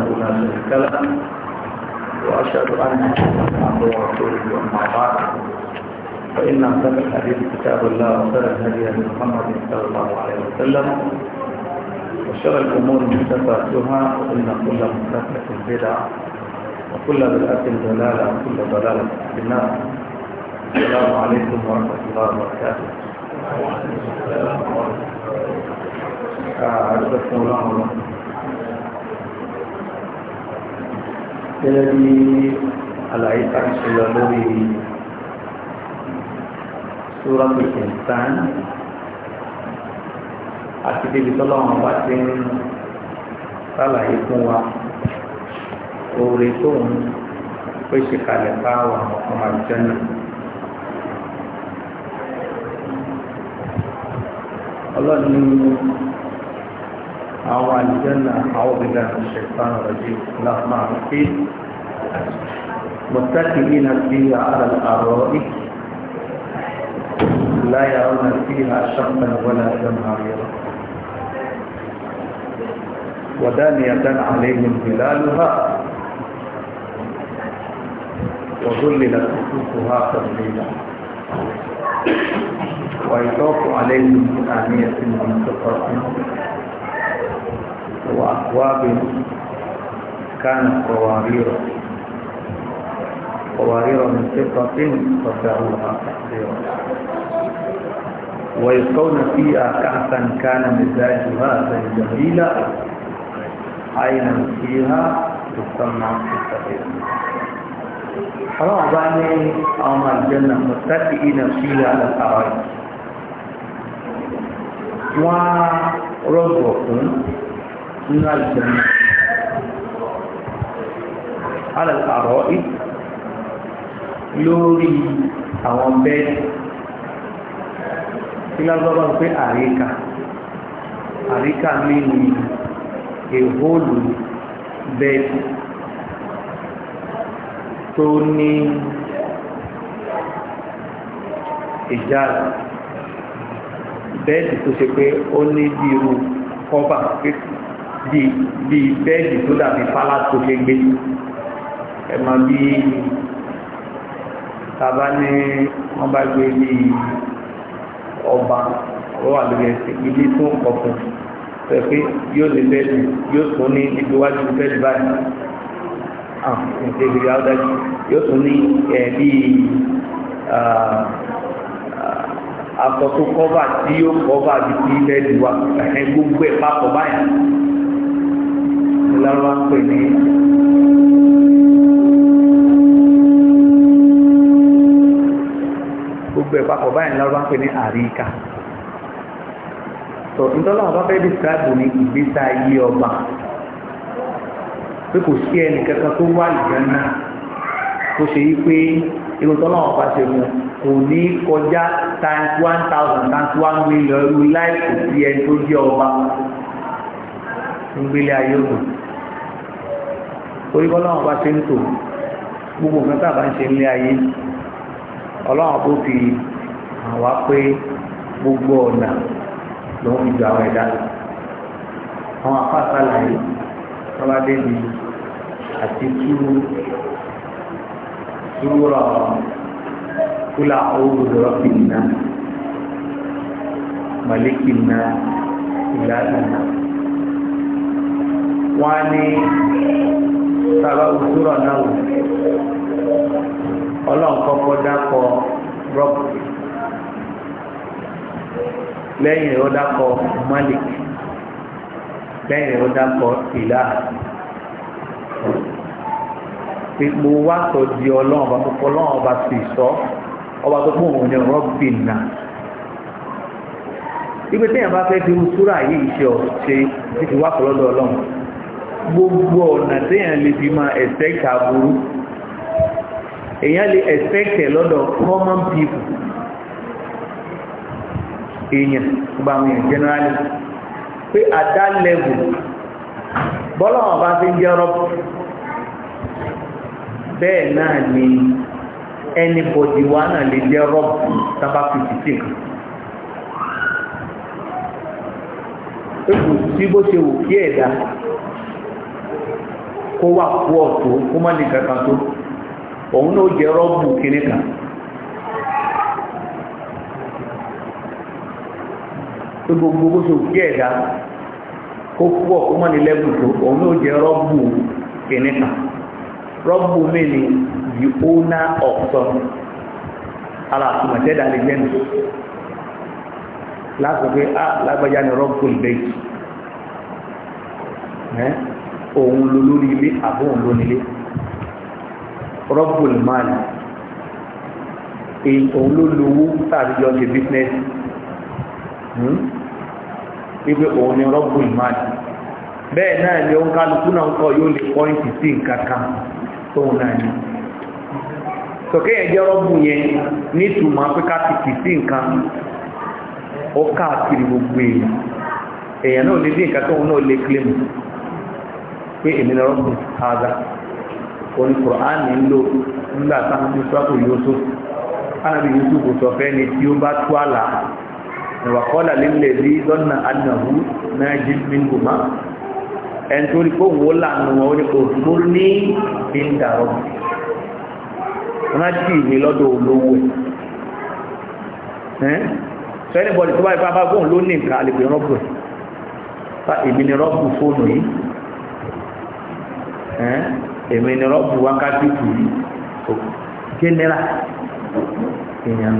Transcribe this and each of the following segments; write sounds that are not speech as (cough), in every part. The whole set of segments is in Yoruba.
وحده لا شريك وأشهد أن عبده ورسوله أما بعد فإن أصدق الحديث كتاب الله وخير الهدي هدي محمد صلى الله عليه وسلم وشر الأمور محدثاتها وإن كل محدثة بدعة وكل بدعة ضلالة وكل ضلالة في النار السلام عليكم ورحمة الله وبركاته أعزكم آه، الله ورحمة الله gẹ́gẹ́ bí àlàyé pàṣẹ lọ lórí sóràtò ìsàn àti débi tọ́lọ́wọ́n bá ti ń sàlàyé fún wa oore tóun pèsè kalẹ̀ fáwọn ọmọ àjọ náà. ọlọ́run ní أو الجنة أعوذ بالله من الشيطان الرجيم لا اللهم أعطيك متكئين فيها على الأرائك لا يرون فيها شمسا ولا زمهريرا ودانية عليهم ظلالها وظللت قطوفها تظليلا ويطاف عليهم بآنية من فطرة وأكواب كانت قوارير قوارير من فضة قدروها تقديرا ويسقون فيها كأسا كان مزاجها زنجبيلا عينا فيها تسمى السفينة حرام بني أمر الجنة متكئين فيها على الأرائك ورزقهم nínú àìsàn náà alàkàrọ̀ lórí àwọn bẹ́ẹ̀ tí lágbàbà pé àríkà àríkà nínú èhóòlù bẹ́ẹ̀ tó ní ìjára bẹ́ẹ̀dì tó ṣe pé ó ní bí irú kọ́bà kéèkì bí bí bẹ́ẹ̀dì tó dàbí fálásó ṣe gbé ẹ mọ̀ bí tàbá ní wọ́n bá gbé bí ọba ọwọ́ àlórí ẹsẹ̀ ilé tó ń pọ̀ fún pé pé yóò lè bẹ́ẹ̀dì yóò tún ní ibi wájú bẹ́ẹ̀dì báyìí àwọn ìṣèlú yàrá dájú yóò tún ní ẹ̀ bí àtọ̀ kọ́bà tí yóò kọ́bà bí bẹ́ẹ̀dì wa gbogbo ẹ̀ papọ̀ báyìí ìlànà pè ní gbogbo ẹ̀ papọ̀ báyìí ìlànà pè ní àríkà tó ìtọ́lá ọba fẹ́ dìsíráàbù ní ìgbésà ayé ọba pé kò sí ẹnì kankan tó wà ìjánná tó ṣe yí pé irun tọ́lá ọba ṣe mu kò ní kọjá times one thousand times one million irú láì kò sí ẹni tó jẹ́ ọba ń ayé òkùnkùn torí bọ́lọ́wọ́n bá ṣe ń tò gbogbo nǹkan tàbá ń ṣe ń lé ayé ọlọ́wọ́n bó fi àwa pé gbogbo ọ̀nà ló ń ju àwọn ẹ̀dá àwọn afásàlàyé wọn bá débi àti túrú kúlà owó rọ́bì náà màlíkì náà ìlànà náà á ní sábà òṣùrọ̀ náà wò ọlọ́nkọ́kọ́ dákọ̀ rọ́bù lẹ́yìn rẹ̀ ó dákọ̀ malik lẹ́yìn rẹ̀ ó dákọ̀ ìlà ipò wa sọ di ọlọ́run ọba tó kọ́ ọlọ́run ọba sì sọ ọba tó kún òun ní rọ́bì náà ibi téèyàn bá fẹ́ fi rú yìí ṣe ọ̀ ti wá pọ̀ lọ́dọ̀ ọlọ́run gbogbo ọ̀nà téèyàn lè fi máa expect aburú èèyàn lè expect ẹ̀ lọ́dọ̀ common people èèyàn gbogbo àwọn èèyàn generally pé at that level bọ́lá wọn bá fi ń jẹ́ rọ́pù bẹ́ẹ̀ náà ni anybody wa náà lè jẹ́ rọ́pù tábà fi ti tì kan. pé kò sí bó ṣe wù kí ẹ̀dá kó wà kú ọ̀tọ̀ kó má ní kankan tó òun náà jẹ́ rọ́bù kìíní kan tó gbogbo bó ṣe òkú ẹ̀dá kó kú ọ̀ kó má ní lẹ́bù tó òun náà jẹ́ rọ́bù kìíní kan rọ́bù mi ni the owner of something alàtúmọ̀tẹ́dà lè jẹ́ nù pé a ah, lágbájá ni rọ́bù lè bẹ́ẹ̀ òun ló lórí ilé àbó òun ló nílé rọ́bùl máàlì òun ló lówó tàbí yọ ṣe bísínẹ́sì hmm? wípé òun ni rọ́bùl máàlì bẹ́ẹ̀ náà ni òun kálukú náà ń kọ yóò lè pọ́ìntì sí nǹkan kan tóun náà ni sọ̀kẹ́ yẹn jẹ́ rọ́bù yẹn ní ìtumọ̀ pé káàkiri sí nǹkan ó káàkiri gbogbo èèyàn èèyàn náà lè dín nǹkan tóun náà lè kílèmù pé èmi lọ́rọ́ sí ààzà orí kùránì ń lò nígbà táwọn ní sọ́kù yóò ánàbí yusuf sọ fẹ́ ni tí ó bá tú àlà ìwàkọ́là lílẹ̀ rí lọ́nà àdínàwó náà jí mímgbòmá ẹni tó rí kóhùn ó lànà wọn ó ní òfúrú ní bíndàrọ́ rántí mi lọ́dọ̀ olówó ẹ̀ sọ tó bá ipá bá ló ní nǹkan àlèkè Eh? èmi ni rọ́ọ̀bù wákàtí kù yìí jẹ́nẹ́rà èèyàn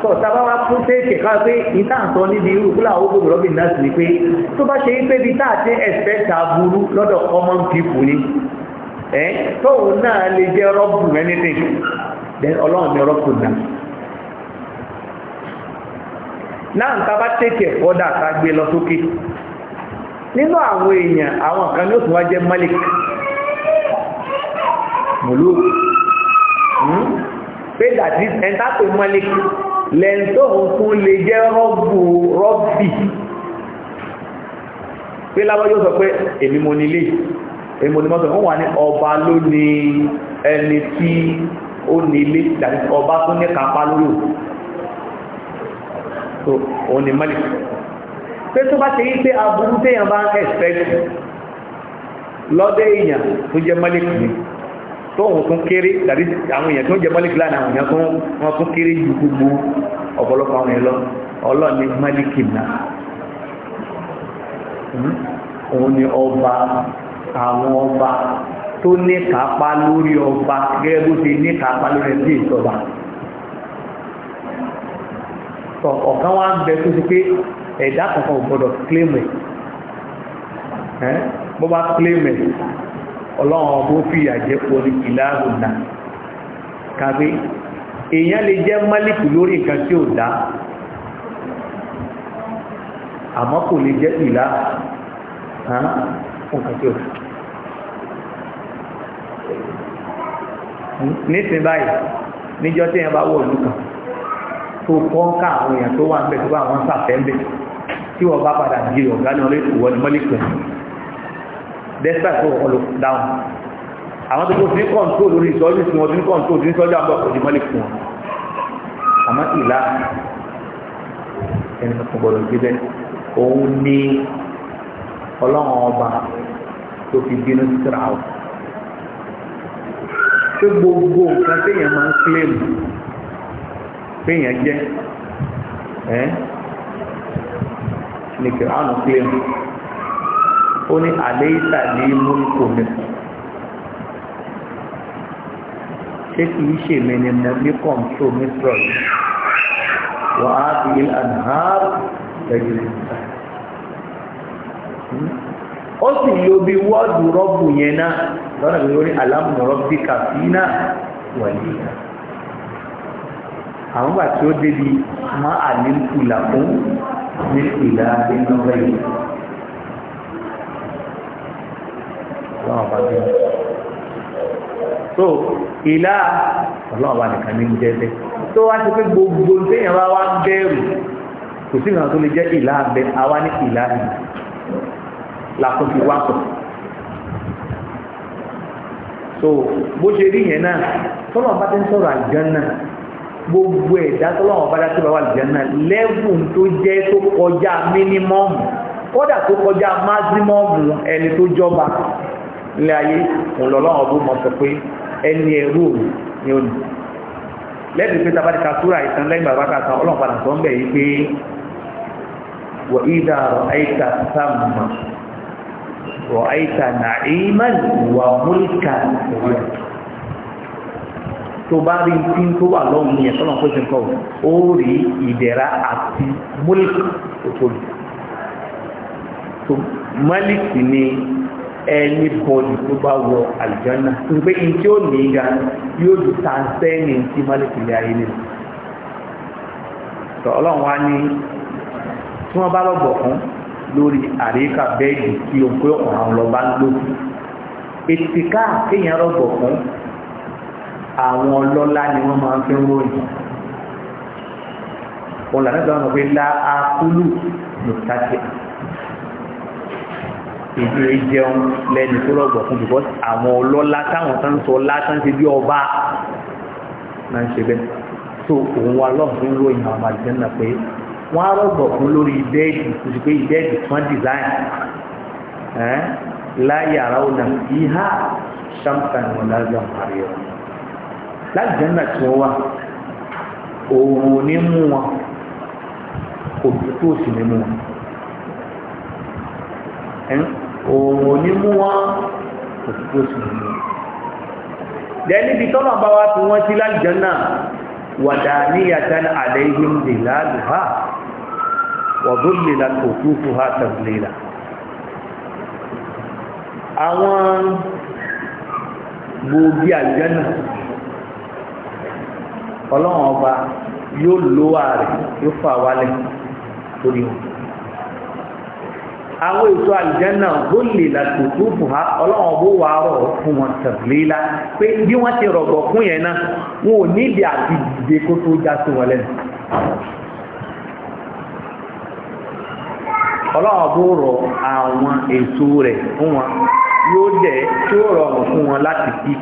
sọ sábà wá fún téèkì ká pé ìta àtọ níbi irú kúlà owó gbogbo rọ́bìn ni pé tó bá ṣe pé bí ẹ̀sẹ̀ta burú lọ́dọ̀ common people ni ẹ̀ eh? tóun náà lè jẹ́ rọ́ọ̀bù anything then ọlọ́run ni rọ́ọ̀bù náà náà ń malik mùlù hmm? pé dàtí ẹ̀ńtà pé mọ́lẹ̀ lẹ́ńtò fún lè jẹ́ rọ́bù rọ́bì pé lábọ́ yóò sọ pé èmi mo nílé èmi mo ní mọ́sàn wọ́n wà ní ọba ló ní ẹni tí ó nílé dàtí ọba tó ní kápá lóyò so òun ni mọ́lẹ̀ pé tó bá ṣe yí pé aburú téèyàn bá ń expect lọ́dẹ̀ èèyàn tó jẹ́ mọ́lẹ̀ tóhun tún kéré tàbí àwọn èèyàn tó ń jẹ mọ́líkì láàrin àwọn èèyàn tó wọ́n tún kéré ju gbogbo ọ̀pọ̀lọpọ̀ àwọn èèyàn lọ ọlọ́ọ̀ni mọ́líkì náà hmm? òun ni ọba àwọn ọba tó ní kápá lórí ọba gẹ́gẹ́ bó ti ní kápá lórí ẹbí ìjọba ọ̀kan wá ń bẹ tó ti pé ẹ̀dá kankan ò gbọ́dọ̀ kílèmù bó bá kílèmù ọlọ́run ọbó fìyà jẹ́ pọ̀lú ìlàrùnà kàbí èèyàn lè jẹ́ málìkù lórí nǹkan tí ó dá àmọ́ kò lè jẹ́ ìlà nǹkan tí ó dá nísìn báyìí níjọ́ tí èèyàn bá wọ̀ ìlú kan tó kọ́ ń ká àwọn èèyàn tó wà ń bẹ̀ tó bá wọn sàfẹ́ ń bẹ̀ tí wọ́n bá padà di ọ̀gá náà lè wọ́n málìkù despite tó wọ́n lò dáhùn àwọn tó fi ń kọ̀ǹtó lórí ìsọ́jú tí wọ́n fi ń kọ̀ǹtó tí ń sọ́jú àbọ̀ òdìmọ́lẹ̀ fún wọn àmọ́ ìlà ẹni tó gbọdọ̀ gbé bẹ́ẹ̀ òun ni ọlọ́run ọba tó fi bínú síra ọ̀ pé gbogbo nǹkan téèyàn máa ń kílèmù téèyàn jẹ́ ẹ́ ní kìránù kílèmù ó ní àléìsà ní múlùkù mi ṣé kì í ṣe mi ni mo ní kọ̀ǹtò mi yìí wà á di anhar lẹ́yìn ìgbà ó sì lo bí wọ́ọ̀dù rọ́bù yẹn náà lọ́nà bí lórí alámùrọ́bì kàfínà wàlíyà àwọn gbà tí ó débi má àlékù làkún ní ìlà nínú rẹ̀ ọlọ́wọ́n so ìlà ọlọ́wọ́n bá nìkan ní jẹ́ bẹ́ẹ̀ tó wá ti pé gbogbo téèyàn bá wá bẹ̀rù kò sí ìlànà tó lè jẹ́ ìlà so bó ṣe rí yẹn náà tọ́lọ́wọ́n bá ti ń sọ̀rọ̀ àlùjánnà gbogbo ẹ̀dá tọ́lọ́wọ́n bá dá sí bàbá àlùjánnà lẹ́gùn tó jẹ́ tó kọjá mínímọ́ọ̀mù kódà tó kọjá máximọ́ọ̀mù ẹni tó jọba ilé ayé òǹlọ́lọ́wọ́ bó mọ̀ sọ pé ẹni ẹrú òun ni ó nì lẹ́bi pé tabati ka súra ìtàn lẹ́yìn bàbá ká san ọlọ́run padà sọ ń bẹ̀ yìí pé wọ ìdá tó bá rí tí tó wà lọ́hùn yẹn tọ́lọ̀ pé kọ́ ó rí ìdẹ̀ra àti múlíkà òtòlù mọ́líkì ni ẹni bọ̀dì tó bá wọ àlùjánná tó pé in tí ó ní ga yóò ju tàǹsẹ́ẹ̀nì tí málìkìlẹ̀ ayé nínú tọ́ ọlọ́run wá ní tí wọ́n bá lọ́gbọ̀ fún lórí àríkà bẹ́ẹ̀dì tí o pé ọ̀ràn lọ bá ń lò ètìká kéèyàn lọ́gbọ̀ fún àwọn ọlọ́lá ni wọ́n máa ń fi ń ròyìn òun làdá ìgbà wọn pé lá akúlù lòtàkì àti èdè jẹun lẹ́ni tó lọ́gbọ̀ fún because àwọn ọlọ́lá táwọn tán sọ látán ti bí ọba náà ń ṣe bẹ́ẹ̀ so òun wa lọ́ọ̀fún ròyìn àwọn àlùjẹ́nà pé wọ́n á rọ̀gbọ̀ fún lórí bẹ́ẹ̀dì kò sì pé bẹ́ẹ̀dì tán design láyé ara ọ̀nà ìhà ṣàǹtàn wọn lájọ àárẹ̀ wọn láàjẹ́nà tí wọ́n wà òun ò ní mú wọn kò tó sì ní mú wọn òòrùn ní mú wọn òtútù sì mú wọn. dẹ́ níbi tọ́nà bá wa fi wọ́n sí lálìjọ́nà wàdà níyàtàn àlẹ́yìn lè láàlù ha wàdúlè láti òtútù ha tàbílè là. àwọn gbòógì àlìjọ́nà ọlọ́run ọba yóò lówà rẹ̀ yóò fà wálẹ̀ lórí wọn àwọn èso àlùjẹ́nà ló lè làtò tó fún ha ọlọ́run bó wà rọ̀ fún wọn tẹ̀léla pé bí wọ́n ti rọ̀gbọ̀ fún yẹn náà wọn ò nídìí àti dìde kó tó já sí wọn lẹ́nu. ọlọ́run bó rọ̀ àwọn èso rẹ̀ fún wọn yóò dẹ̀ tí rọrùn fún wọn láti kí.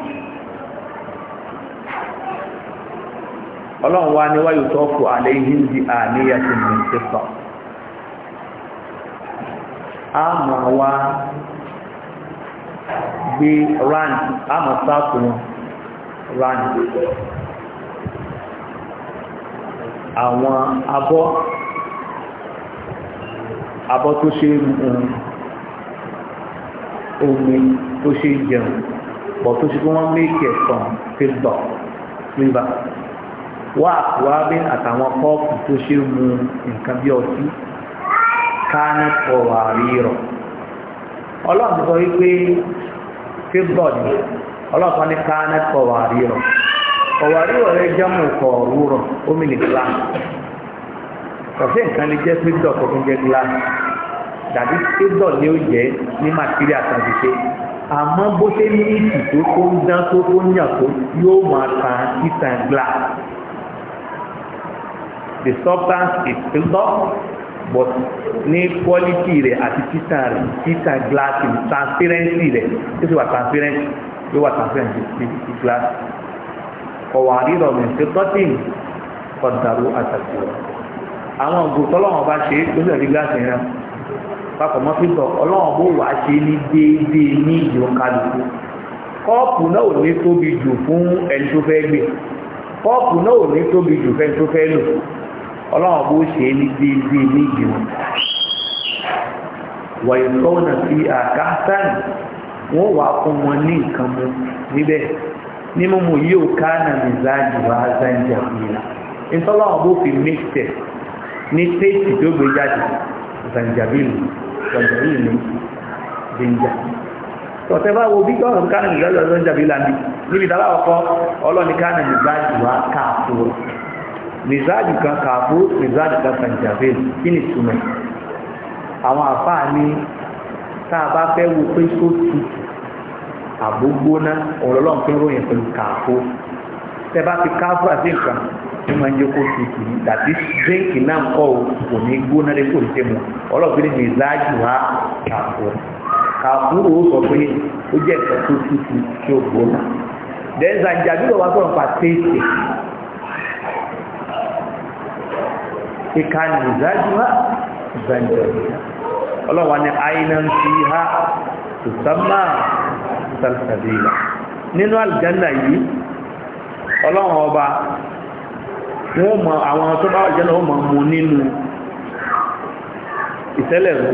ọlọ́run wá ní wáyò tó kù àlẹ́ yìí ń di àníyàn tó mọ̀ ní tẹ́sán a mọ̀ wá gbé rand a mọ̀ sáàpù wọn rand àwọn abọ́ abọ́ tó ṣe omi tó ṣe jẹun bọ̀ tó ṣe kí wọ́n méjì ẹ̀sán fílbọ̀ fílbà wá àkùwá bí àtàwọn kọ́ọ̀pù tó ṣe mu nǹkan bí ọtí kánà tọ̀wà rírọ̀ ọlọ́run sọ wípé fíbọ̀ ni ọlọ́run ní kánà tọ̀wà rírọ̀ tọ̀wà rírọ̀ rẹ jẹ́mú ìkọ̀ rúrọ̀ omi ní gíláàsì kọ̀sí nǹkan lè jẹ́ fíbọ̀ tó tún jẹ́ gíláàsì dàbí fíbọ̀ ni ó jẹ́ ní màtíríà kan ti ṣe àmọ́ bó ṣe ní ìtì tó kó ń dán tó kó ń yàn tó yóò máa tan ìtàn gíláàsì the substance is filled but ní quality rẹ̀ àti títà rẹ̀ títà glass transparency rẹ̀ ó sì wà transparent ló wà transparent sí glass ọ̀wà rírọ̀ mi ṣe tọ́tìn ọ̀dàrú àtàkùn àwọn ògùn tọ́lọ́wọ́n bá ṣe ó sì rí glass yẹn náà papọ̀ mọ́ pípọ̀ ọlọ́wọ́n bó wàá ṣe ní déédéé ní ìjọ kálukú kọ́ọ̀pù náà ò ní tóbi jù fún ẹni tó fẹ́ gbé kọ́ọ̀pù náà ò ní tóbi jù fẹ́ni tó fẹ́ lò ọlọ́run bó ṣe é ní déédéé méjì wọn wàyí sọ́wọ́nà sí àkáńtàn wọ́n wàá fún wọn ní nǹkan mu níbẹ̀ ní mímu yíò káànà mìzáàjì wà á zánjà fìlà ìtọ́lọ́run bó fi mixtẹ̀ ní téèkì tó gbé jáde zanjabilu zanjabilu ní jinja tọ̀tẹ́ bá wo bí ọ̀rọ̀ káànà mìzáàjì wà á zanjabilu níbi ìdáláwọ̀ kọ́ ọlọ́ni káànà mìzáàjì wà á mìzáàjì kan kafu, mìzáàjì kan sàǹjàfẹ́ kí ni túmọ̀ àwọn àfáà ní tá a bá fẹ́ wo pé kó tutù àbó gbóná ọ̀rọ̀lọ́n fi ń ròyìn pẹ̀lú kààbó tẹ bá fi kààbó àti nǹkan ní máa ń jẹ́ kó tutù dàbí dírẹ́ǹkì náà kọ́ ò kò ní gbóná lé kò ní tẹ̀ mọ́ ní mìzáàjì wá kààbó kààbó ó sọ pé ó jẹ́ nǹkan tó tutù tí ó gbóná dẹ́nzà ìjàdúrà wá sọ̀rọ̀ pa téèsì kíká ní ìzájú ha zanjẹ̀ ọlọ́wà ní àìnà ń fi ha tùsánmà sàlsàbílà nínú àlìjánà yìí ọlọ́wà ọba wọ́n mọ àwọn tó bá wàjẹ́ náà wọ́n mọ nínú ìtẹ́lẹ̀ rú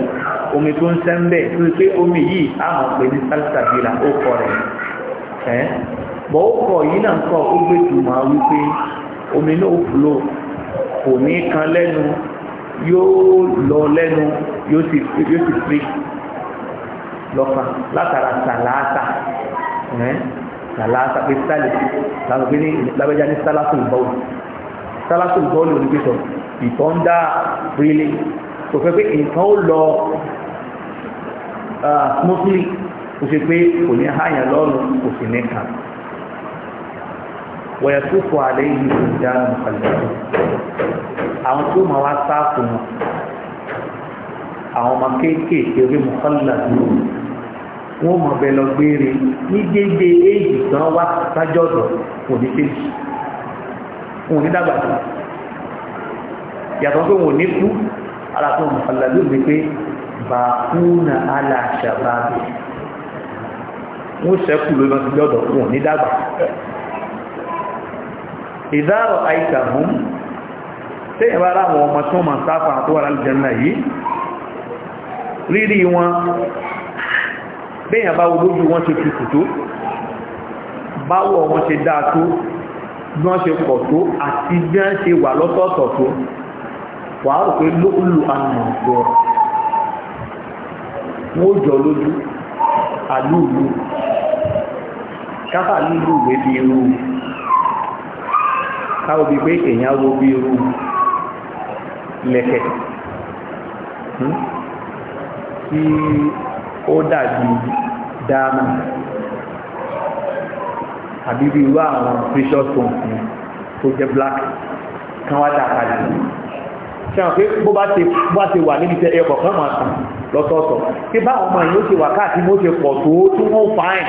omi tó ń sẹ́ ń bẹ̀ tó pé omi yìí á mọ̀ pé ní sàlsàbílà ó kọ rẹ̀ bọ̀ ó kọ yìí náà kọ ó gbé jùmọ̀ wípé omi náà ó fúlò kò ní kan lẹ́nu yóò lọ lẹ́nu yóò sì fi lọ́kàn látara sàlàátà sàlàátà pé sálì láwọn pé ní lábẹ́já ní sálásù ìbọ́ọ̀lù sálásù ìbọ́ọ̀lù onígbèsọ̀ ìtọ́ ń dá rílé kò fẹ́ pé nǹkan ó lọ ah, smoothly kò ṣe pé kò ní háyàn lọ́rùn kò sì ní kàn wọ̀yẹ̀túfọ̀ àlẹ́ yìí kò dáná pẹ̀lú àwọn tó máa wá sáàpù wọn àwọn ọmọ kéékèèké orí mọ̀kànlá ló wọ́n mọ̀ bẹ́ẹ̀ lọ gbére ní dédé éèjì kan wá sájọ́dọ̀ kò ní tẹ́jì wọn ní dàgbà tó yàtọ̀ pé wọn ò ní kú ara tó mọ̀kànlá ló pé bàkúnà aláṣàbàbẹ̀ wọ́n sẹ́kù ló lọ sí jọ́dọ̀ wọn ò ní dàgbà ìdárọ̀ àìkà hún tẹ́yìn bá ráwọn ọmọ tó ma sáfà tó wà lálìjẹ́nà yìí rírí wọn bẹ́yìn bá olójú wọn ṣe tutù tó báwọ̀ wọn ṣe dáa tó bí wọ́n ṣe pọ̀ tó àti bí ṣe wà lọ́tọ̀ọ̀tọ̀ tó wà á rò pé lóòlù àmọ̀gbọ̀ wọ́n káwọ́ bíi pé èèyàn wo bí irú lẹ̀kẹ̀ tí hmm? ó dàbí dáàmù àbí bí irú àwọn precious stones ni tó jẹ́ black kan wá dà kalẹ̀ ṣe àwọn pé bó bá ti bá ti wà níbi tẹ ẹyọ kọ̀ọ̀kan máa tàn lọ́tọ̀ọ̀tọ̀ pé báwọn ọmọ yìí ó ti wà káàkiri mo ṣe pọ̀ tó tí wọ́n fàáìn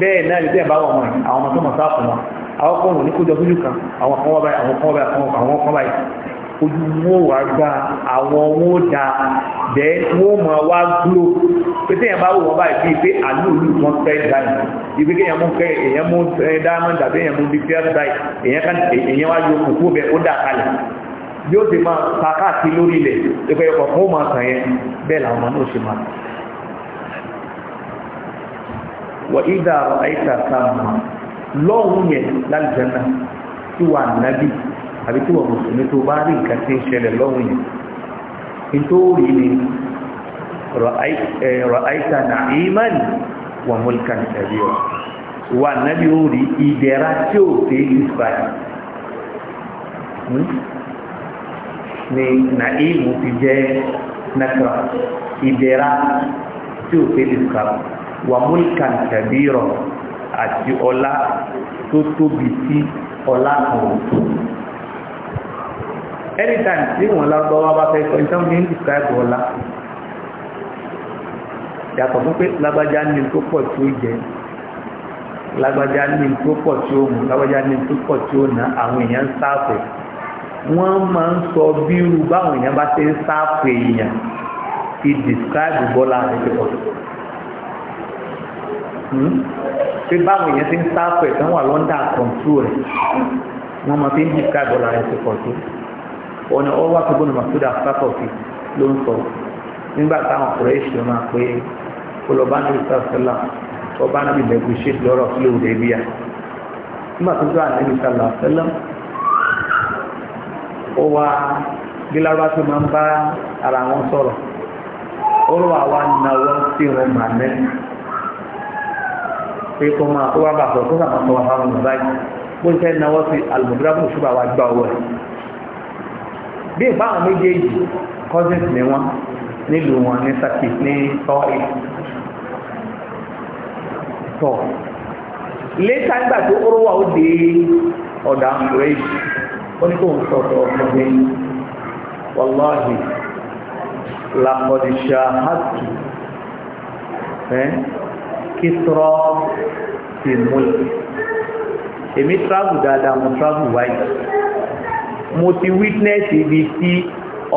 bẹ́ẹ̀ náà lè tẹ́ báwọn ọmọ àwọn ọmọ tó mọ̀ sáà wọn àwọn kan wọ̀n ní kó jọ sójú kan àwọn kan wá báyìí àwọn kan wá báyìí àwọn kan báyìí ojú wo wà gba àwọn wo da dẹ wo mọ wá gbúrò pé téèyàn bá wò wọn báyìí bíi pé àlú òlù wọn fẹ́ dání ibi kéèyàn mú fẹ́ èèyàn mú diamond àbí èèyàn mú bíi fẹ́ẹ́ báyìí èèyàn kan èèyàn wá yọ kókó bẹ ó dà kalẹ̀ yóò ti máa ta káàkiri lórí ilẹ̀ ìpẹ́ ọkọ̀ fún ọmọ kan yẹn bẹ́ẹ̀ làwọn náà ṣe máa wà ìdá àìsà sáà lọ́hùn yẹn lálùjẹ́nà tí wà nábì àbí tí wà mùsùlùmí tó bá rí nǹkan tí ń ṣẹlẹ̀ lọ́hùn yẹn nítorí ni ra'aita na'iman wa mulkan kabira wà nábì ó rí ìdẹ̀ra tí ò dé ìsìláyà hmm? ni na'imu ti jẹ́ nakra ìdẹ̀ra tí ò dé ìsìláyà wa mulkan kabira àti ọlá tó tóbi sí ọlá kan òtò anytime tí wọn lágbọ́wọ́ bá fẹ́ sọ ìtàn ní describe ọlá yàtọ̀ fún pé lágbájá ní tó pọ̀ tí ó jẹ lágbájá ní tó pọ̀ tí ó mú lágbájá ní tó pọ̀ tí ó ná àwọn èèyàn ń sáàpẹ̀ wọ́n máa ń sọ bírú báwọn èèyàn bá ṣe ń sáàpẹ̀ èèyàn ti describe bọ́lá àti ìpọ̀ pé báwọn èèyàn ti ń sáfù ẹ̀ tán wà lọ́ndà kọ̀ǹtù rẹ̀ wọ́n máa fi ń jìkà dọ́là rẹ̀ ti pọ̀ tó ọ̀nà ọwọ́ àtúgbò ní masuda sáfọ̀fì ló ń sọ nígbà táwọn ọ̀rẹ́ ìṣòro máa pé olọ́ba ní ìsàlá ọba ní ìbẹ̀gùn ṣe lọ́rọ̀ sí òde bíyà nígbà tó tó àná ìsàlá sẹ́lẹ̀m ó wá gíláwá tó máa ń bá ara wọn sọ̀rọ̀ ó rọ àwa náwó sí wọn màmẹ́ pé kó máa kó wá bà sọ kó sàmà sọ àwọn ọmọ báyìí bó ń fẹ́ náwó sí alùpùpù ṣùgbà wá gbà owó ẹ̀ bí ìbá àwọn méjèèjì cousins ni wọ́n nílùú wọn ní saki ní tọ́ì tọ́ létà nígbà tó ó wà ó dé ọ̀dà àmúrẹ́jì ó ní kó ń sọ ọ̀dọ̀ ọ̀gbìn wàláhì làkọ̀dìṣà hàtù kíkọ́rọ́ ti múlẹ̀ èmi travel dáadáa mo travel wáyé mo ti witness ibi tí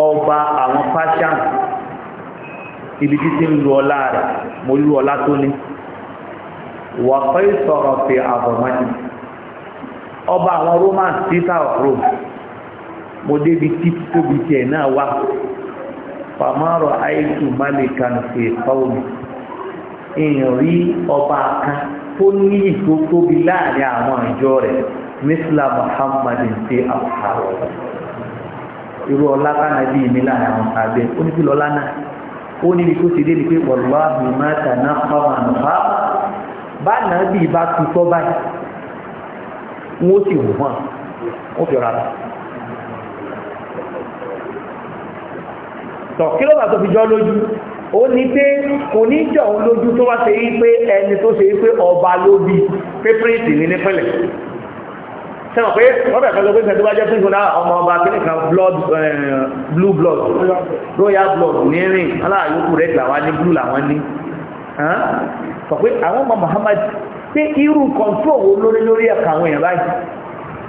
ọba àwọn fashion ibi tí ti ń lu ọlá rẹ̀ mo lu ọlá tó ní wà pé sọ̀rọ̀ fi àbọ̀mọ́ni ọba àwọn roman peter of rome mo débi tí tóbi tiẹ̀ náà wá pàmòrò àìsùn málìkan fi kọ́ omi. èèyàn rí ọba kan tó ní ìgbó tóbi láàrin àwọn ìjọ rẹ̀ mísílà muhammadin ṣe àwòrán irú ọlá kánàbí mi láàrin àwọn naa, onífìlọ náà ó ní dé ni pé bi máa tàná ọmọ nǹfà bá nàbí bá tutọ́ báyìí wọ́n sì wù fi tọ̀ kí ló bá fi jọ́ lójú ó ní pé kò ní jọ òun lójú tó wá ṣe yí pé ẹni tó ṣe yí pé ọba ló bí pé píríǹtì ní nípìnlẹ̀ sẹ́wọ̀n pé rọ́bẹ̀ kan ló pé sẹ́ni tó bá jẹ́ píríǹtì náà ọmọ ọba kìnnì kan blood eh, blue blood royal blood ní rìn aláàyókù rẹ̀ làwọn ní blue làwọn ní sọ pé àwọn ọmọ Muhammad pé irú control wo lórí lórí ẹ̀ka àwọn èèyàn báyìí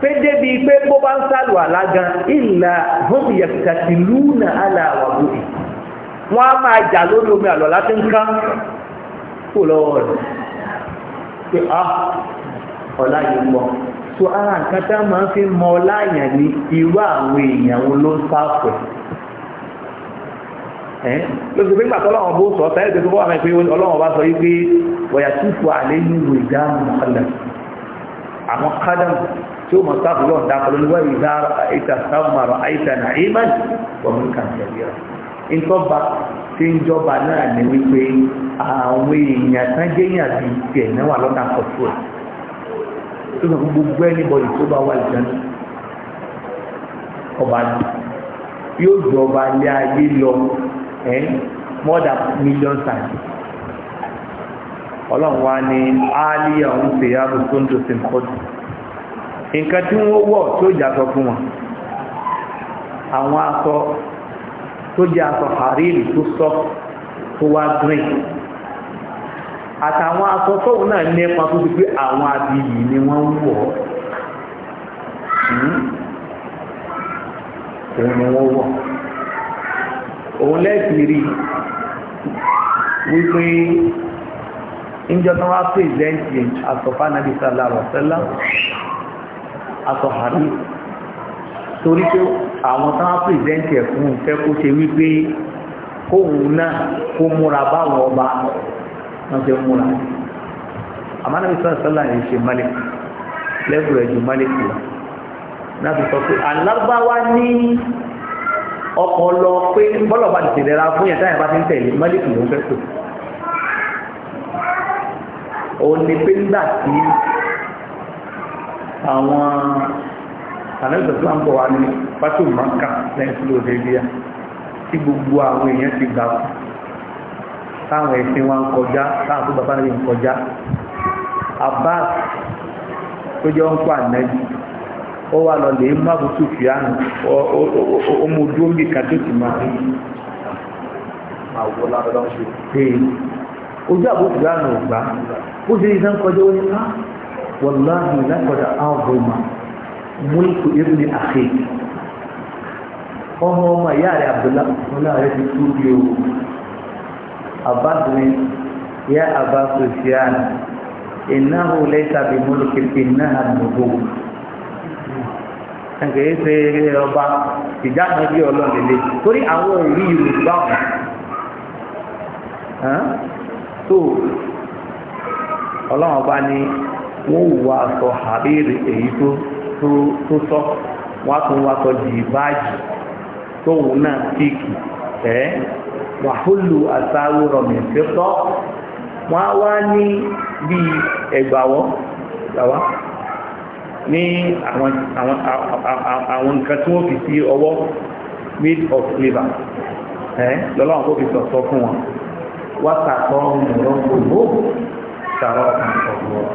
pé débi pé bó bá ń sálù àlágan ìlà hóbìyàkàtìlúnà aláwàbùrì wọ́n á máa jà lórí omi àlọ́ láti ń kán kò lọ́wọ́ rẹ̀ pé ah, á ọ̀la yìí mọ̀ so ara nǹkan tá máa fi mọ ọláyàn ní irú àwọn èèyàn wọn ló ń sáfẹ̀ lóṣù pé nígbà tó ọlọ́run bó sọ sẹ́yìn tó tó wà pé ọlọ́run bá sọ yí pé wọ̀yà túfù àlẹ́ yìí wò ìdáhùn ọ̀lẹ̀ àwọn kádàmù tí ó mọ̀ sáfù lọ́ọ̀ dákọ̀ lórí wọ́n ìdá àìsàn àìmọ̀ wọ́n mú rẹ̀. ìtọ́ba tí ń jọba náà ní wípé àwọn èèyàn tán bíi tiẹ̀ náà wà lọ́dà kọ̀tù ẹ̀ tó sọ fún gbogbo ẹnibọ̀dì tó bá wà lẹ́nu ọba yóò ọba lé ayé lọ ẹ́ more than million times ọlọ́run wa ni áálíyà ń ya rùsóńdò sí kọ́dù nǹkan tí wọ́n wọ̀ tó jà sọ fún wọn tó jẹ́ aṣọ àríìlì tó sọ tó wá green àtàwọn aṣọ tóun náà nípa tó ti pé àwọn abiyì ni wọ́n ń wọ̀ hmm? òun ni wọ́n wọ̀ òun lẹ́ẹ̀kì rí wípé ìjọ wá pèsèǹtì àsọ̀fà nàbí sàlá àrọ̀sẹ́lá àsọ̀hàrí torí pé àwọn tó wá pèsèǹtì ẹ̀ fún un fẹ́ kó ṣe wípé kóhun náà kó múra báwọn ọba wọn ṣe múra àmánà bí sọ́ọ̀sì sọ́là yìí ṣe malik lẹ́bùrẹ̀ ju malik lọ náà fi sọ pé alábáwá ní ọpọlọ pé bọ́lọ̀ bá tètè lẹ́ra fún yẹn táyà bá ti ń tẹ̀lé malik ló ń fẹ́ pè òun ni pé nígbà tí àwọn àlẹ́ ìsọ̀tún ń bọ̀ wá nínú pátó maka lẹ́yìn lóòdẹ́bíà tí gbogbo àwọn èèyàn ti gbà fún táwọn ẹ̀sìn wa ń kọjá táwọn tó bàbá rẹ̀ ń kọjá Abbas tó jẹ́ ń kó ànájú ó wà lọ lè má bùtù fìyànù ó mú dúró bí kájọ́ tì máa rí ojú àbúrò fìyànù ò gbà ó sì rí sán kọjá ó ní ká wàláhì lákọjá àwọn ọmọ múlùkù ibùdó àkéèké ọmọ ọmọ ìyá rẹ̀ abdullahi rẹ̀ ti tú bí o abbas ni yá abbas sufyan ìnáhù lẹ́sà bí mọ́lùkì ìnáhà nùgbò ẹ̀kẹ́ ṣe ọba ìjánu bí ọlọ́ọ̀lẹ́lẹ́ torí àwọn òrí yorùbá ọ̀hún tó ọlọ́run ọba ni wọ́n wọ aṣọ àbẹ́rẹ́ èyí tó tó tó sọ wọ́n tún wọ aṣọ jì báàjì tóun náà tíìkì ẹ́ wàhálù àsáwòrán mi fẹ́tọ́ wọ́n á wá ní bí ẹgbàwọ́ gbàwá ní àwọn nǹkan tí wọ́n fi sí ọwọ́ made of labour ẹ́ lọ́lọ́wọ́n kó fi sọ̀tọ̀ fún wọn wọ́n sàtọ́ ọmọ gbogbo sàrọ̀ ọ̀gbọ̀n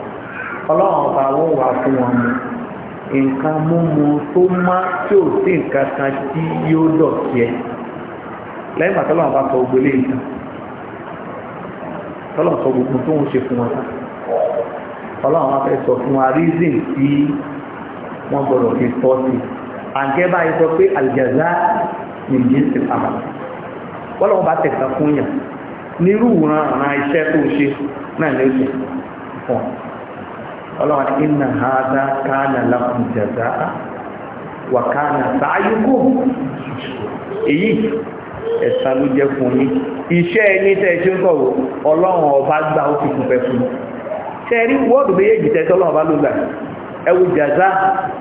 ọlọ́run ọba wọ́n wà fún wọn ni nǹkan múmu tó má tí ò sí nǹkan kan tí yóò dọ̀tí ẹ lẹ́yìn pàtó lọ́wọ́ bá sọ gbogbo ilé ìtàn tọ́lọ̀ sọ gbogbo tó ń ṣe fún wọn ta ọlọ́run afẹ́ sọ fún wa reason tí wọ́n gbọ́dọ̀ fi tọ́ sí àǹkẹ́ báyìí sọ pé àlìjàzá nìyí ti pàmò ọlọ́run bá tẹ̀sán fún yàn nírú ìran àwọn iṣẹ́ tó ṣe náà lè fún ọ ọlọ́wọ́n ní inna hadha kana lakum jazaa wa kana sa'yukum èyí ẹ̀sà ló jẹ́ fún yín iṣẹ́ ẹni tẹ́ ṣe ń kọ̀wọ́ ọlọ́run ọba gbà ó fi kún fẹ́ fún tẹ́rí wọ́ọ̀dù méjèèjì tẹ́tọ́ ọlọ́run ọba ló gbà ẹwù jàzá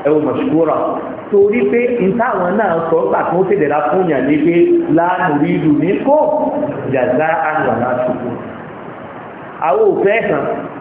ẹwù mọ̀ṣúkúrà torí pé ìtàwọn náà sọ gbà tó ṣe dẹ̀ra fún yàn ní pé láàánú rí ní kó jàzá àwọn àṣùkú àwọn òfẹ́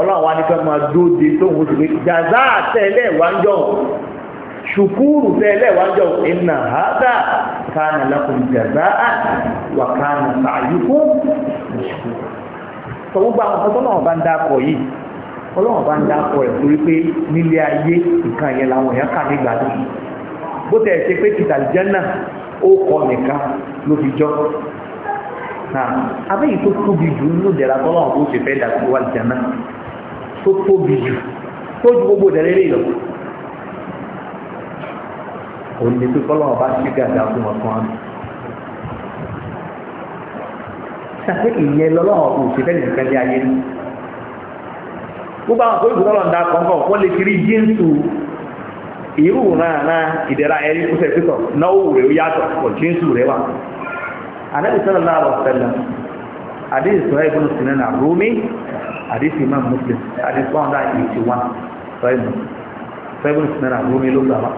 ọlọ́run wa ní fẹ́ máa dóde tóun sì pé jàzá tẹ́lẹ̀ wájọ́ ṣùkúrù tẹ́lẹ̀ wájọ́ iná hádà kánà lákùn jàzá wà kánà sàyíkú sọ gbogbo àwọn ọ̀pọ̀ tọ́lọ́run bá ń dákọ̀ yìí ọlọ́run bá ń dákọ̀ rẹ̀ torí pé nílé ayé nǹkan yẹn làwọn èèyàn kà nígbà tó bó tẹ̀ ṣe pé kìtàlìjẹ́nà ó kọ nìkan ló fi jọ́ àbẹ́yìí tó tóbi jù nínú ìdẹ̀ra tọ́lọ́run tó ṣe fẹ́ dàgbà wà lìjẹ́nà tó tóbi jù tó ju gbogbo ìdẹ̀rẹ́ lè lọ. òun ni pé kọ́lọ́wọ́ bá ṣí gàdá fún wọn fún àmì. ṣàpé ìyẹn lọ́lọ́wọ́ kò sí fẹ́ẹ̀ nìkan lé ayé ní. gbogbo àwọn akóyìnbó tọ́lọ̀ ń da kọ̀ọ̀kan wọ́n lè kiri jíǹsù irú náà náà ìdẹ̀ra ẹ̀rí kúṣẹ̀ pípọ̀ náwó rẹ̀ ó yàtọ̀ pọ̀ jíǹsù rẹ̀ wà. àlẹ́ ìsọ̀rọ̀ náà lọ sẹ́lẹ̀ àdéhùn sọ̀rọ̀ àdìsí imam muslim àdìsí one hundred and eighty one sọ́yìnbó sọ́yìnbó sinara lómi ló gbà wá.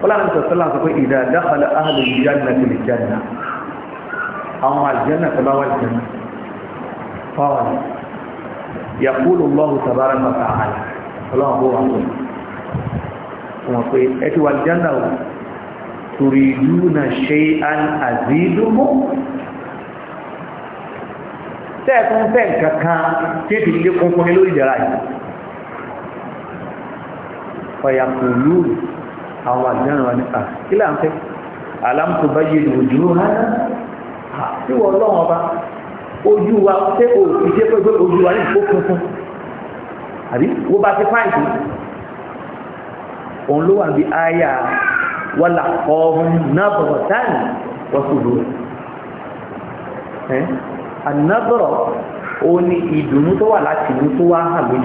wọ́n láti sọ sọ́lá sọ pé ìdá dákàlẹ̀ ahàlù ìjánà ti lè Allah àwọn wa taala. bá wà jánà fáwọn yàkúlù lọ́hùn sàbára náà sàhálà ọlọ́run bó tẹ́ẹ̀kún fẹ́ kankan tí fi lé kún fún lórí ìjọra yìí ọ̀yà kò lú àwọn àdìyàn wa nípa kí là ń fẹ́ alámùtò bá yé lòdì ó hàn sí wọ́n lọ́wọ́ ọba ojú wa ṣé o ọ̀hún náà bọ̀rọ̀ táìmù wọ́n sì lò ànábọ̀rọ̀ ó ní ìdùnnú tó wà láti inú tó wá hàn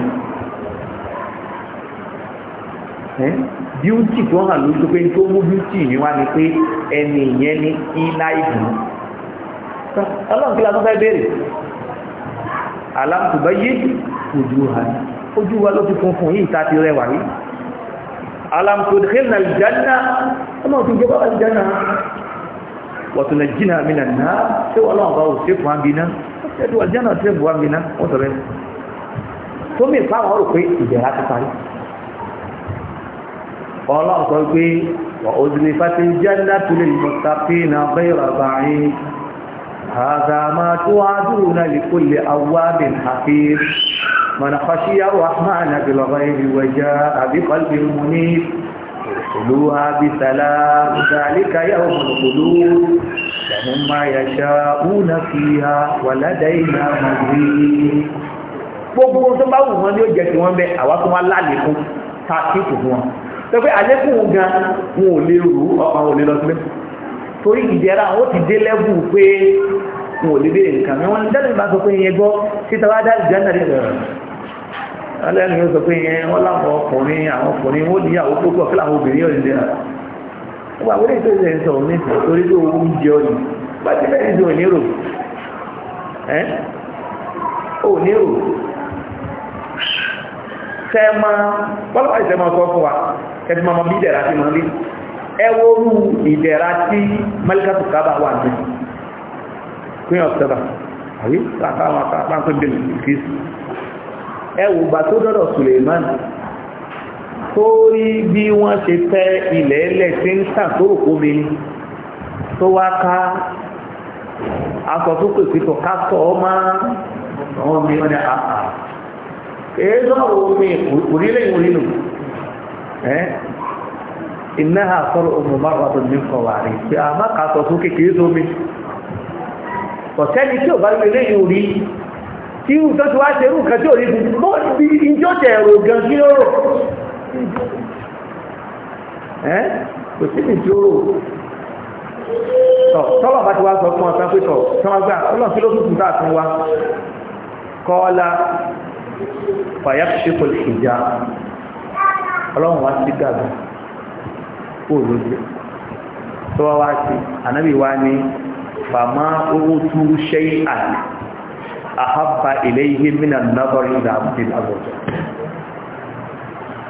Eh, bíútì tó hàn lójú pé tó mú bíútì mi wá ni pé ẹni ìyẹn ní iná ìdùnnú ọlọ́run kí la tó fẹ́ béèrè aláàtùbá yé ojú ha ojú wa ló ti funfun yìí ta ti rẹwà yìí aláàtùbá yé ojú wa ló ti funfun وتنجينا من النار سوى الله بقى وسيف وانبينا ẹ̀dùn àjẹ́nà tí ẹ̀bùn wámi ná wọ́n sọ̀rọ̀ ẹ̀mù tó mì fáwọn ọ̀rọ̀ pé ìbẹ̀rẹ̀ ti parí ọlọ́run sọ pé òdìlẹ̀ fati jẹ́nà tó lè mọ̀tàpé na bẹ́ẹ̀rẹ̀ àbáyé àzàmà tó wá dúró náà lè kó lè awáàbì àfi mọ̀nàfàṣíyà wà máa nàbìlọ́bà ìrìwẹ̀já ادخلوها بسلام ذلك يوم الخلود لهم ما يشاءون فيها ولدينا مزيد gbogbo tó bá wù wọn ni ó jẹ tiwọn bẹ àwa tó wá lálẹkùn ta kíkù fún wọn tó pé àlékún gan wọn ò lè rò ọkàn ò lè lọ sílẹ̀ torí ìjẹra ó ti dé lẹ́bù pé wọn ò lè béèrè nǹkan mi wọn ní dáadáa bá sọ pé ìyẹn gbọ́ títà wá dá ìjà náà lè rẹ̀ alẹ́nu yóò sọ pé yẹn wọ́n láwọn ọkùnrin àwọn ọkùnrin wọ́n ní ìyàwó púpọ̀ kí láwọn obìnrin yóò lè rà wọ́n àwọn ètò ìṣẹ̀ ń sọ̀rọ̀ nípa torí pé owó ń jẹ ọ̀yìn bá ti bẹ́ẹ̀ ní òní rò ẹ́ òní rò tẹ́ máa bọ́lá wà ìṣẹ́ máa sọ fún wa kẹ́tí máa bí ìdẹ̀ra sí máa rí ẹ wọ́rú ìdẹ̀ra sí mẹ́líkàtù kábà wà ní queen of saba àbí láàbà àwọn akápá ń pè ẹwù gbà tó dọ́dọ̀ Suleiman tó rí bí wọ́n ṣe tẹ ilẹ̀ ẹlẹ̀ tí ń tàn tó rò kómi ni tó wá ká aṣọ tó pèsè tó ká sọ ọ máa wọn mi wọn ni àpà èédọ́ omi òrílẹ̀ ìwòrí nù ẹ́ iná àsọ̀rọ̀ ọmọ márùn-ún àtọ̀ ní kọ̀wàrí pé a má kà sọ fún kékeré sómi ọ̀sẹ́ni tí ò bá lè lè ìwòrí irú tó ti wá ṣe irú kan tí ò rí fún bó bí ìjọ tẹ ẹ̀rọ gan kí ó rò ẹ́ kò sí ní tí ó rò tọ tọ́lọ̀ bá ti wá sọ fún ọ̀sán pé tọ̀ tọ́ wá gbà ọlọ́run kí ló tún tún bá tún kọ́ọ́lá fàyà ṣe kò lè jà ọlọ́run wá sí gàgbà kó o lóde tó wá wá sí ànábì wá ní fàmá owó túrú ṣẹ́yìn àná àhábà ilayhi minan nadari ìdá àbúté àgbọ̀jọ́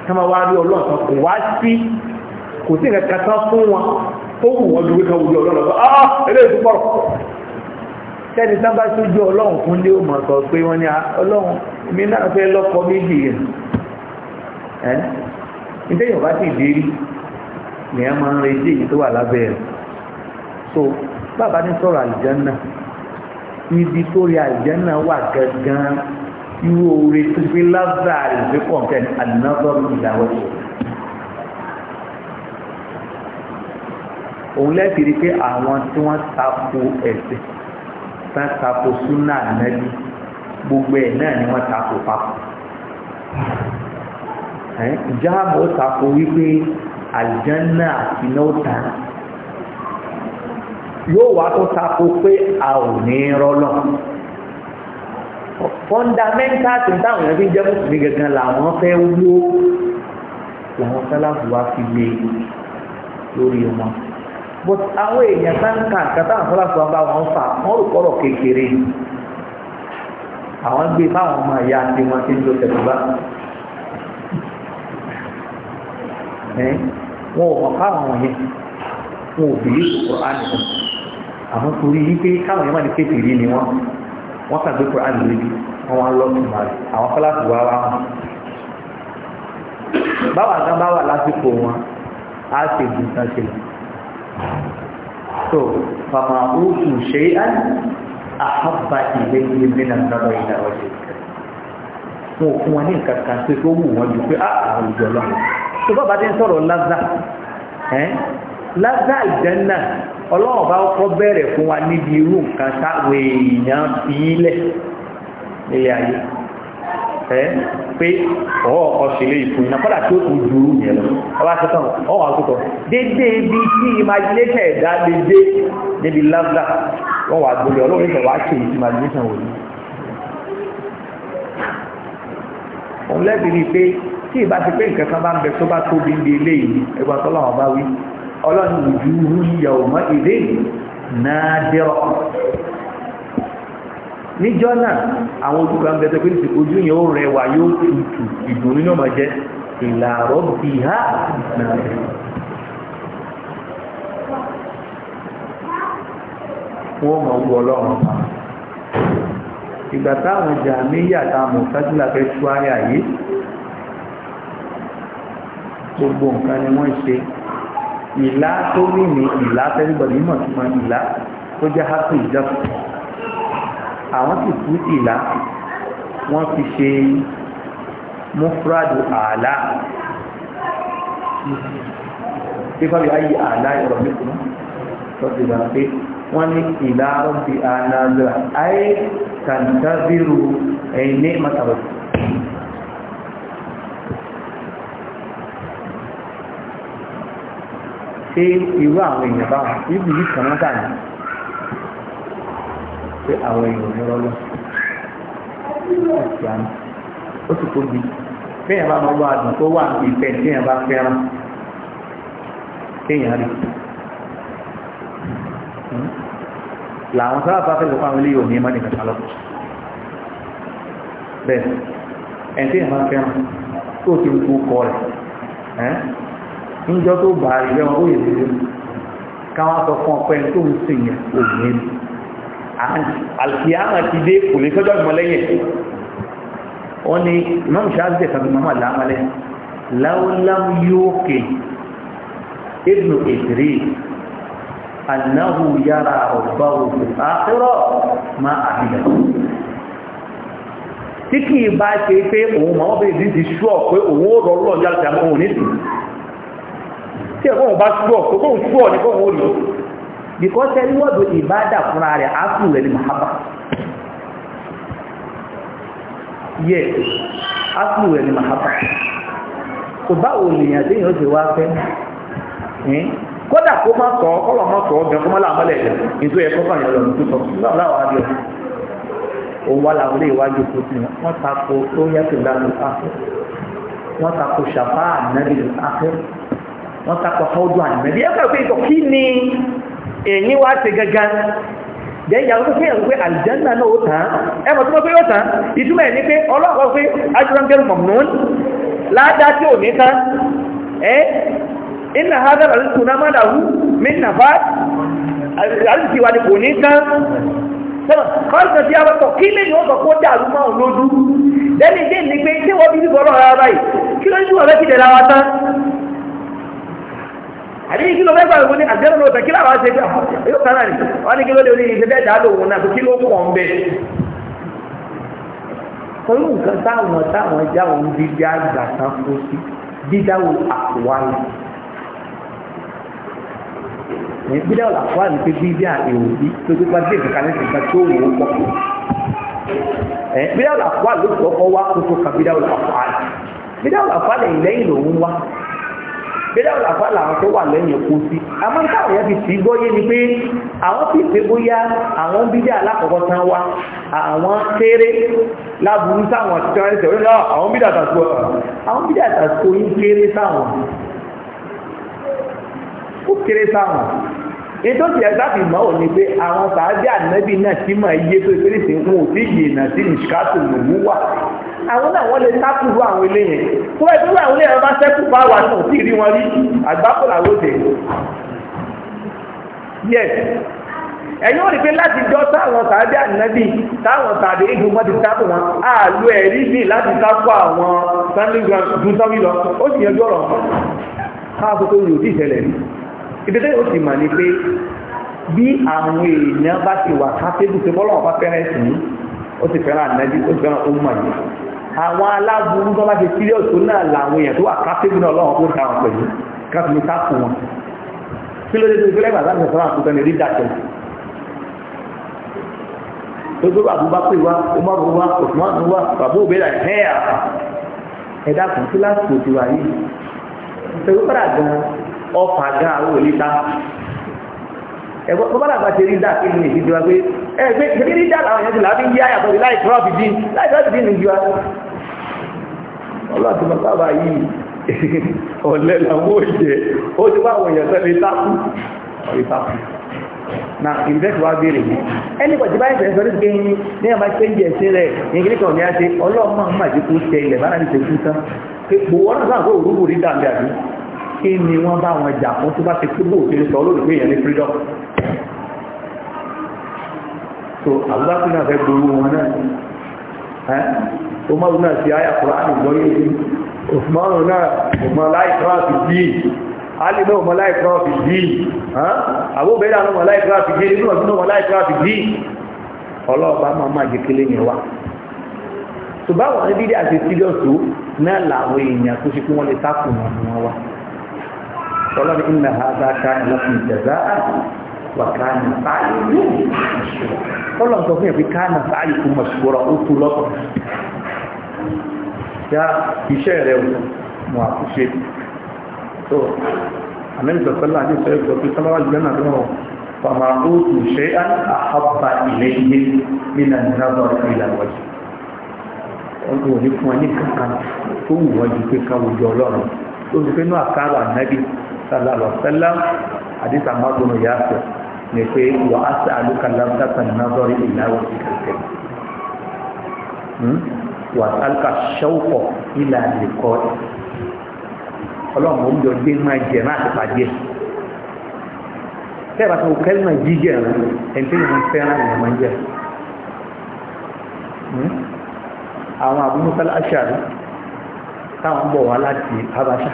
kí wọ́n wá rí ọlọ́ọ̀tọ́ kò wá sí kò sí nǹkan kata fún wọn ó wù wọ́n ju wíkà wù ọlọ́run lọ ah eléyìí tó pọ̀rọ̀ sẹ́ni sábà sójú ọlọ́run fún o òmò sọ pé wọ́n ní ah, ọlọ́run mi náà fẹ́ lọ́kọ méjì yẹn ẹ́ níta yóò bá sì dérí ni a máa ń retí èyí tó wà lábẹ́ so bàbá ní sọ̀rọ̀ àlùjánnà ibi tó rí àjẹ́nà wà gangan irú oore tó gbé lázàrì gbé kọ̀ǹtẹ̀ àdínàbọ̀rù ìdáwọ́ òun lẹ́sìn rí pé àwọn tí wọ́n tako ẹ̀sìn tán tako súnà nẹ́bí gbogbo ẹ̀ náà ni wọ́n tako papọ̀ ìjáàbọ̀ tako wípé àjẹ́nà àti náà tàn yóò wá tó tako pé a ò ní rọ́lọ́ fundamentals táwọn ẹbí jẹ́ mùsùlùmí gẹ́gẹ́ làwọn fẹ́ wó làwọn sálàfù wá fi lé lórí wọn but àwọn èèyàn sáńkà kàtà àwọn sálàfù wá bá wọn fà wọn rò kọ́rọ̀ kékeré àwọn gbé báwọn ọmọ ìyá tí wọn ti ń lo tẹ̀síwá wọn ò mọ̀ káwọn yẹn wọn ò bí kùránì kan àmọ́ torí wípé káwọn yẹn má ní kéèkì rí ni wọ́n wọ́n sàgbé kọ́ àdìrí bí wọ́n wá lọ́ọ̀tì máa rí àwọn fọláṣí wá wá wọn. báwa kan bá wà lásìkò wọn á ṣe ìdúntàn ṣe so fàmà òòtù ṣe é án àhábà ìlé ilé nínú àgbàdo ìlà ọ̀ṣẹ̀ wọn ò fún wọn ní nǹkan kan pé kó wù wọn ju pé ah, àwọn ìjọ lọ. tó bá bá ti sọ̀rọ̀ lázà ẹ́ lábẹ́ àjẹ́nà ọlọ́run bá kọ́ bẹ̀rẹ̀ fún wa níbi irú nǹkan táwọn èèyàn fi ilẹ̀ nílé ayé ẹ pé ọ̀ ọ̀ṣẹ̀lẹ̀ ìfún iná kọ́dà tó kù jù ú yẹn lọ ọba tuntun ọwọ́ àtúntọ̀ dédé ibi tí imagination ẹ̀dá lè dé níbi lábẹ́ wọn wà gbọ́dọ̀ ọlọ́run ìfẹ́ wàá ṣe imagination wò ni. òun lẹ́bi ni pé tí ìbá ti pé nǹkan kan bá ń bẹ tó bá tóbi ń di eléyìí ẹgbẹ́ bá wí ọlọ́run ìjú yíyà ọmọ ilé náà dẹ́rọ níjọ́ náà àwọn ojú kan bẹ̀rẹ̀ pé ìsìnkú ojú yẹn ó rẹwà yóò tutù ìdùn nínú ọmọ jẹ́ ìlàrọ̀ bí i ha náà wọ́n gbogbo nǹkan ni wọ́n ṣe ìlà tó ní ní ìlà tẹ́lifọ̀dì mọ̀ sí mọ ìlà tó jẹ́ hápù ìjọba àwọn sì tú ìlà wọ́n fi ṣe mufradu àlà fífọ́ bí ayé àlà ìrọ̀ nìkan lọ́sẹ̀ ìgbà pé wọ́n ní ìlà rọ̀bì àlà rẹ̀ ayé kàńtàbírù ẹ̀yìn ní màtàbọ̀tì. pé irú àwọn èèyàn báwọn níbi yìí kan náà dàní pé àwọn èèyàn ní rọlọ ọ̀sẹ̀ àná ó sì tóbi kéèyàn bá mọ wá dùn tó wà ní ìfẹ́ kéèyàn bá fẹ́ràn kéèyàn rí làwọn sábà bá fẹ́ lọ fáwọn ilé òní ẹmọ́ nìkan sálọ bẹ́ẹ̀ ẹ̀ kéèyàn bá fẹ́ràn tó ti ń kú kọ rẹ̀ níjọ́ tó bá ilé wọn ó yẹ lórí káwọn sọ fún ọpẹ́ tó ń sìn yẹn òun yẹn àlùkìyàmà ti dé kò lè sọ́jọ́ ìmọ̀ lẹ́yìn wọ́n ní ìmọ̀mù ṣáàbì tẹ̀sán ìmọ̀mù àlàámalẹ̀ láwùláwù yóò kè ibnu ìdírí annahu yára ọ̀gbáwò àkúrọ̀ ma àbíyà tí kì í bá ṣe pé òun máa bẹ̀rẹ̀ sí ti ṣúọ̀ pé òun ó rọ̀ lọ́jọ́ tí ẹ̀kọ́ wọn bá túbọ̀ kókó òun túbọ̀ ní kókó òun lò because ẹni wọ́dọ̀ ìbádà fúnra rẹ̀ ápù rẹ̀ ní mahaba yes ápù rẹ̀ ní mahaba kò báwo nìyàn tí yóò ṣe wá fẹ́ kódà kó má sọ kọ́lọ̀ má sọ ọ̀gá kó má làmọ́lẹ̀ ẹ̀ nítorí ẹ̀kọ́ kan yẹn lọ nítorí sọ nígbà láwọn adìẹ òun wà láwọn ilé ìwájú tó ti wọn tako tó yẹ kí n dá lọ sáfẹ́ wọn tako ṣàfáà nàbí lọ sáfẹ́ wọ́n takọ̀ fọ́ọ́dún ànàbí ẹ kọ́ pé ìtọ̀ kí ni èyí wá ṣe gangan jẹ́ ìyàwó tó fẹ́yàn pé àlìjánà náà ó tàn án ẹmọ̀ tó mọ́ pé ó tàn án ìtumọ̀ ẹ̀ ní pé ọlọ́pàá pé ajúrángẹ́rù mọ̀mún láàdá tí ò ní tán ẹ́ iná hádàrà lùtù náà máa dàrú mínà bá àrùsì wà ní kò ní tán kọ́ọ̀sán tí a wọ́n tọ̀ kí lè ní ọ̀sán kó dàrú máa ń lójú lẹ́ni dé ní pé tí wọ́n bí bí bọ́lọ́ àbí kí ló fẹ́ gbà wọ́n ní àjẹ́rò ló tẹ̀ kí làwọn ṣe gbà ah, yóò kánà ní wọ́n ní kí ló lè ní ìṣẹ́ bẹ́ẹ̀ dáadọ́ òun náà kí ló pọ̀ ń bẹ́ pẹ̀lú nǹkan táwọn táwọn jáwọn dídá gbà kan kó sí dídáwò àkùwáyé bídá ọ̀la fún àmì pé bídá èrò bí tó tó bá dé ìkàkà ní ìkàkà tó wò ó pọ̀ ẹ̀ bídá ọ̀la fún àlọ́ ìkọ̀kọ̀ wá kó tó ka bídá ọ̀la fún àlọ́ bídá ọ̀la fún bẹ́ẹ̀ àwọn àfá làwọn tó wà lẹ́yìn kú sí àmọ́ táwọn yẹn fi sí gbọ́yé ni pé àwọn tí ìpé bóyá àwọn bídíà alákọ̀ọ́kọ́ tán wá àwọn kéré láburú sáwọn tí wọ́n ṣẹ̀wọ́n náà àwọn bídíà tàṣkò àwọn bídíà tàṣkò yín kéré sáwọn ó kéré sáwọn ètò tí ẹ sáfì mọ́ ò ní pé àwọn sàájì ànábì náà tí mọ̀ iye tó ìpérèsè wọn ò sí yìí sí ìṣkáàtò lòmú wà àwọn náà wọ́n lè sákùrú àwọn eléyìn tó bá ìdúró àwọn eléyìn bá sẹ́kù bá wà náà sí ìrí wọn rí àgbákò làwọn òde yes ẹ̀yin ò rí pé láti jọ táwọn tàbí ànábì táwọn tàbí ìgbìmọ̀ ti sáfù wọn á lo ẹ̀rí bì láti sáfù àwọn sunday ground dùn sọ́wí lọ ó sì yanjú ọ̀rọ̀ káàkó tó rí òdì ìṣẹ̀lẹ̀ rí ìdílé ó sì mà ní pé bí àwọn èèyàn bá ti wà ká tébù tó bọ́lọ́wọ́ bá fẹ́rẹ̀ sí ó sì fẹ́ràn ànábì ó sì fẹ́ràn ó mọ̀ yìí àwọn aláburú tó bá ṣe sílé ọ̀tún náà làwọn èèyàn tó wà káfíìmù náà lọ́wọ́ fún ìtàwọn pẹ̀lú káfíìmù sáàkù wọn kí ló dé tó ìfẹ́lẹ́ bàbá mi sọ́nà àkókò ní rídà tẹ̀ tó tó bàbú bá pè wá ó má bú wá òtún wá wá bàbá òbí rà ẹ̀ àpà ẹ̀dá kùn sí lásìkò ti wà yìí pẹ̀lú padà gan ọkọ̀ àgá àwọn òlítà ẹ̀gbọ́n bọ́bá làbá ṣe ń yí àyàtọ̀ láì trọ́ọ̀fì dín láì trọ́ọ̀fì dín ọlọ́tí mọ́ sábà yìí (laughs) ọ̀lẹ́ làwọn òjẹ́ ó ti wá àwọn èèyàn sẹ́lẹ̀ tákù ìtàkù na invest wa béèrè yìí anybody báyìí fẹ́ sọ ní pé ní ní ọba ṣe ń jẹ ṣe rẹ̀ ní kíní kan ní a ṣe ọlọ́mọ ọmọ àti kú ṣe ilẹ̀ bára ní ṣe kú tán gbogbo wọn náà kó òrùkù rí dàbí so àbúrò náà fẹ́ gbowó wọn Umar náà ti ayà Kùránì gbọ́yé ní Osmanu náà ọmọ láìkráàfì díì, Ali náà ọmọ láìkráàfì díì, àbúbẹ̀dà náà ọmọ láìkráàfì díì, inú ọdún ọmọ láìkráàfì díì, ọlọ́ọ̀bá máa máa jẹ́ kílé yẹn wá. Ṣùgbọ́n àwọn ẹbí àti sílíọ̀sù náà làwọn èèyàn tó ṣe kí wọ́n lè sákùn wọn wá. Ọlọ́run ìnà wà káàna sáàyè kọ́lọ̀ sọ fún ẹ̀fí káàna sáàyè fún mọ̀ṣúwọ́rọ̀ ó tó lọ́kọ̀ ya iṣẹ́ rẹ̀ mọ̀ àkúṣe tó àmẹ́rìndọ̀sọ́lá ní sọ ẹ̀fọ́ pé sábà jùlọ náà lọ́wọ́ fàmàrútù ṣe án àhábà ilé ilé nínà ìrìnàbọ̀ ìlàwọ̀jì ọdún òní fún ọ ní kankan tó wù ju pé káwùjọ ọlọ́run tó fi pé náà káàbà nábì sallallahu alaihi wasallam hadith amadunu yasir ni pé wà á sẹ alukalamu sátani náà sọrí ìlàwọ sí kẹkẹ wà á sálùkà ṣẹwùkọ ìlà àlèkọ ọlọ́run oúnjẹ gbé máa jẹ náà ti pàdé tẹ́ẹ̀bà tó kẹ́lì máa jíjẹ rẹ ẹni tí fẹ́ràn ìyẹn máa jẹ hmm? àwọn àbúmọ́sálà àṣà táwọn bọ̀ wá láti habasha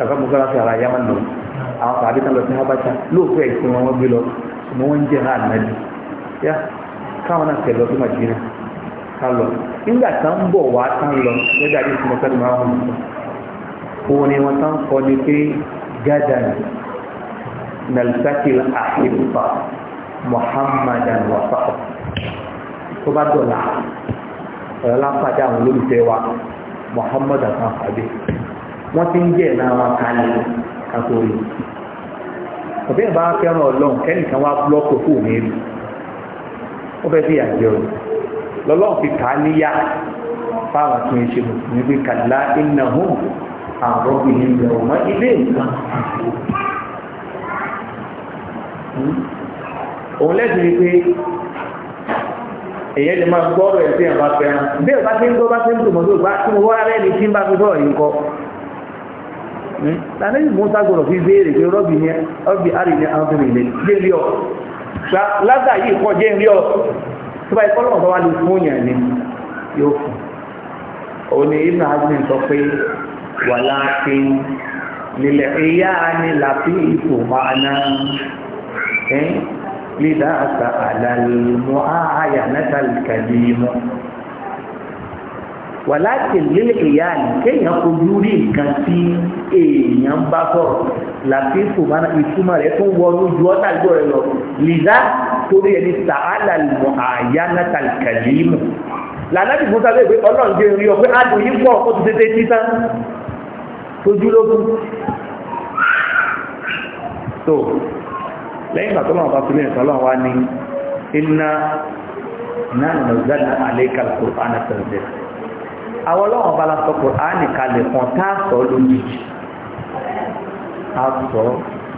kàkà mú sọ́ra fi ara yá máa lọ àwọn sàbí kan lọ sí habata lóòótọ́ ẹ̀sìn wọn wọ́n gbé lọ ṣùgbọ́n wọ́n ń jẹ́ hàn náà bí yá káwọn náà tẹ̀ lọ sí màjínà ká lọ nígbà tá ń bọ̀ wá tá ń lọ lẹ́dà bí sinmi sẹ́ni máa ń sọ òun ni wọ́n tá ń ni pé gadan nalsakil ahibba muhammadan wasaqa tó bá dọ̀là ọ̀rọ̀ lápàdé àwọn olólùfẹ́ wa muhammadan kan fàdé wọ́n ti ń jẹ́ náà wọn kalẹ̀ kàtòrí ọ̀bẹ́ ìbá fẹ́ràn ọlọ́run kẹ́nìkan wá búlọ́ọ̀kì fún mi rí ó fẹ́ bí àjẹ́ o lọ́lọ́run fi kà á níyà fáwọn tí ń ṣe mùsùlùmí pé kàlá iná hùn àrùn ìhìn ìbẹ̀rù mọ́ ilé nǹkan òun lẹ́sìn ni pé èyẹ́ lè máa gbọ́rọ̀ ẹ̀ sí ẹ̀ bá fẹ́ràn bí ẹ̀ bá ti ń gbọ́ bá ti ń dùn mọ́ tó gbá tí wọ́n rárẹ́ ni tí ń bá fi bọ́ọ̀ yìí kọ́ lànàbí hmm? musa gbọ́dọ̀ fi béèrè pé rọ́bì ni rọ́bì àrí ni àwọn tóbi ilé gbé rí ọ gba ládà yìí kọ́ jẹ́ rí ọ tó bá ikọ́ lọ́wọ́ tó wá lè fún yàn ni yóò fún òun ni ibn mú àyà mẹ́ta lè kàlí mọ́ wàláàkì lílẹ̀ ìyá ni kéèyàn fojú rí nǹkan tí èèyàn bá sọ̀rọ̀ làbí fòmánà ìtumọ̀ rẹ̀ tó wọnú ju ọ́tà gbọ́ rẹ̀ lọ lìdá torí ẹni sàálà lùmọ̀ àyà náà kàlí mọ̀ làlábì fún sábẹ́ pé ọlọ́run jẹ́ rí ọ pé á dùn yín pọ̀ ó ti tètè tí tán fojú lógún tó lẹ́yìn ìgbà tó lọ́wọ́ bá fi lè sọ́lọ́ wa ní iná náà nàzánà àlékà kùránà àwọn ọlọ́wọ́n bá la sọ Kùránì kalẹ̀ kan tá a sọ lójijì a sọ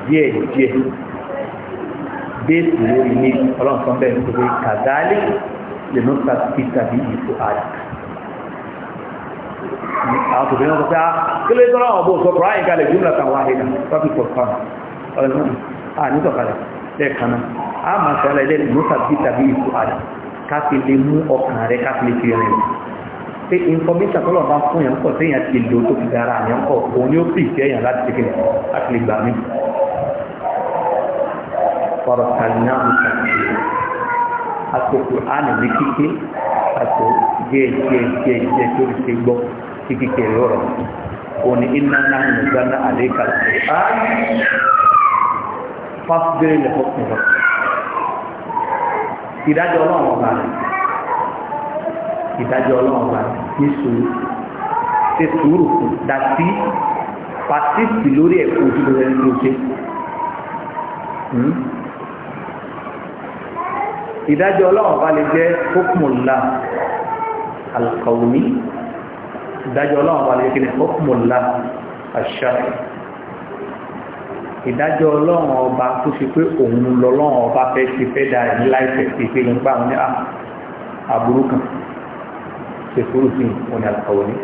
díẹ̀ díẹ̀ béèsì lórí ní ọlọ́run sọ bẹ́ẹ̀ nítorí kàdáálì lè ló ta fi tàbí ìfò àdì. àwọn tòbí náà sọ pé ah, kí ló tọ́lá ọ̀bọ̀ sọ kùrọ̀ àyíká lè jùmọ̀ kan wáhé náà tọ́kì pọ̀ kan ọ̀rẹ́ náà ah, ní sọ̀kalẹ̀ lẹ́ẹ̀kan náà a máa sọ ọ́lẹ́ lẹ́nu ló ta fi tàbí ìfò àdì ká fi lè mú ọkàn rẹ ká fi lè fi rìn pé information tọ́lọ̀ bá fún yẹn kọ̀ téèyàn ti lò tó fi dára yẹn kọ̀ òun ni ó fi ìfẹ́ yẹn láti ṣe kìnnìkan láti lè gbà mí. ọ̀rọ̀ kàlínà mi kà sí i àtòkù ánìlé kíké àtò díẹ̀ díẹ̀ díẹ̀ díẹ̀ tó fi ṣe gbọ́ kí kíké lọ́rọ̀ òun ni iná náà ń gbaná àlẹ́ kàlẹ́ á fásitì lẹ́kọ̀ọ́ ìdájọ́ ọlọ́run ọba rẹ̀ ìdájọ́ ọlọ́run bá ní sùúrù ṣe sùúrù fún dàtí pàṣípì lórí ẹ̀kọ́ ojú bẹ̀rẹ̀ ní oṣù ìdájọ́ ọlọ́run bá lè jẹ́ hókùnmọ̀lá alkawuni ìdájọ́ ọlọ́run bá lè jẹ́ hókùnmọ̀lá àṣà ìdájọ́ ọlọ́run ọba tó ṣe pé òun lọ́lọ́run ọba fẹ́ ṣe fẹ́ dá ìlà ìfẹ́ ìpele ń gbà wọn ní àbúrú ah, kan ṣe fúrú sí òní àkàwọ̀ ní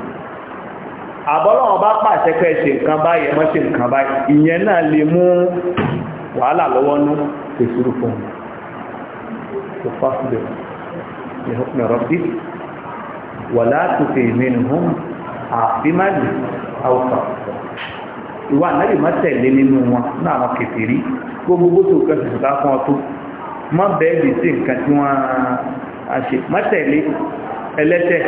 àbọ́lọ́wọ́ bá pàṣẹ pé ṣe nǹkan báyìí ẹmọ́ ṣe nǹkan báyìí ìyẹn náà lè mú wàhálà lọ́wọ́ nú ṣe fúrú fún un tó fásitì ní ọkùnrin rọ́bì wà látòkè ìmẹ́nu hàn àbímánì àwòkà ìwà ànábì má tẹ̀lé nínú wọn náà wọn kẹfìrí gbogbo tó kẹsì tó ká fún ọ má bẹ́ẹ̀ lè sí nǹkan tí wọ́n á ṣe má tẹ̀lé ẹlẹ́tẹ̀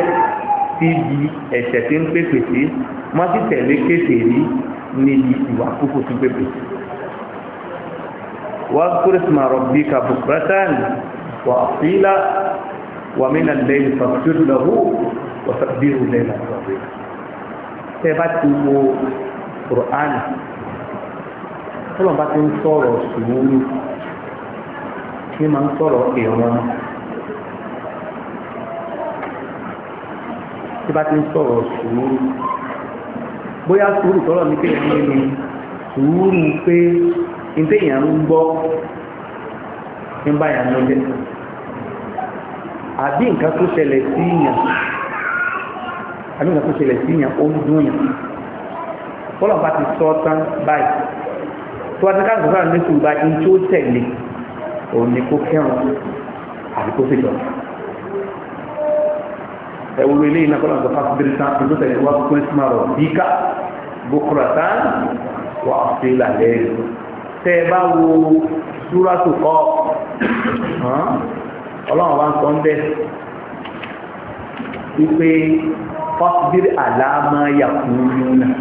síbi ẹ̀ṣẹ̀ tí ń pèpè sí má sì tẹ̀lé kéfè rí níbi ìwà kúkú tí ń pèpè sí. wá kúrìsìmà rọ̀bì kàbùkúrátàn wà fílà wà mínà lẹ́yìn fàkútù lọ́wọ́ wà sàbírù lẹ́yìn àtọ́wé. tẹ́ bá ti wo Kùránì tọ́lọ̀ bá ti ń sọ̀rọ̀ sùúrù kí máa ń sọ̀rọ̀ ìrún tí bá ti ń sọ̀rọ̀ sùúrù bóyá sùúrù tọ́lọ̀ ní kéèyàn ní ni sùúrù pé ní téèyàn ń gbọ́ ń bá yàn lọ́jẹ́ àbí nǹkan tó ṣẹlẹ̀ sí yàn àbí nǹkan tó ṣẹlẹ̀ sí yàn ó ń dún yàn bọ́lọ̀ bá ti sọ tán báyìí tó wá ti ká nǹkan ní sùúrù báyìí ní tó tẹ̀lé òun ni kó kẹ́rùn-ún àbí kó fìjọba ẹwúrú ilé iná kọ́lá ọ̀sán fásitì tán tó tẹ̀lé wá kírísímà rọ̀ bíkà bukura tán wà sí ìlàlẹ́ tẹ́ ẹ bá wo súrátù kọ́ ọlọ́run bá ń sọ ń bẹ́ wípé fásitì àlámà yàkúrú náà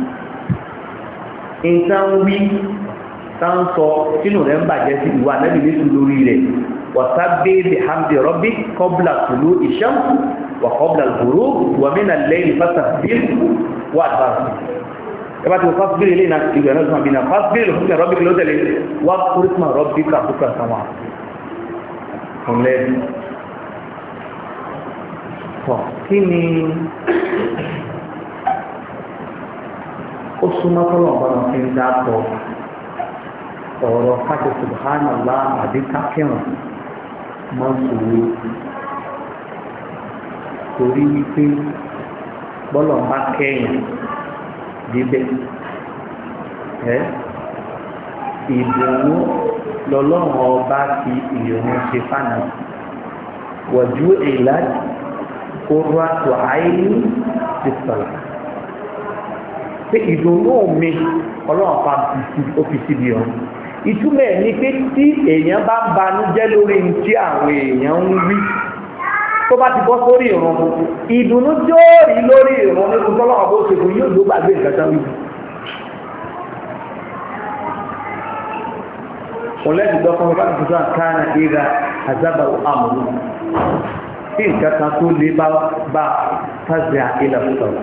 nǹkan wí tán sọ sínú rẹ̀ ń bàjẹ́ sí ìwà nẹ́bí nítorí lórí rẹ̀ wọ́n sábẹ́ ìdè hàmdè rọ́bì kọ́bùlà tùlù ìṣẹ́kù وقبل الغروب ومن الليل فاستكبر وأدبر ẹbá tí ó fásbírí ilé ìná ìgbẹ̀ náà sọ́nà bí náà fásbírí lọ fún ẹ̀rọ́bí ló tẹ̀lé wá kúrísmà rọ́bí kàfúkà sáwà ọ̀lẹ́bí pọ̀ kí ni ó súnmọ́ tọ́lọ̀ bá subhanallah àbí kákẹ́rùn-ún torí wípé bọ́lọ̀ ń bá kẹ́yìn débẹ̀ ẹ́ ìdùnnú lọ́lọ́run ọba fi ìrònú ṣe fànà wọ̀jú ìlàjì kóró àtọ̀ àìní ti sọ̀rọ̀ pé ìdùnnú mi ọlọ́run pa ó fi síbi ọ̀hún ìtumọ̀ ẹ̀ ni pé tí èèyàn bá ń banújẹ́ lórí ní tí àwọn èèyàn ń wí tó bá ti bọ́ sórí ìrun ìdùnnú tí ó rí lórí ìrun ní kò tọ́lọ́wọ́ bó ṣe fún yóò ló gbàgbé nǹkan tán wíwú. mo lẹ́nu gbọ́ fún mi bá tuntun àkáàna ìra àzábàwò àmúlò tí nǹkan kan tó lé bá bá fásitì àìlà sọ̀rọ̀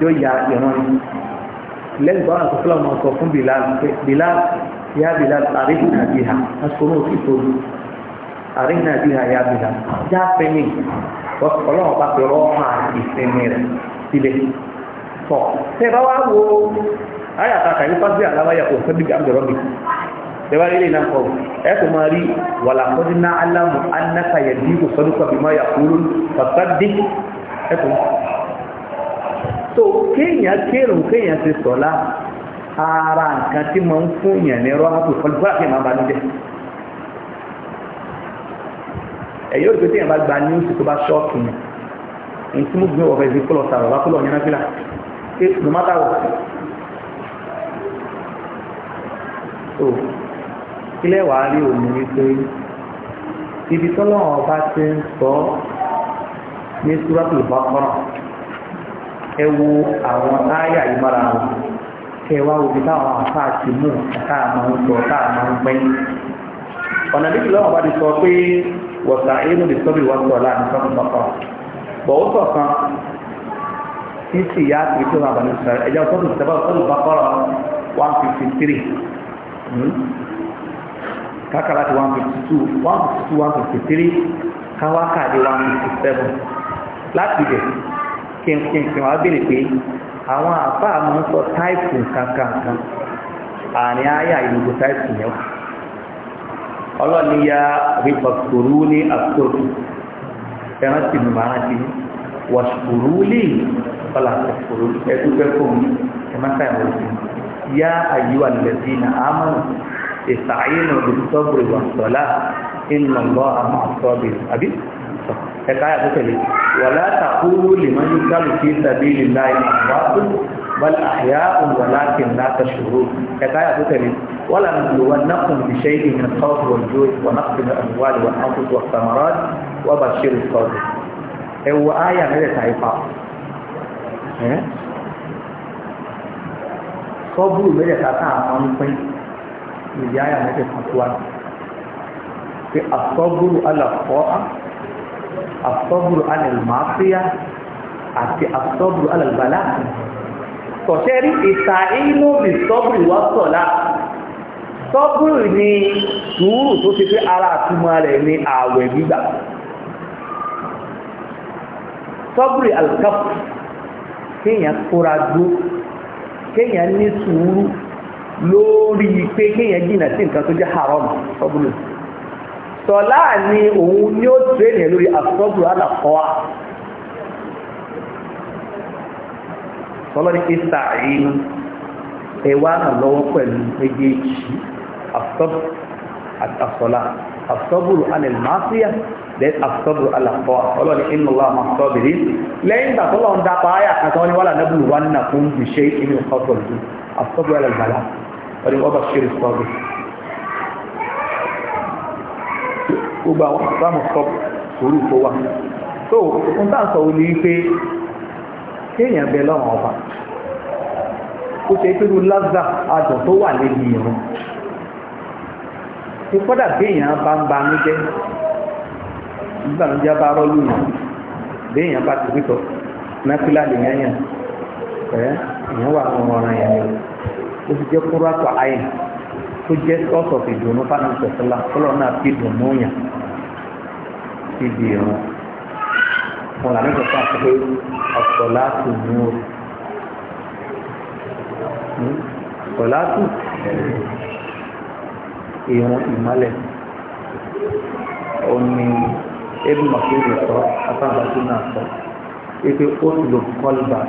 yóò ya ìran yìí lẹ́nu gbọ́ àwọn àkọsílẹ̀ ọmọ sọ fún Bilal Bilal ya Bilal àríkùn àbíhà aṣọ náà ti tó lù àríyìn àbí àyà bìlà já sẹ́yìn ọlọ́run bá fi rọ́ọ̀mà ìsinmi rẹ̀ sílẹ̀ tọ̀ tẹ́ bá wá wo ayàtà kàyí fásitì aláwáyà kò sẹ́bí àbẹ̀rọ̀bì tẹ́wà ilé náà kọ̀ ẹ kò máa rí wà lákọ́dí ná aláàmù anáka yẹ̀ bí kò sọ́dúnkọ̀ bí máa yà kúrú pàtàkì ẹkùn so kéèyàn kéèrùn kéèyàn ti sọ̀lá ara nǹkan tí mo ń fún yẹn ní rọ́ọ̀mù pẹ̀lú ẹ̀yọ́ ìpè tí yẹn bá gba níwùsì tó bá ṣọ́ọ̀kì yẹn èyí tí mo gbé wọ̀ fẹ́ẹ́ fi kúlọ̀ sàrọ̀ bá kúlọ̀ yẹn náà fílà pé no matter what so ilé wàá rí òní wípé ibi tọ́lọ́wọ́n ọba ti ń sọ ní súrákùlù bá kọ́ràn ẹ wo àwọn táyà yìí mọ́ra wọn kẹ wá omi táwọn àfáà ti mú àtàwọn ọmọ ń sọ táwọn ọmọ ń gbẹ́yìn ọ̀nà méjì lọ́wọ́ bá ti sọ pé wọ̀tà inú lè sọ́bì wọ́n sọ láàrin sọ́nù pàpà bọ̀ ó sọ kan tí sì yá kiri tó náà bàní sọ ẹjọ́ sọ́nù sẹ́bà sọ́nù pàpà rọ one fifty three hmm? káka láti one fifty two one fifty two one fifty three káwá káàdé one fifty seven láti ibẹ̀ kí n kí n kí n wá béèrè pé àwọn àfáà máa táìpù kankan kan àárín àyà ìlú táìpù yẹn ọlọ́niyà rífàkùrú ní àkókò ẹran ti mú màá ti wàṣùkùrú lè fọlá àkókò ẹdúpẹ́ fún mi ẹmọ́ta ẹ̀wọ̀n sí yá àyíwá lẹ́sí na àmọ́ ìsàáyínà olùsọ́bùrì wà sọ́lá ìnàlọ́ àmọ́ àsọ́bì àbí ẹ̀ka àkókò lè wà látàkùrú lè máa ń kálù sí بل أحياء ولكن لا تشعرون تتري ولا نبلونكم بشيء من الخوف والجوع ونقص الأموال والأنفس والثمرات وبشر الصادق إيه هو آية من التعيقاء إيه؟ صبر من التعيقاء أنفين آه، من آية من التعيقاء في الصبر على الطاعة الصبر على المعصية الصبر على البلاء sọ̀tẹ́rí ìta inú bí sọ́bùrù wá sọ̀lá sọ́bùrù ni sùúrù tó ti pé ara àtúmọ̀ rẹ̀ ni ààwẹ̀ gbígbà sọ́bùrù alkapu kéèyàn kóra dó kéèyàn ní sùúrù lórí pé kéèyàn jìnà sí nǹkan tó jẹ́ haram sọ́bùrù sọ̀lá ni òun ni ó tẹ̀lé lórí asọ́bùrù alàkọ́wà tọ́lọ́dí pé sàárínú ẹwà náà lọ́wọ́ pẹ̀lú méjèèjì àtọ́sọ́lá àtọ́bùrù alẹ́lmáṣíyà then àtọ́bùrù alàfọ́ ọlọ́ni ìnúlá àmàtọ́bìrí lẹ́yìn ìgbà tọ́lọ́ ń dápa ayà àtọ́ ní wàlà nẹ́bùrù wà nínà fún ìṣe inú ọ̀tọ̀lù àtọ́bùrù alẹ́lmáṣíyà ọdí wọ́n bá àwọn sọ́ọ̀bù sòrò tó so n sọ wọ́n ní wípé kéèyàn bẹ ọba ó ṣe pé irú lásà tó wà lẹ́nu ìrún ó kọ́dà béèyàn bá ń banú ìbànújẹ́ bá rọ́lù yàn béèyàn bá ti pítọ̀ náfìlà yàn wà ni ó ti jẹ́ kúrò àtọ̀ tó jẹ́ ìdùnnú fáwọn kọ́lọ́ náà fi wọn là nígbà tó àpè ọ̀sọ̀lá tó ní o hmm? ọ̀sọ̀lá tó ìrún ìmọ̀lẹ̀ òní ebi mọ̀kéde sọ afáàbàtú náà sọ ebi ó ti lò kọ́lùbà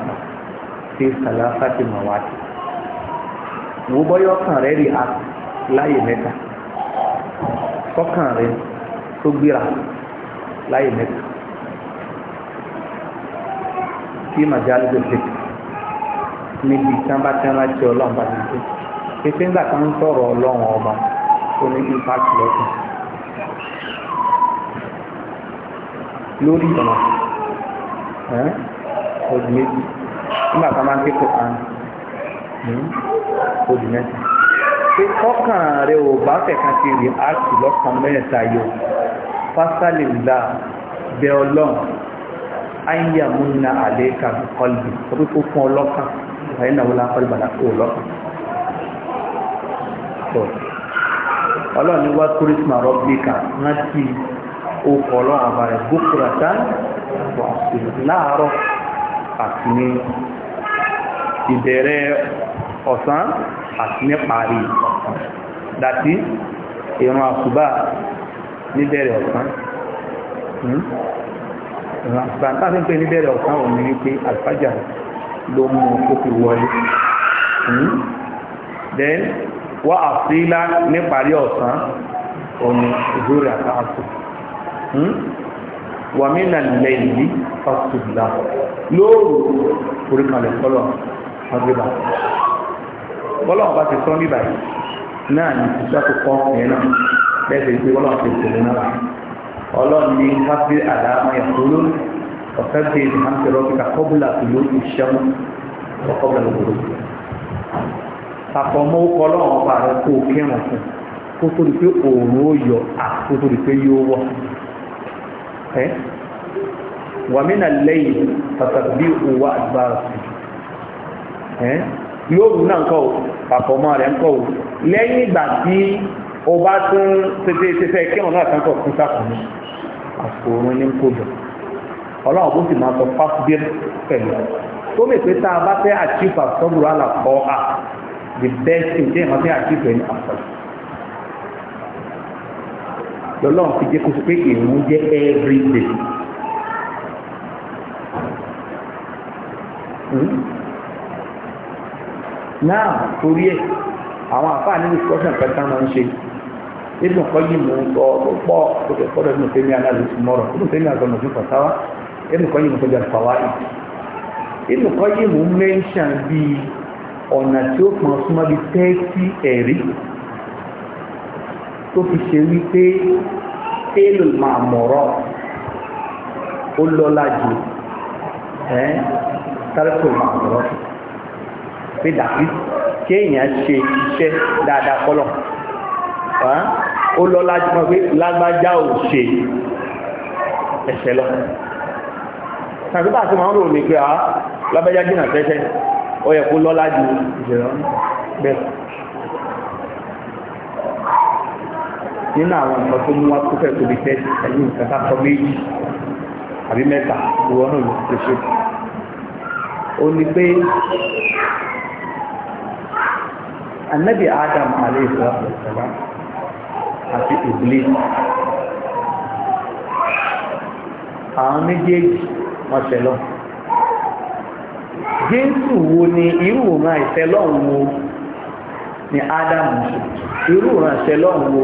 sí sàlàfà ti mọ̀ wá sí wò bọ́yọ̀ kan rẹ̀ rí a láyè mẹ́ta kọ́kàn rẹ̀ tó gbéra láyè mẹ́ta sí màjálù gbèsè níbi tí wọ́n bá tí wọ́n bá ti ọlọ́run bá ti dé kété ńgbà kan ń sọ̀rọ̀ ọlọ́run ọba tó ní impact lọ́sùn lórí ìtàn ọdún méjì nígbà kan máa ń kékeré kan ọdún mẹ́ta pé kọ́kàn rẹ ò bá fẹ̀kan ti rí àti lọ́kàn mẹ́ta yóò fásálì ńlá bẹ ọlọ́run ayé múna àléékà kọlbì tó pé kó fún ọlọ́kà ayé náà wọlé akọlbà láti ọlọ́kà tó ọlọ́run ní wá kúrísìmà rọ́bìkà rántí okọ̀ ọlọ́run ọba rẹ̀ gbókùrà tán wà sí láàárọ̀ àti ní ìbẹ̀rẹ̀ ọ̀sán àti ní parí ọ̀sán dàtí ìrun àsùbá níbẹ̀rẹ̀ ọ̀sán. Hmm? ìran gbàǹtà fi ń pè ní bẹ̀rẹ̀ ọ̀sán òní wípé àlùfájà ló mú kó fi wọlé hmm? then wọ́n àfíìlá níparí ọ̀sán òní ìdúró àtàkùn hmm? wàmínà lẹ́yìn fásitìlá lóòrù oríkàlẹ̀ kọ́lọ̀ ọgbẹ́bà bọ́lọ̀ bá ti sọ́ níbàyí náà ní ìṣàkókò ẹ̀nà lẹ́sẹ̀ ìgbé bọ́lọ̀ ti tẹ̀lé náà ọlọ́run ní káfí àdámọ́ ìkúrú ọ̀fẹ́ bíi ìhàmsì rọ́bìkà kọ́bùlà tìlú ìṣẹ́mú ọkọ̀bùlà lòdòdò. àfọ̀mọ́ ọkọ̀ ọlọ́run ọba rẹ kó o kírun fún kó tó di pé òòrùn ó yọ àkókò tó di pé yóò wọ̀. wàmínà lẹ́yìn pàtàkì bí òwò àdúbàrà sí lóòrùn náà kọ́ àfọ̀mọ́ rẹ̀ kọ́ lẹ́yìn ìgbà tí ọba tún tètè tètè kírun náà kan kọ̀ fún sáfù mi àsìkò oorun ní kójọ ọlọ́run bó sì máa sọ fásitì pẹ̀lú tó mè pé tá a bá fẹ́ àchífù àsọ́gbùrù àlàkọ́ à the best thing tí èèyàn fẹ́ àchífù ẹni àsọ́gbù lọ́lọ́run fi jẹ́ kó sọ pé èèyàn jẹ́ everyday. Hmm? náà torí ẹ̀ àwọn àfáà nínú discussion pẹ̀lú táwọn ń ṣe ibùn kọ́yí mò ń sọ tó pọ̀ tó fẹ́ kọ́dọ̀ ibùn tẹ́mi aláàlú mọ́rọ̀ ibùn tẹ́mi àgbọ̀nà fún fàtàwà ibùn kọ́yí mò ń tọ́jà fàwa yìí ibùn kọ́yí mò ń mẹ́ńṣàn bí ọ̀nà tí ó pọn súnmọ́ bí tẹ́ẹ̀tì ẹ̀rí tó fi ṣe wípé tẹ́lù máa mọ̀rọ̀ ó lọ́la jù ẹ́ tẹ́lù máa mọ̀rọ̀ pé dàbí kéèyàn ṣe iṣẹ́ dáadáa ó lọ láti mọ̀ pé lágbájá ò ṣe ẹ̀ṣẹ̀ lọ tàbí bá ti máa ń rò ní pé àá ah, lágbájá jìnà tẹ́ṣẹ̀ ó yẹ kó lọ láti ìṣẹ̀lọ́ bẹ́ẹ̀ nínú àwọn nǹkan tó mú wá tó fẹ́ tóbi tẹ́ ẹ̀yìn nǹkan tá sọ méjì àbí mẹ́ta ìwọ náà ló ti ṣe ó ní pé anabi adam alayhi salatu àti Iblis àwọn méjèèjì wọ́n tẹ̀lọ́ jésù wo ni irú òun àìtẹ́lọ́ wo ni Ádámù ṣe irú òun àìtẹ́lọ́ wo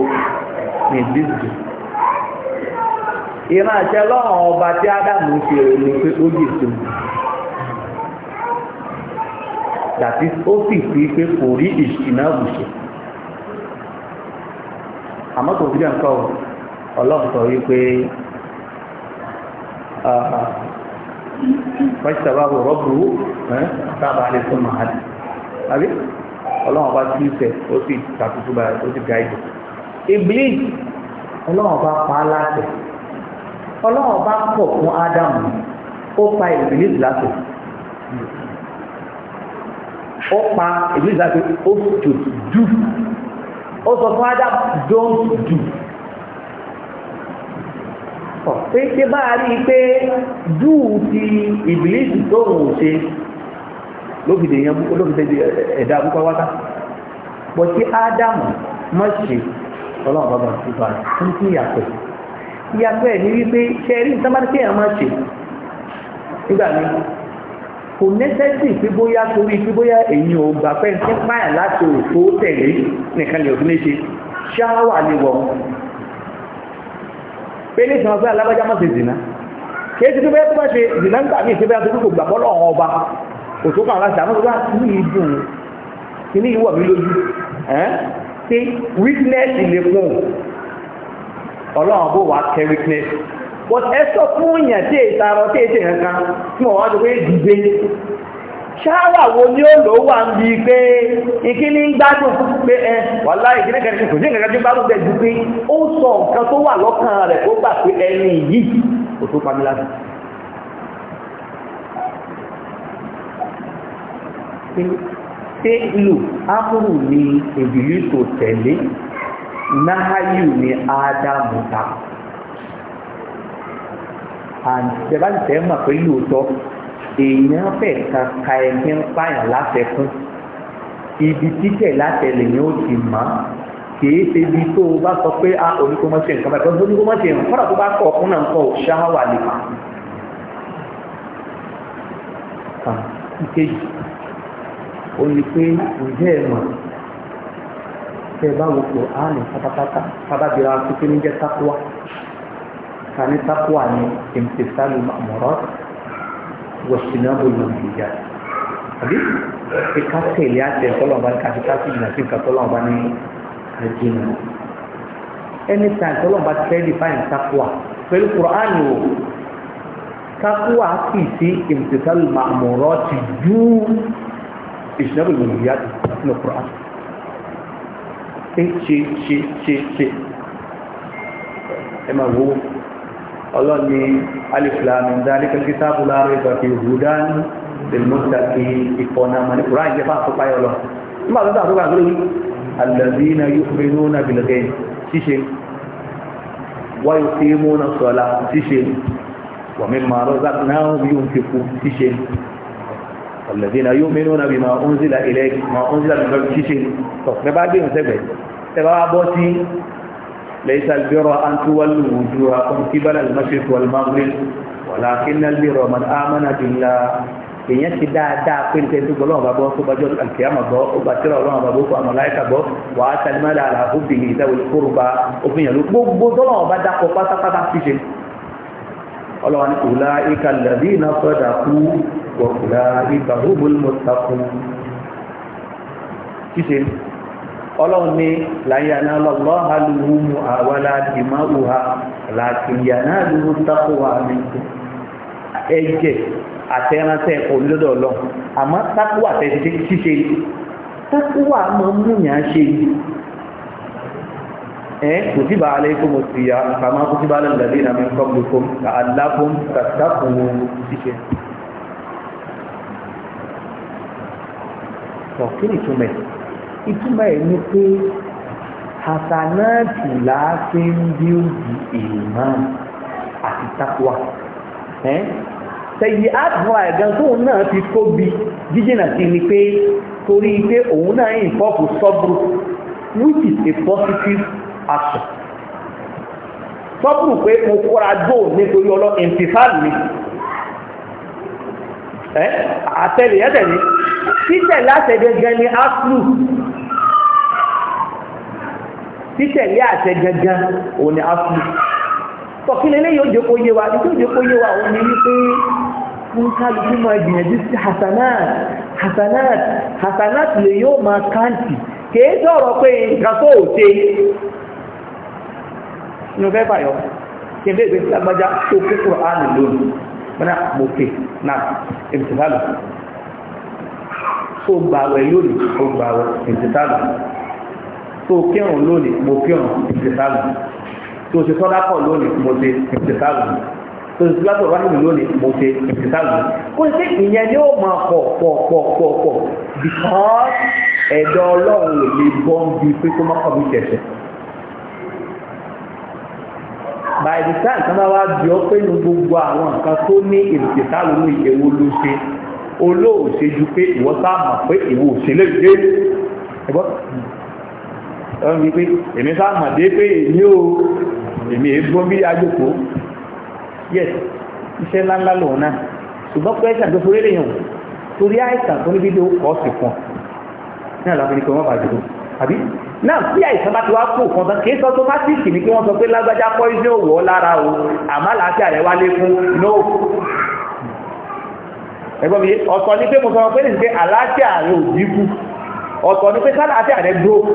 ni Iblis ìran àtẹ́lọ́ ọba tí Ádámù ṣe rẹ̀ ni pé ó jè tó dàbí ó sì fi pé kò rí ìṣìnà àbùṣe àmọ́ kò rí nǹkan o ọlọ́run sọ wípé fọ́ṣítàbáwò rọ́bù sábà lè fún màálì àbí ọlọ́run bá tí ìfẹ́ ó sì tàkùtù báyìí ó sì ga ìdò ìbílí ọlọ́run bá pa á láṣẹ ọlọ́run bá pọ̀ fún ádámù ó pa ìbílí láṣẹ ó pa ìbílí láṣẹ ó tòtù dùn ó sọ fún Adam don't do pé ṣe bá a rí i pé do ti ìbílísì tó ń ṣe lókìdè yẹn lókìdè ẹ̀dá púpọ̀ wáta pọ̀ tí Adam má ṣe ọlọ́run bàbá ìgbà ń tún yàtọ̀ yàtọ̀ ẹ̀ ní wípé ṣe rí nǹkan bá ti ṣe àwọn má ṣe nígbà míì kò nẹ́sẹ̀sì pé bóyá torí pé bóyá èyí ò gbà pẹ́ ní páyà láti òkú tẹ̀lé nìkan lè òfin léṣe ṣáwà lè wọ̀ pé ní ìsìn ọgbẹ́ alábájá má ṣe zìnà kìí ti bẹ́ẹ̀ tó bá ṣe zìnà ń tàbí ìṣẹ́bẹ́ àti kò gbàgbọ́ lọ́wọ́ ọba òtó kan láti àmọ́ bá ní ìdùn kí ní ìwọ̀ mi lójú pé but ẹ sọ fún yàn tí èyí tààrọ tí èyí tèèyàn dìde ṣáwà wo ni ó lò wà ń bi pé ìkíní ń gbádùn pé ẹ ìkíní kò sí nǹkan tí ń sọ nǹkan tó wà lọ́kàn rẹ̀ gbà pé ẹni yìí kò tó pamílá ni tẹ̀lé ta. àjẹbá ti tẹ́ mà pé lóòótọ́ èèyàn fẹ́ kan ka ẹni ń pààyàn látẹ̀kún ibi títẹ̀ látẹ̀lẹ̀ yẹn ó ti mọ̀ kìí ṣe ibi tó o bá sọ pé a ah, oníkómọ́sẹ̀ nǹkan báyìí tó oníkómọ́sẹ̀ nǹkan kọ́dà tó bá kọ̀ ọ̀kún náà ń kọ́ ṣáwà lè mà. ìkejì ó ní pé ǹjẹ́ ẹ mọ̀ tẹ́ ẹ bá wo kò áàlù pátápátá tábàbíra tuntun níjẹ́ tápọ́wá sani takwa ni imtisalu ma'murat wasinabu lombiya àbí ìka tẹ̀lé àtẹ̀ tọ́lọ́mọba ní kàfi kasih jìnnà sí nǹkan tọ́lọ́mọba ní àjìnnà ẹni tàn tọ́lọ́mọba ti fẹ́ define takwa pẹ̀lú kùránì o takwa kì í sí imtisalu ma'murat ti ju ìsinabu lombiya ti nínú kùránì ṣe ṣe ṣe ṣe ẹ ọlọ́ni alifilami dáríkà kìtàbù láàrin ìgbàkì ìhùdán lèmọ́tàkì ìfọ̀nà mọ̀ ní kùrán ìjẹba àtúpáyọ̀ lọ nígbà tó tàbí wà lórí alàzínà yóò fi nú na bìlẹ̀kẹ́ ṣíṣe wáyé tí mú na sọ̀la ṣíṣe wà mí máa rọ́ zak náà yóò fi kú ṣíṣe alàzínà yóò mi nú na bí máa ليس البر أن تولوا وجوهكم كبل المشرق والمغرب ولكن البر من آمن بالله èèyàn ti dáadáa pé nípa ẹni tó gbọ́ lọ́wọ́ bá bọ́ tó bá jọ àkìyàmọ̀ bọ́ ó bá tẹ́lẹ̀ ọlọ́wọ́ bá bọ́ fún àwọn aláìka bọ́ wàá tẹnumọ́ dára ó bìnrin ìdáwọlé kóró bá òfin yàrá gbogbo tọ́lọ́wọ́ bá dákọ̀ pátápátá fi ṣe. ni kùlá ìka lẹ́bí iná sọ́dà kú wọ̀ kùlá ìka hóbólúmọ̀ sàkún. kíṣe ọlọ́run ní láyàná lọ́lọ́ alùhùmù àwọlá ìmọ̀ òhà làtìyàná lùhù tákòwà nìkú ẹ̀jẹ̀ àtẹ̀rántẹ̀ kò lọ́dọ̀ lọ àmọ́ tákòwà tẹ̀sí ṣíṣe tákòwà máa ń múyàn ṣe ẹ̀ kò sí bá alẹ́ kó mo sì yá kàmá kó sí bá alẹ́ lẹ́bí ìlànà ẹ̀kọ́ mi kó aláfún kàtàkùn ṣíṣe. Kọ̀kí nìtúmẹ̀ ìtumọ̀ ẹ̀ ni pé hasanaati láti ń bí òjì èèmàn àti takwa tẹ̀yí àtúwà ẹ̀gán tóun náà ti tóbi jíjìnà sí ni pé torí pé òun náà ń pọ́pù sọ́bùrù which is a positive action sọ́bùrù pé mo kóra dò nítorí ọlọ́ ìǹtìfáàlì mi àtẹlẹ̀yẹ́tẹ̀ ni títẹ̀ látẹ̀dẹ̀ gan ni áflù títẹ̀lé àṣẹ gangan òní áfù tọ̀kílẹ̀ lẹ́yìn ó jẹ́kó yé wa ìtí ó jẹ́kó yé wa òní wípé fún kálukú máa gbìyànjú sí hasanat hasanat hasanat lè yóò máa káǹtì kìí sọ̀rọ̀ pé nǹkan tó ò ṣe inú fẹ́ fàyọ kí n lè gbé lágbájá tó kó kúrò ánì lónìí mọ́nà ah, mo fè náà ìmùtìtàlù tó gbàwẹ̀ lónìí tó gbàwẹ̀ ìmùtìtàlù tó kírun lónìí mo kírun ìtẹ̀sálù tó ṣe sọ́dákọ̀ lónìí mo ṣe ìtẹ̀sálù tó ṣe sọ́dákọ̀ rákìmù lónìí mo ṣe ìtẹ̀sálù kó o ṣe ìyẹn ni ó máa pọ̀ pọ̀ pọ̀ pọ̀ pọ̀ because ẹ̀dọ̀ ọlọ́run ò lè bọ́ ń pé kó má kọ̀ mí tẹ̀sẹ̀ by the time tí wọ́n wá bí ọ pé nu gbogbo àwọn nǹkan tó ní ìtẹ̀sálù ní ìṣèwò ló ṣe olóòṣèjú pé ìwọ sáà ọ̀rọ̀ wípé èmi sáàmàdé pé èmi ò èmi èébọ́ bí ajòkó yes iṣẹ́ ńláńlá lòun náà ṣùgbọ́n pẹ́sàn tó forí lèyàn torí àìsàn tó ní bídé ó kọ́ sí fún ní àlàfin pé wọ́n bá jùlọ àbí náà tí àìsàn bá ti wá kó kan tán kìí sọ tómátìkì ní kí wọ́n sọ pé lágbájá pọ́ iṣẹ́ òwò lára o àmọ́ làákíà rẹ̀ wálé fún no ẹgbọ́n mi ọ̀sọ̀ ni pé mo sọ pé nìṣẹ́ àlàáfíà rẹ̀ ò dínkù ọ̀sọ̀ ni pé sálàáfíà rẹ̀ dúró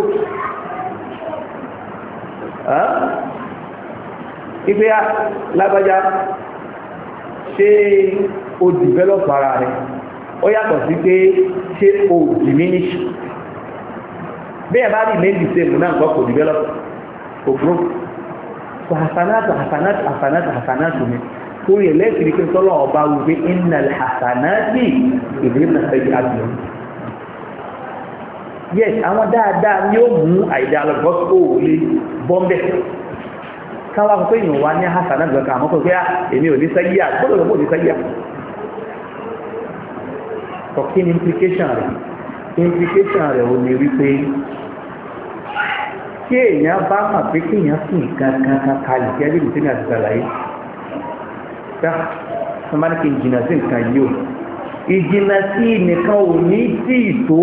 ipe a lágbájá ṣé o develop ara rẹ̀ ó yàtọ̀ sí pé ṣé o diminish bí ẹ bá rí méjì sèmù náà nǹkan kò develop kò grow kò hasanatu hasanatu hasanatu hasanatu mi torí ẹ pé sọ́lọ́ ọba wù pé innal hasanati náà fẹ́ yes àwọn dáadáa ni ó mú àìdá lọ gọ́sìpò òwúlé bọ́m̀bẹ̀ káwá pé ìyàn wa ní àṣà náà gbọ̀ǹkà àmọ́ pé ah, èmi ò ní sẹ́yí à gbọ́dọ̀ lọ́pọ̀ ní sẹ́yí à kọ̀kí ni implication rẹ̀ implication rẹ̀ ò ní wípé tí èèyàn bá mà pé kí èèyàn sì nǹkan kan kan kalẹ̀ kí ẹlẹ́gbẹ̀ẹ́ sí ní àti sàlàyé dá wọ́n máa ní kí n jìnnà sí nǹkan yìí o ìjìnnà sí nìkan ò ní tí ì tó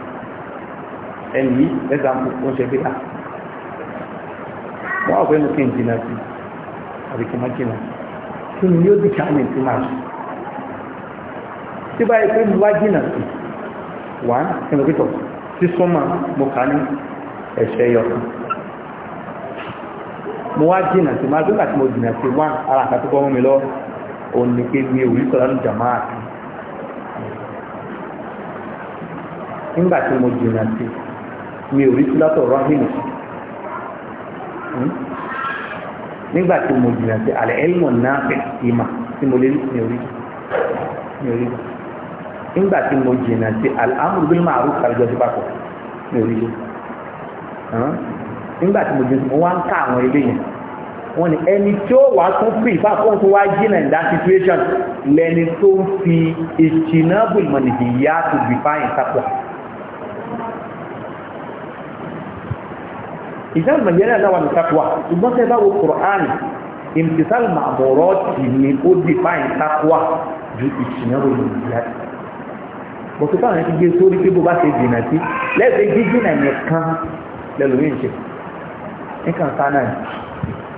ẹni yìí lẹ́sàmù ó ń ṣe bí a ah, wọ́n àpẹẹnu kí n jìnà sí àbí kí n má jìnà kí ni yóò dìkà ní tí máa ṣe tí báyìí pé mo wá jìnà sí wà á kí n pẹ́tọ̀ sí súnmọ́ mo kà ní ẹ̀ṣẹ̀ yọkan mo wá jìnà sí máa dúkà tí mo jìnà sí wá ara àkàtúkọ́ mọ́ mi lọ òun ni pé mi ò rí sọ̀rọ̀ ní jàmáà nígbà tí mo jìnà sí mi ò rí sílátọ̀ rahim sí hmm? nígbà tí mo jìnnà sí alẹ́ elmọ̀ náà fẹ́ ìmà tí mo lè rí mi ò rí mi ò rí nígbà tí mo jìnnà sí al-amru bil ma'ruf àrùjọ sí papọ̀ mi ò rí hmm? nígbà tí mo jìnnà sí mo wá ń ká àwọn ilé yẹn wọ́n ní ẹni tí ó wà tún fi ìfàkùn tó wá jìnnà in situation lẹni tó ń fi ìṣìnà bùnmọ̀ nìyí yá to define sapọ̀. ìjáàmù nàìjíríà náà wà ní takwa ṣùgbọ́n tẹ́ bá wo Qur'an ìmùtìsàlù màmúrọ́ tì ní ó di takwa ju ìṣìnáwó nàìjíríà bọ̀tú fáwọn ẹni gbé sórí pé bó bá ṣe dènà sí lẹ́sẹ̀ jíjìnà nìkan lẹ́lòmíì ṣe nǹkan ta náà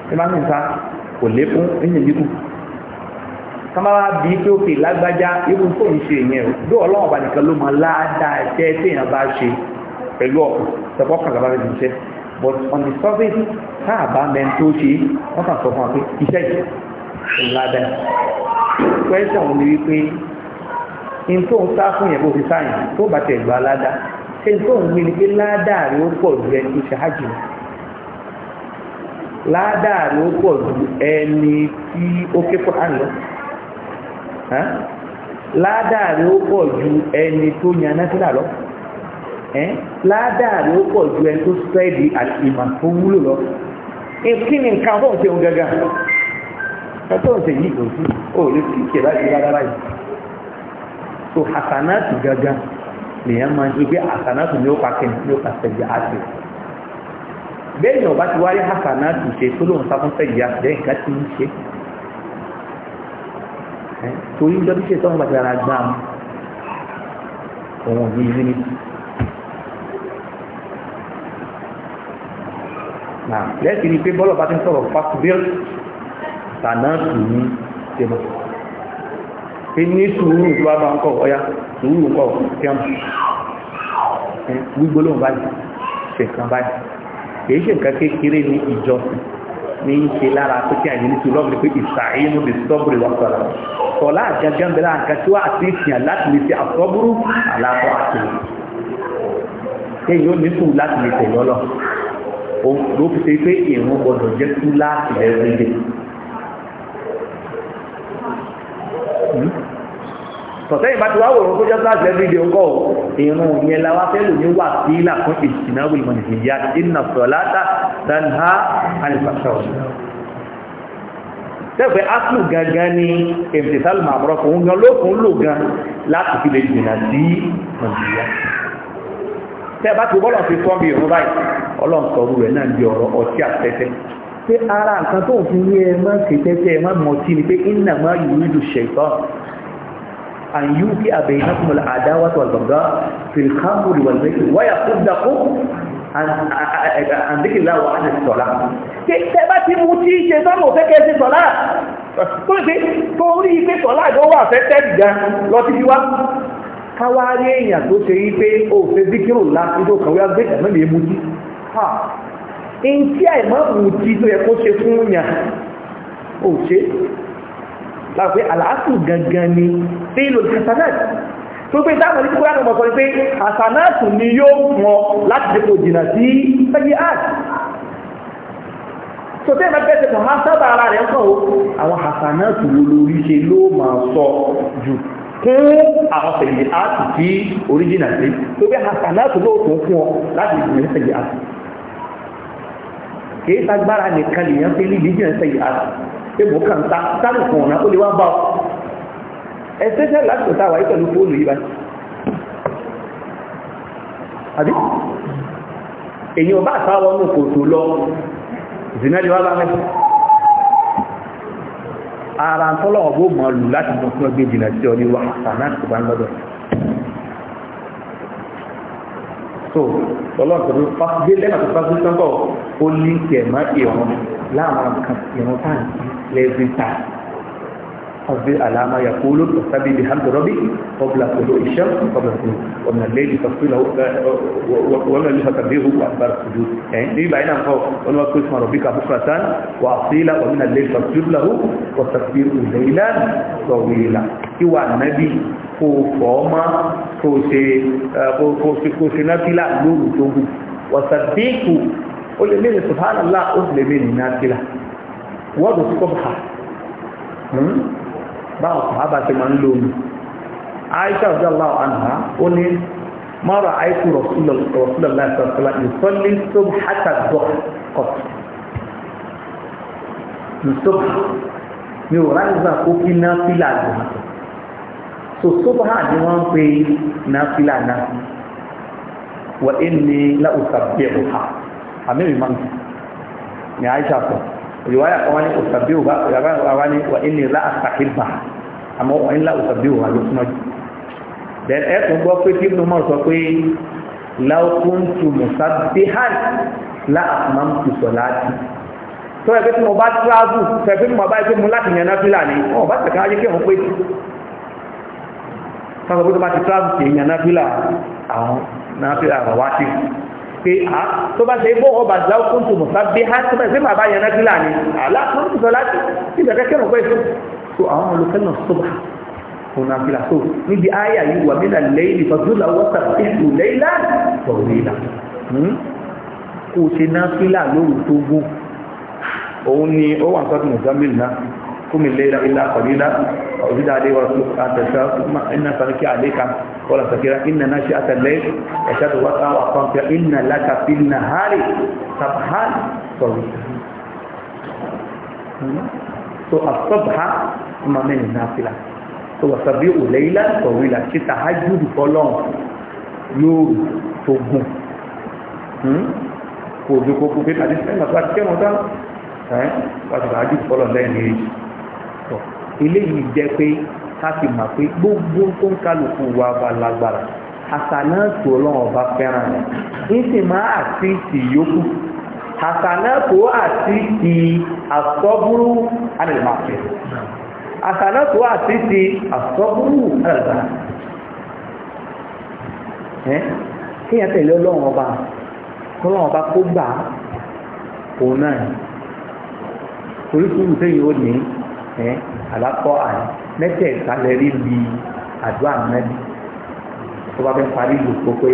ṣe máa ń ta kò lékún ẹ̀yìn dínkù kọ́mọ́ra bí pé ó fi lágbájá irú tó ń ṣe ìyẹn bí ọlọ́run ọba nìkan ló máa láàdáa ẹ̀ṣẹ́ tí èèyàn bá ṣe pẹ̀lú ọ̀pọ̀ tẹ̀kọ́ kan lábá rẹ̀ ṣiṣẹ́ but on the surface tá a bá mẹ́ni tó ṣe wọ́n kàn sọ fún wa pé iṣẹ́ yìí ńláda question ni wípé n tó ń sá fún yẹn bó fi sáyìn tó bá tẹ̀ gba ládá ṣe n tó ń gbin ni pé ládá ó pọ̀ ju ẹni tó ṣe ó pọ̀ ju ẹni tí ó ké kọ́ àlọ́ ládá ó pọ̀ ju ẹni tó yan náà sílà lọ ládàá rẹ̀ ó pọ̀ ju ẹni tó sẹ́ẹ̀dì ìmọ̀ tó wúlò lọ kí ni nǹkan tó ń ṣe òun gẹ́gẹ́ ẹ tó ń ṣe yìí kò sí ó lè fi ìṣe láti rárá báyìí so hasanatu gẹ́gẹ́ lèèyàn máa ń ṣe pé hasanatu ni ó pa kẹ́ni ni ó pa sẹ́yìn àti bẹ́ẹ̀ni ọba ti wáyé hasanatu ṣe tó lóun sá fún sẹ́yìn àti bẹ́ẹ̀ nǹkan ti ń ṣe torí ìjọba ṣe tó lẹ́sìn ni pé bọ́lọ̀ bá ti ń sọ̀rọ̀ fásitìbíl tànà tùmí tẹ̀mọ̀ pé ní sùúrù tó bá bá ń kọ̀ ọya sùúrù kọ̀ tẹ́mù gbígbólóhùn báyìí ṣe nǹkan báyìí kìí ṣe nǹkan kékeré ní ìjọsìn ní í ṣe lára tó kí àyè nítorí lọ́gbìn pé ìṣàyẹ̀mú lè sọ́bùrù wà sọ̀rọ̀ sọ̀lá àjẹjẹ́ ń bẹ̀rẹ̀ àǹkan tí wọ́n àti ìsìn láti lè ṣe àsọ́bùrù àlàáfọ́ àti èyí ó ní láti lè tẹ̀lé ọlọ́run ló fi ṣe pé ìrún gbọdọ̀ jẹ́ tú láti lẹ́sẹ̀ dé. sọ̀tẹ́ ìbá ti wá wòrán tó jẹ́ tú láti lẹ́sẹ̀ dé ńkọ́ ìrún yẹn la wá fẹ́lò ní wà sí ìlà fún ìsìnáwó ìmọ̀ nìyíyá ìnà sọ̀láta danha alifasọ̀ tẹ́fẹ̀ ápù gangan ni èmìtìsálùmọ̀ àmọ́rọ̀kùn gan lókun lò gan láti fi lè jìnà sí nàìjíríà tẹ́ bá ti bọ́lọ̀ ti sọ́n bí ìrún báyìí ọlọ́run sọ̀rọ̀ rẹ̀ náà di ọ̀rọ̀ ọtí àtẹ́tẹ́ pé ara nǹkan tó fi ní ẹ má ṣe tẹ́tẹ́ ẹ má mọ̀ tí ni pé iná má yìí ní ìdùṣẹ̀tọ́ àyù bí àbẹ̀ ìnákùnmọ̀ àdáwà tó àgbàgbà fìlkámùrì wà lẹ́yìn wáyà tó dàkó àndékìlá wà ní sọ̀lá tẹ́ bá ti mú tí ṣe sọ́mọ̀ fẹ́kẹ́ sí sọ̀lá tó rí pé sọ̀lá ìgbọ́wọ́ àfẹ́tẹ́ gan lọ káwá rí èèyàn tó ṣe yí pé o ṣe díkìrò ńlá ìjọ kan wíwá gbé ẹ̀mọ́ lè mú jí ha in tí àìmọ́ wù tí tó yẹ kó ṣe fún yàn o ṣe láti pé àlàáfù gangan ni tí ìlò hasanat tó pé táwọn ní kúrò àwọn ọmọkùnrin pé hasanat ni yóò mọ láti dé kò jìnà sí pẹ́yì art tó tẹ́lẹ̀ bẹ́ẹ̀ tẹ̀sán ha sábà ara rẹ̀ ń kọ̀ àwọn hasanat wo lórí ṣe ló máa sọ jù fún àwọn sẹ̀yìn áàtì tí oríjìnà sí tó bí hasanáàtì ló tún fún ọ láti ìgbìmọ̀ sẹ̀yìn áàtì kì í sagbára nìkan lèèyàn fi ní ìdíjìnà sẹ̀yìn áàtì pé mò ń kàn ta sáré fún ọ̀nà ó lè wá bá ọ ẹsẹ̀ sẹ́ láti kò táwà ìpẹ̀lú fóònù yìí báyìí àbí èyí ọba àtàwọn ọmọ kò lọ zìnà lè wá bá mẹ́sàn ara ń tọ́lọ̀ ọ̀bọ̀ mọ̀ lù láti mọ̀ fún ẹgbẹ́ ìjìnà sí so ọlọ́ọ̀tọ̀ ló fásitì lẹ́nà tó fásitì sọ́kọ̀ ó ní tẹ̀mọ́ ìrún láwọn nǹkan ìrún táǹkì فاصبر على يقول فاستبي بحمد ربي قبل طلوع الشمس قبل الغروب ومن الليل تفصيله ومن الليل تكبره واكبر السجود يعني دي بعيدا عن قول وما اسم ربك بكرة واصيلا ومن الليل فاسجد له واستكبر ليلا طويلا هو النبي kó fọ́ọ́mọ́ kó ṣe kó ṣe náfílà lóru tó gùn wọ̀sàdínkù ó lè mẹ́rin subhanallah ó lè báwọn sàhábà ti máa ń lò ní aisha radiyallahu anha ó ní mara aiku rasulullah sọ̀tọ̀lá ìsọ́lé sọ́bù hátà dọ̀ kọ̀tù ìsọ́bù mi ò ráìzà kó kí náà fílà riwaya kan wani usabiu ba riwaya kan wani wa inni la astahibba àmọ́ wa inni la usabiu wa ló súnmọ́ jù then ẹ tún gbọ́ pé tí ibùdó mọ̀ sọ pé law kuntu musabbihan la atmamtu salati tó ẹgbẹ́ tí mo bá tíráàbù fẹ́fẹ́ tí mo bá ẹgbẹ́ mu láti yàn náà fílà ní wọn bá tẹ̀ka ayé kí wọn pé káwọn tó bá ti tíráàbù kì í yàn náà fílà àwọn náà fílà àwọn wá sí pé a ah, tó bá ṣe bó ọba ìdáwó kó tó mọ̀sá bí a tó bá ṣe bàbá yẹn náà láàní aláàfin tó láti nígbà kẹ́kẹ́ rọ̀ pé tó so àwọn olùkẹ́ náà sọ́bà òun náà fìlà tó níbi ayà yìí wà mí náà lẹ́yìn ìfọ̀dúnlá wọ́tà ìlú lẹ́yìnlá ọ̀rẹ́là kò ṣe náà fìlà lóru tó gún òun ni ó wà sọ́dún ìjọ́mìlì náà قم الليل إلا قليلا وزد عليه ورسولك أن تشاء ثم إن سنكي عليك ولا سكيرا إن ناشئة الليل أشد وقع وقامت إن لك في النهار سبحان طويلا so الصبح ثم من النافلة so وسبيع ليلا طويلا ṣe tahajjud fọ́lọ́n yóò tó gùn kò òjò kò kò pé àdísẹ́ ìgbà tó àti kẹ́rùn-ún tán ẹ́ pàtàkì àjù fọ́lọ́n lẹ́yìn èyí eléyìí jẹ́ pé ká fi mọ̀ pé gbogbo tó ń kálukú wa bá lágbára àṣà náà tó ọlọ́run ọba fẹ́ràn rẹ̀ ń sì máa àti ìyókù àṣà náà tó àti ti àsọ́búrú alẹ́lẹ́màfẹ́ àṣà náà tó àti ti àsọ́búrú alẹ́lẹ́màfẹ́ kéèyàn tẹ̀lé ọlọ́run ọba ọlọ́run ọba kó gbà òun náà orísun ìfẹ́yìn ó ní ẹ́ àlákọ́ àní mẹ́tẹ̀ẹ̀ta lè rí bi àdúrà mẹ́bí tó bá fẹ́ parí ìlòpó pé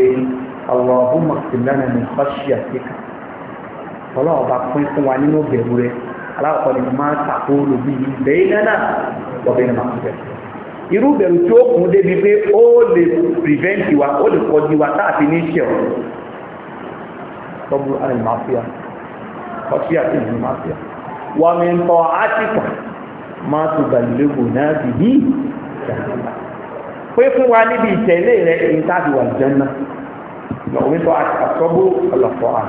Allahumma sinana min khashyatika ọlọ́run bá pín fún wa nínú bẹ̀rù rẹ aláwọ̀kọ́ ni máa ń tàkó lòbí bẹ́ẹ̀ náà lọ́bẹ̀ ní màkú bẹ̀rù irú bẹ̀rù tí ó kún débi pé ó lè prevent wa ó lè kọjú wa táàfin ní ìṣẹ̀ ọ̀ tọ́bù alẹ́ máa fi à kọ́sí àti ìlú máa fi à wọ́n mi má tó gbàlélégò náà bì í pé fún wa níbi ìtẹ̀lé rẹ̀ èyí táàbì wà jẹ́nà lọ́wọ́ nípa àtọ́bù ọ̀lọ́fọ́ à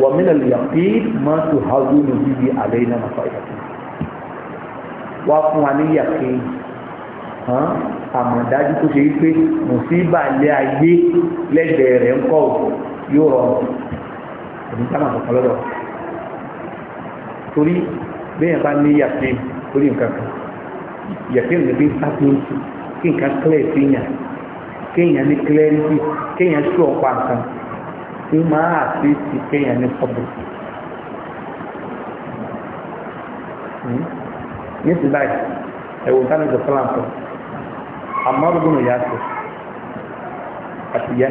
wọ́n mi nàlẹ́ yàtí má tó hàdú ní bíbí àlẹ́ iná nàfà yàtí wá fún wa ní yàtí hàn àmọ̀dájú tó ṣe wípé mùsíbà lé ayé lẹ́gbẹ̀ẹ́ rẹ̀ ń kọ́ yóò rọrùn èmi sábà kọ̀ọ̀kan lọ́dọ̀ torí bẹ́ẹ̀ bá ní yàtí orí nǹkan kan yẹ̀kẹ́ ìrìn bí sápẹ́ǹtì kí nǹkan clear sí yàn kéèyàn ní clarity kéèyàn sí ọ̀pá nǹkan tí máa àti ti kéèyàn ní public. Hmm? ní ti báyìí ẹ̀wọ̀n tánà ìjọ fúlàn kan àmọ́rùgbọ́n ìyá sọ àti ìyá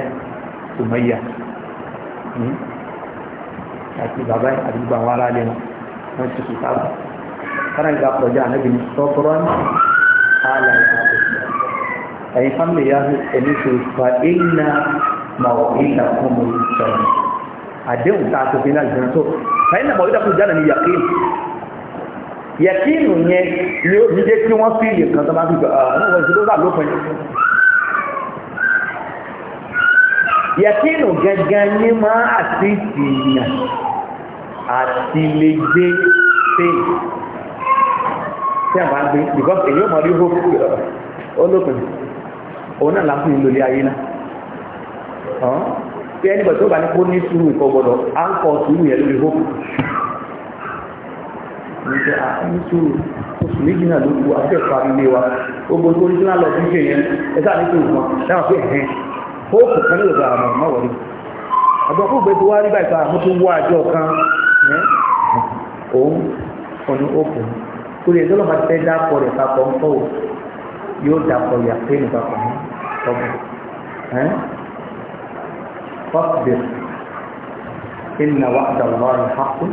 sùmọ́yà hmm? àti bàbá àti gbogbo àwọn aráàlú wọn ti sùn sábà karan ga proje annabi ne sokron ala ay family ya ni su fa inna maw'idakum al-jannah adéhùn tá a tó fi náà jẹun tó ẹ̀yìn náà mọ̀lẹ́dàkùn jáde ní yàkín yàkínù yẹn ni ó jíjẹ́ kí wọ́n fi ìyè kan tó máa fi gbà ọ̀nà wọ́n ìṣòro wà lópin yàkínù gangan ní máa àti ìyàn àti lè gbé tí a bá ń gbé because èyí ò mọ̀ rí owó fún ìrọ̀lọ́ olókùn òun náà láti ìlú ilé ayé náà tí ẹni bẹ̀rẹ̀ tó bá ní kó ní sùúrù ìkọ gbọdọ̀ á ń kọ sùúrù yẹn lórí hope nígbà àní sùúrù oṣù méjì náà ló kú afẹ́ parí ilé wa gbogbo tó ní sílá lọ sí ṣe yẹn ẹ ní sùúrù kan náà pé ẹ̀hẹ́n hope kan ló gbà àmọ́ má wọlé àgbọ̀n fún ìgbésí wá rí báyìí àmọ́ tó wọ àjọ kan òun òun hope torí ẹ̀ lọ́lọ́ba ti fẹ́ dápọ̀ rẹ̀ papọ̀ ń fọ́ o yóò dápọ̀ yà pé nípa pọ̀ ní ọ̀bọ̀ ẹ́n fọ́sibẹ̀ inna wa'da Allahi haqqun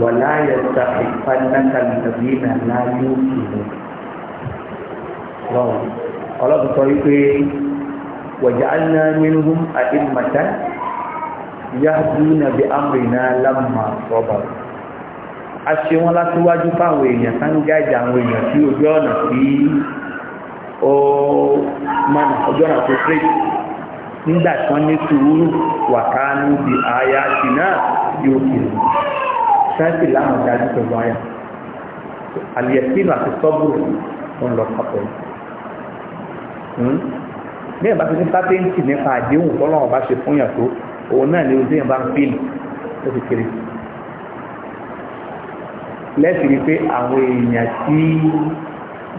wa la yastakhifannaka alladhina la yu'minun lọ́wọ́ ọlọ́run sọ wípé waja'alna minhum a'immatan yahduna bi amrina lamma sabaru a ṣe wọ́n látíwájú fáwọn èèyàn tán gáìdì àwọn èèyàn sí ojú ọ̀nà sí ó mọ̀nà ojú ọ̀nà tó fẹ́ nígbà tí wọ́n ní sùúrù wàká níbi àyà sí náà yóò kiri sáìsì láwọn dájú pẹ̀lú àyà àlìyẹ̀sínú àti sọ́bùrù ń lọ papọ̀ yìí bẹ́ẹ̀ bá ti ní pátẹ́ǹtì nípa àdéhùn tọ́lọ́wọ́n bá ṣe fún yàn tó òun náà ni ojú yẹn bá ń fíìlì ó ti kiri sí lẹ́sìn rí pé àwọn èèyàn tí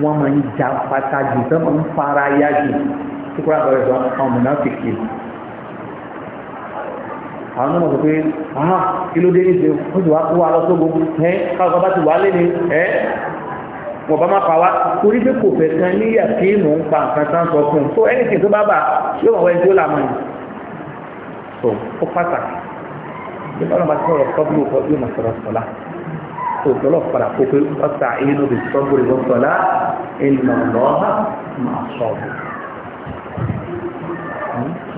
wọ́n máa ń ja pátá jù tó máa ń fara ya jù tí kúrò àbọ̀rẹ̀ sọ ọmọ náà fi àwọn náà sọ pé ah kí ló dé níṣẹ́ ó sì wá kó wa lọ sógun ẹ káwọn bá ti wà lé ní ẹ wọ́n bá máa pa wá torí pé kò fẹ́ kan ní yàtí mò ń pa nǹkan tán sọ fún un so anything tó bá bà yóò wọ́n ẹni tó là so ó pàtàkì bí wọ́n bá ti sọ̀rọ̀ pọ́bílù pọ́bílù màsọ̀rọ̀ sọ̀lá tòtọ́lọ̀ padà kó pé ọ̀sà inú bí sọ́gbòrì wọ́n sọ́lá ìlànlọ́ha máa sọ̀rọ̀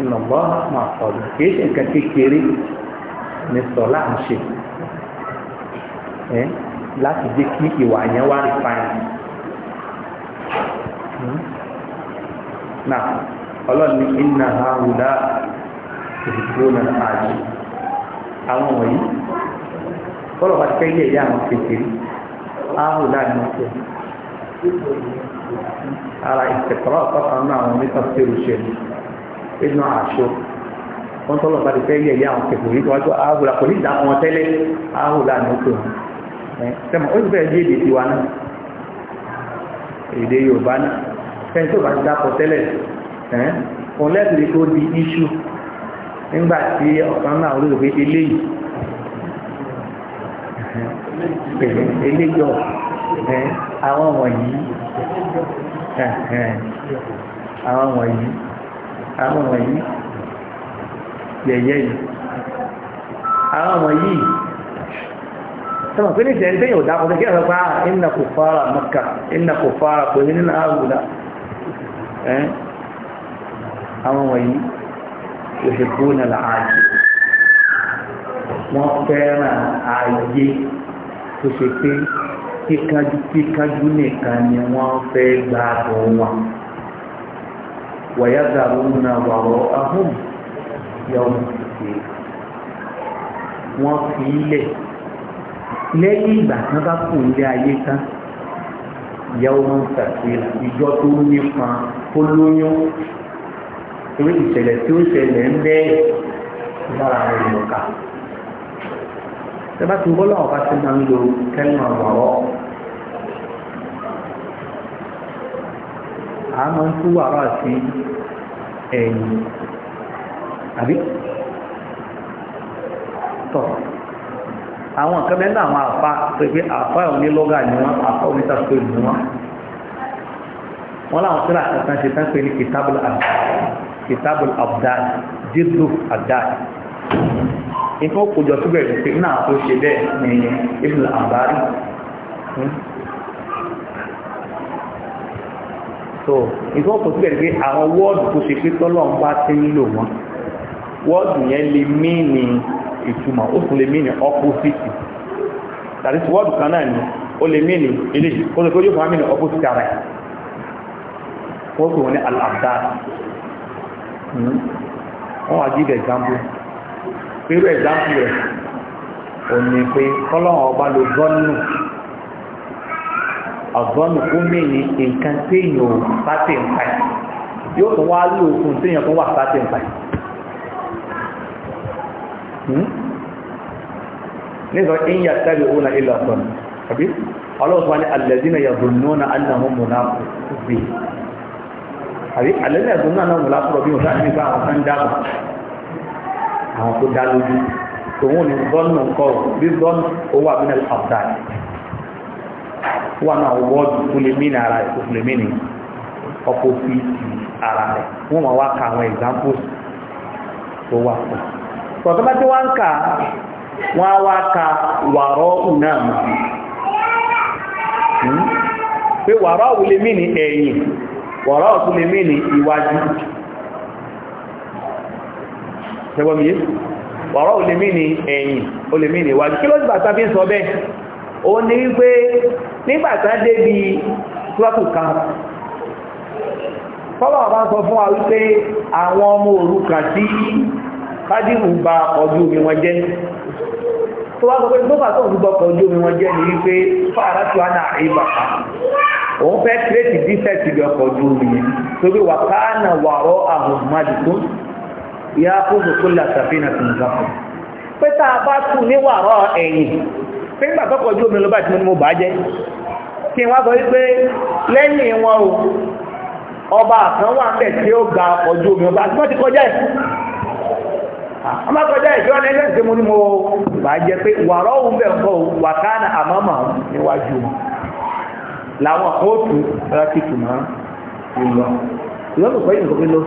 ìlànlọ́ha máa sọ̀rọ̀ kìí ṣe nǹkan kékeré ní sọ́lá ń ṣe láti jẹ́ kí ìwà yẹn wá rí fáyìn náà ọlọ́ni iná ha wùdá ìdìbò náà àjò àwọn wọ̀nyí bọ́lọ̀ bá ti fẹ́ yẹ̀ yẹ àwọn kékeré áhù láàrin ọ̀sẹ̀ ara ìtẹ̀kọ́rọ̀ ọ̀pọ̀ta náà àwọn oníkà tí ó ṣe nínú àṣọ wọn tọ́lọ̀ bá ti fẹ́ yẹ̀ yẹ àwọn kékeré tó wájú áhù là kò ní ìdá àwọn tẹ́lẹ̀ áhù láàrin ọ̀sẹ̀ sẹ́mu ó sì fẹ́ yé èdè tiwa náà èdè Yorùbá náà fẹ́ni tó bá ti dákọ̀ tẹ́lẹ̀ eléyọ̀ àwọn wọ̀nyí àwọn wọ̀nyí àwọn wọ̀nyí yẹ̀yẹ́ yìí àwọn wọ̀nyí sọ́mọ̀ pé ní ìṣẹ̀lẹ̀ tẹ́yìn òdá ọdún kí ẹ̀rọ pa ah, iná kò fara maka iná kò fara pẹ̀lú nínú àrùdá àwọn wọ̀nyí òṣèkú nílà ààyè wọ́n fẹ́ràn ààyè tó ṣe pé kíkájú kíkájú nìkan ni wọ́n fẹ́ gba àbọ̀ wọn wàyága òun àwàrọ̀ ahùn yọ̀ọ̀mù ṣe wọ́n fi ilẹ̀ lẹ́yìn ìgbà tán bá kù ilé ayé tán yọ̀ọ̀mù ṣàṣeyà ìjọ tó nípa tó lóyún torí ìṣẹ̀lẹ̀ tí ó ṣẹlẹ̀ ń bẹ́ẹ̀ lára àwọn èèyàn kà tẹ́bá tí wọ́n lọ́wọ́ bá ti máa ń lo kẹ́lìmọ̀ wọ̀rọ̀ a máa ń tú wàrà sí ẹ̀yìn àbí tọ̀ àwọn nǹkan mẹ́ta àwọn àfa pé pé àfa òní lọ́gà ni wọ́n àfa òní tàbí ni wọ́n wọ́n láwọn tí láti kan ṣe tán pé ní kìtàbùl àbdáàdì jíndù àbdáàdì nǹkan kòjọ tó bẹ̀rẹ̀ pé náà tó ṣe bẹ́ẹ̀ ní ibùdó àbárí so nǹkan kò tó bẹ̀rẹ̀ pé àwọn wọ́ọ̀dù tó ṣe pé tọ́lọ́ ń bá ti ń lò wọ́n wọ́ọ̀dù yẹn lè mí ní ìtumọ̀ ó sì lè mí ní opposite tàbí tí wọ́ọ̀dù kan náà ni ó lè mí ní ilé wọ́n sì wọ́n ní alàbdá hmm? wọ́n wá give example irú ẹ̀dáfì rẹ̀ ò ní pé kọ́lọ́hàn ọba ló gọ́nù ọ̀gọ́nù gómi ní nǹkan téèyàn ò sátẹ̀ ń pa ẹ̀ yóò tún wá lò fún téèyàn tó wà sátẹ̀ ń pa ẹ̀ hmm? nígbà in yà tàbí òun náà ilẹ̀ ọ̀tọ̀ àbí ọlọ́run wá ní alẹ́dínà yàgbónúnà aláhùn múnáfù bí àbí alẹ́dínà yàgbónúnà aláhùn múnáfù bí òun sáà nígbà àwọn kan dáàbò àwọn tó dá lójú òun ni gọ́ọ̀nù nǹkan bí gọ́ọ̀nù owó àbínà ọ̀dà wà náà wọ́ọ̀dù fúlẹ̀mínì ara rẹ̀ fúlẹ̀mínì ọkọ̀ fi ara rẹ̀ wọ́n máa wá ka àwọn examples tó wà fún tọ̀tọ́ bá tí wọ́n ń kà wọ́n á wá ka wàrọ́ náà mọ́ hmm? pé wàrọ́ òwúlẹ̀mínì ẹ̀yìn wàrọ́ òwúlẹ̀mínì iwájú ṣẹgbọ́mí wọ̀rọ̀ olèmí ni ẹ̀yìn olèmí ni wájú kí ló ti bàtà fi ń sọ bẹ́ẹ̀ o ní wípé nígbàtà débi túrọ́pù kan fọ́lọ̀ bá sọ fún wa wípé àwọn ọmọ òrùka tí kádìrù ba ọjọ́ omi wọn jẹ́ tó wá sọ pé tó bàtà òun gbọ́kọ̀ ọjọ́ omi wọn jẹ́ ni wípé fáàrà tí wà náà rí bàtà òun fẹ́ kírètì dífẹ̀tì ọkọ̀ ojú omi yẹn tó bí wà káà náà wàrọ̀ àhùn máàdì tó Ya kóso kólà sàfihàn tó ń gbàfọ́ pé a bá tún níwàárọ̀ ẹ̀yìn pé nígbà tó kọjú omi lọ́ba tí mo mo bà á jẹ́ kí wọ́n wípé lẹ́yìn wọn o ọba wà ń bẹ̀ tí ó ga ọjọ́ omi ọba tí wọ́n ti kọjá ẹ̀ ọmọ ni mo pé òun bẹ̀ kọ́ níwájú làwọn kóòtù rẹ̀ ti tù mọ́ ìlọ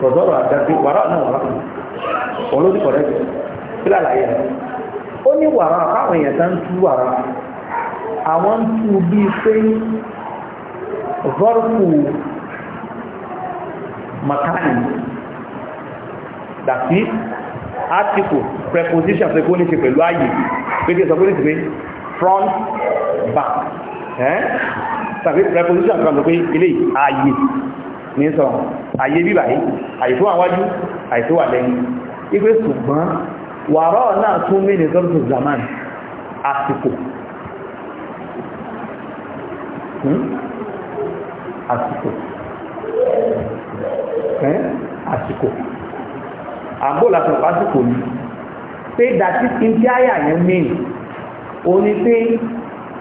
kọ̀sọ́rọ̀ àgbàgbé wàrà náà wà olórí kọ̀rẹ́ bí kílà láyé rẹ̀ ó ní wàrà káwọn èèyàn tá ń tú wàrà àwọn ń tú bí pé zọ́rùkù makani dàbí article preposition pé kó ní ṣe pẹ̀lú ààyè pé kí sọ pé ní ṣe front back ẹ́ tàbí preposition kan ló pé ilé ààyè ní sọ àyè bíbà yìí àyè tó wà wájú àyè tó wà lẹ́yìn ipé ṣùgbọ́n wàrọ́ náà tún mí ní sọ́rọ̀ zaman àsìkò hmm? àsìkò àsìkò àgbóòlà tó pásìkò ní pé dàtí ti ń bí àyà yẹn mí òní pé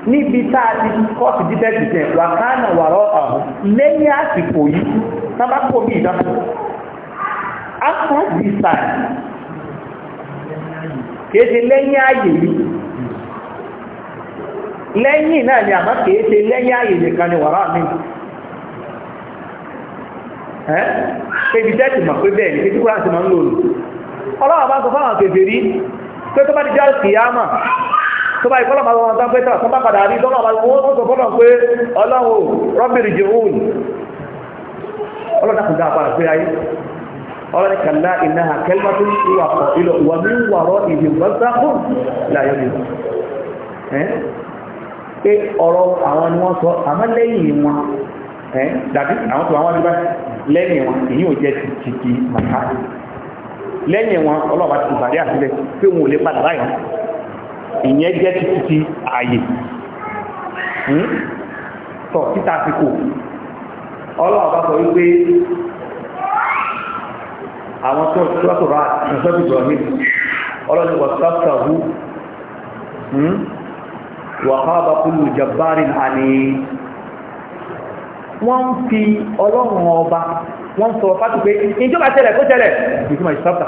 níbi tá a ti kọ́ sí dídẹ́tì jẹ wàkánà wàrọ̀ ọ̀hún lẹ́yìn àsìkò yìí sábàkó bí ìdáná after this time kéde lẹ́yìn ààyè yìí lẹ́yìn náà ni àmọ́ kéde lẹ́yìn ààyè nìkan ni wàrà mi mọ̀ pé bẹ́ẹ̀ ni ń lò lò ọlọ́wọ́ bá sọ fáwọn pé tó bá tọ́ba ìfọ́lọ́mà wọn tán pé tọ́ tọ́ba padà rí tọ́ba wọn ó sọ fọ́lọ́ pé ọlọ́run rọ́bìrì jòhún ọlọ́dà kò dá apá àgbé ayé ọlọ́dà kàlá iná kẹlmà tó ń wà pọ̀ ilọ̀ wà mí wàrọ̀ ìdè bọ́sáfún láyọ̀ mi pé ọ̀rọ̀ àwọn ni wọ́n sọ àmọ́ lẹ́yìn wọn dàbí àwọn tó àwọn lẹ́yìn wọn èyí ò jẹ́ títí màkà lẹ́yìn wọn ọlọ́ba ìyẹn jẹ́ títí ti ààyè tọ̀ títà ti kò ọlọ́wọ́ bá sọ wípé àwọn tó lọ́tọ̀ bá ìṣẹ́bù Ibrahim ọlọ́ni wọ̀sọ́sọ̀hú wàhábà kúlù jabbarin àní wọ́n ń fi ọlọ́run ọba wọ́n sọ fásitì pé ìjọba tẹ́lẹ̀ kó tẹ́lẹ̀ ìjọba ìṣọ́ta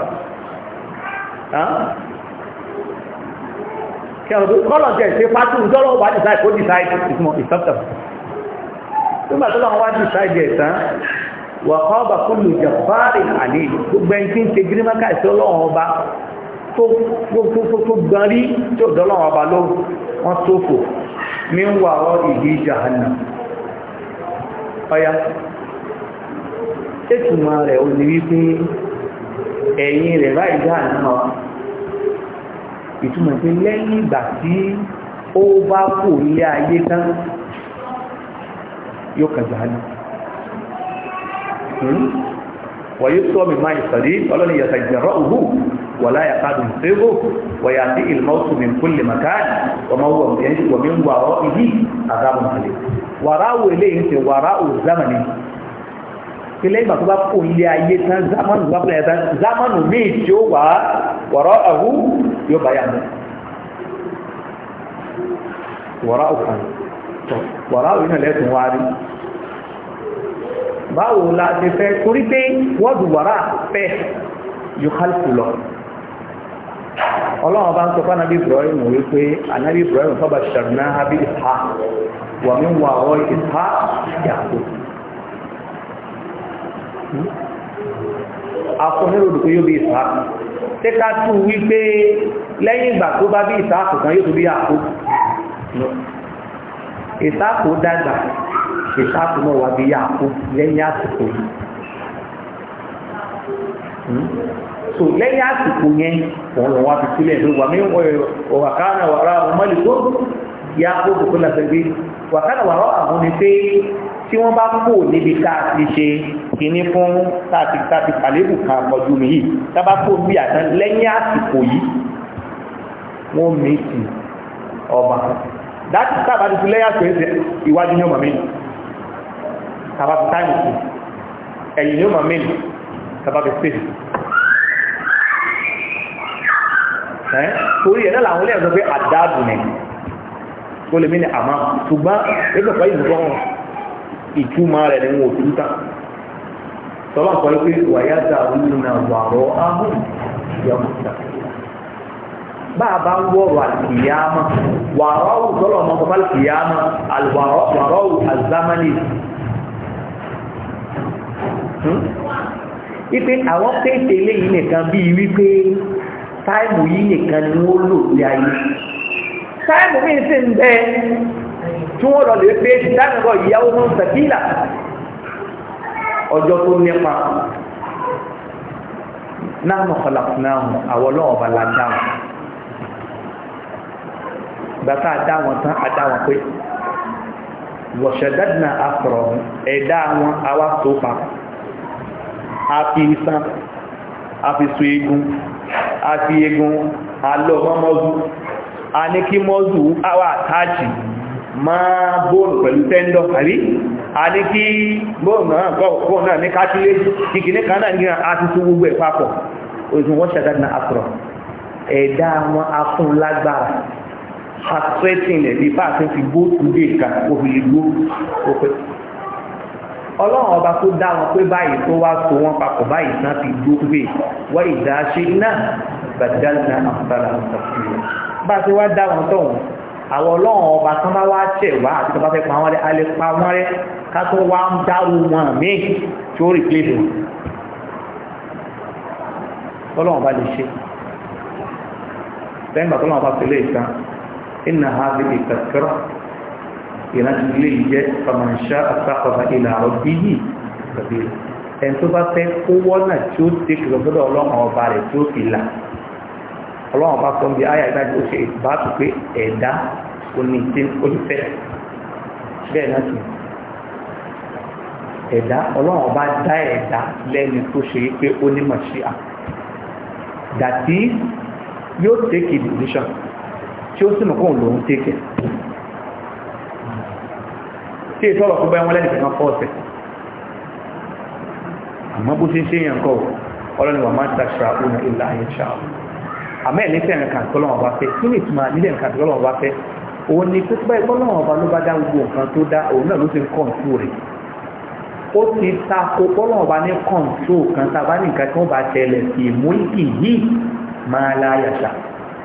kẹrọ̀dún kọ́lọ̀ jẹ́ ṣe pàtó ìjọ́lọ́wọ́ wà dìsáì kó dìsáì ìtumọ̀ ìsọ́tọ̀ nígbà tó lọ́wọ́ wá dìsáì jẹ́ ìtàn wà kọ́ ọba kúlù jàbáàrì àní gbogbo ẹni tí ń ṣe gírímọ́kà ìṣọ́lọ́wọ́ ọba tó gan rí tí ò dọ́lọ́wọ́ ọba ló wọ́n sófò ní ń wà ọ́ ìdí jahannam ọya ètùmọ̀ ẹ̀yìn rẹ̀ láì jahannam ìtumọ̀ pé lẹ́yìn ìgbà tí ó bá kò ilé ayé tán yóò kàjá ní wàyí tó mi máa ìsàrí ọlọ́ni yàtà ìjẹ̀rọ òhù wà láyà kádùn fẹ́gò wàyà sí ìlmọ́sù mi kún lè màkáàdì ọmọ wọn kẹ́ wọ́n ń wà ọ́ ìdí àdámùsílẹ̀ wàrà wẹ̀lẹ́ ìṣẹ̀ wàrà òzámanì pé lẹ́yìn ìgbà tó bá kó ilé ayé tán zamanu bá fúnra ẹ̀ tán zamanu míì tí ó wà wọ̀rọ̀ ọ̀hún yóò bá yà mọ́ wọ̀rọ̀ ọ̀kan wọ̀rọ̀ ọ̀hún náà lẹ́sùn wá rí báwo la ti fẹ́ torí pé wọ́ọ̀dù wọ̀rọ̀ fẹ́ yóò kálukú lọ ọlọ́run bá ń sọ fún anabi ibrahim wípé anabi ibrahim fọba ṣàrùnà abiy ha wàmí ìta yàtọ̀ afọ́niròdù pé yóò bí ìsáàkù tí ká tú wípé lẹ́yìn ìgbà tó bá bí ìsáàkù kan yóò tó bí àkó ìsáàkù dàgbà ìsáàkù náà wà bí àkó lẹ́yìn àsìkò yìí hmm? so lẹ́yìn àsìkò yẹn wọ́n lọ wá fi sílẹ̀ ló wà mí wàkánà wàrà ọmọlì tó yá kó kòkó làṣẹ kìíní fún tàti tàti pàlébù kan ọjọ́ mi yìí tábà kó bí àtàn lẹ́yìn àsìkò yìí wọ́n mèsì ọba dáàtì tábà ti fi lẹ́yìn àsìkò yìí ìwájú ní ọmọ mi tábà fi táìmù sí ẹ̀yìn ní ọmọ mi tábà fi pèsè ẹ́ torí ẹ̀ náà làwọn ilé ẹ̀sọ́ pé àdáàbò nẹ̀ ó lè mí ní àmà ṣùgbọ́n ẹgbẹ̀fà ìlú ìtumọ̀ rẹ̀ ni wọn ò fi ń tán tọ́lá ń sọ pé wàyá dà nínú àwàrọ̀ ahùn yọmọta bá a bá ń wọ̀rọ̀ àlùkìyàmá wàrọ̀ ọ̀hún tọ́lá ọmọ kọ́kọ́ àlùkìyàmá àlùwàrọ̀ ọ̀hún àzámánì wípé hmm? àwọn pété eléyìí nìkan bíi wípé táìmù yìí nìkan ni wọ́n lò ní ayé táìmù mi sì ń bẹ tí wọ́n lọ lè pé táìmù ìyàwó mọ́ sàkílà ọjọ́ tó nípa náà mọ̀kànlá fúnra wọn àwọn ọlọ́wọ́n bá la dá wọn gbàtà dá wọn tán àdá wọn pé wọ̀ṣẹ̀dẹ́dìnà àfọ̀rọ̀ ẹ̀dá wọn àwa tó pa àfi isan àfi so egun àfi egun alọ́ mọ́mọ́zù a ní kí mọ́zù àwa àtàjì máa bóòlù pẹ̀lú tẹ́ńdọ̀ àrí àní kí gbóòmù náà gbóòmù náà ní kátíléjì kìkìní kan náà ní àti tún gbogbo ẹ̀ papọ̀ òṣùn wọ́n ṣẹ̀dá ní àkùrọ̀ ẹ̀dá wọn afún lágbára àtúrẹ́tìn ẹ̀bí bá àti fi gbó túnbé ìka òfin ìgbó òpè ọlọ́run ọba tó dá wọn pé báyìí tó wá so wọn papọ̀ báyìí náà fi gbó túnbé wọ́n ìdá ṣe náà bàdánù náà àfàlà àfàlà bá a ti wá dá wọn tọ̀hún àwọn ọlọ́run ọba tó bá wá tẹ̀ wá àti tó bá fẹ́ pa wọ́n rẹ́ alẹ́ pa wọ́n rẹ́ ká tó wá ń dárú wọn mí tí ó rí pléṣì wọn tọ́lọ́wọ́n bá lè ṣe lẹ́yìn bá tọ́lọ́wọ́n bá tẹ̀lé ìta iná ha bí ìtàkìrọ̀ ìrántí ilé ìjẹ́ ọmọọ̀ṣá àtàkọ̀ọ̀bá ilà ọ̀bí yìí tàbí ẹni tó bá fẹ́ kó wọ́nà tí ó ti kìlọ̀ gbọ́dọ̀ ọlọ́run ọba rẹ̀ tí ó fi là ọlọ́run ọba sọ bí ayà ìgbà tó ṣe ìbátò pé ẹ̀dá oní tí ó ti fẹ́ bẹ́ẹ̀ náà ẹ̀dá ọlọ́run bá dá ẹ̀dá lẹ́ni tó ṣe pé ó ní mọ̀ṣíà dàtí yóò take a decision tí ó sì mọ̀ kóhùn lòun take it tí èso ọ̀rọ̀ tó bá wọn lẹ́nu kankan fọ́ ọ̀sẹ̀ àmọ́ bó ṣe ń ṣe yẹn kọ́ ọlọ́run wà máa ń tàṣà òun ilà ayé ṣáà àmọ́ ẹ̀ nífẹ̀ẹ́ nǹkan tó lọ́wọ́ bá fẹ́ kí ni nílẹ̀ nǹkan tó lọ́wọ́ bá fẹ́ ó ti tako bọ́lọ̀ ọba ní kọ̀ǹtò kan tàbá ní nǹkan tí wọ́n bá tẹ̀lẹ̀ sí mú ìkì yìí máa láyàṣà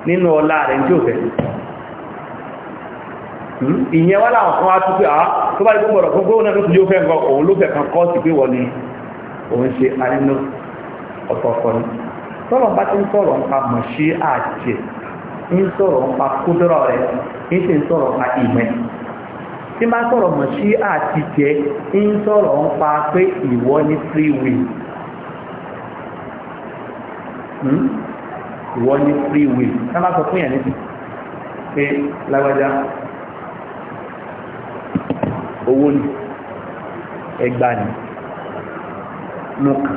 nínú ọlá rẹ̀ tí ó fẹ́ hmm? ìyẹn wá láwọn kan wá tún pé àá ah, tó bá gbogbo ọ̀rọ̀ gbogbo náà tó ti yóò fẹ́ nǹkan òun ló fẹ́ kan kọ́ sí pé wọ́n ni òun ṣe arínú ọ̀tọ̀ọ̀tọ̀ ni tọ́lọ̀ bá ti ń sọ̀rọ̀ nípa mọ̀ sí àjẹ́ ń tí máa sọ̀rọ̀ mọ̀ sí àti jẹ́ ń sọ̀rọ̀ ń pa pé ìwọ ní free will hmm? ìwọ ní free will ká má sọ fún yẹn níbi pé lágbájá owó ni ẹgbà ni nùkà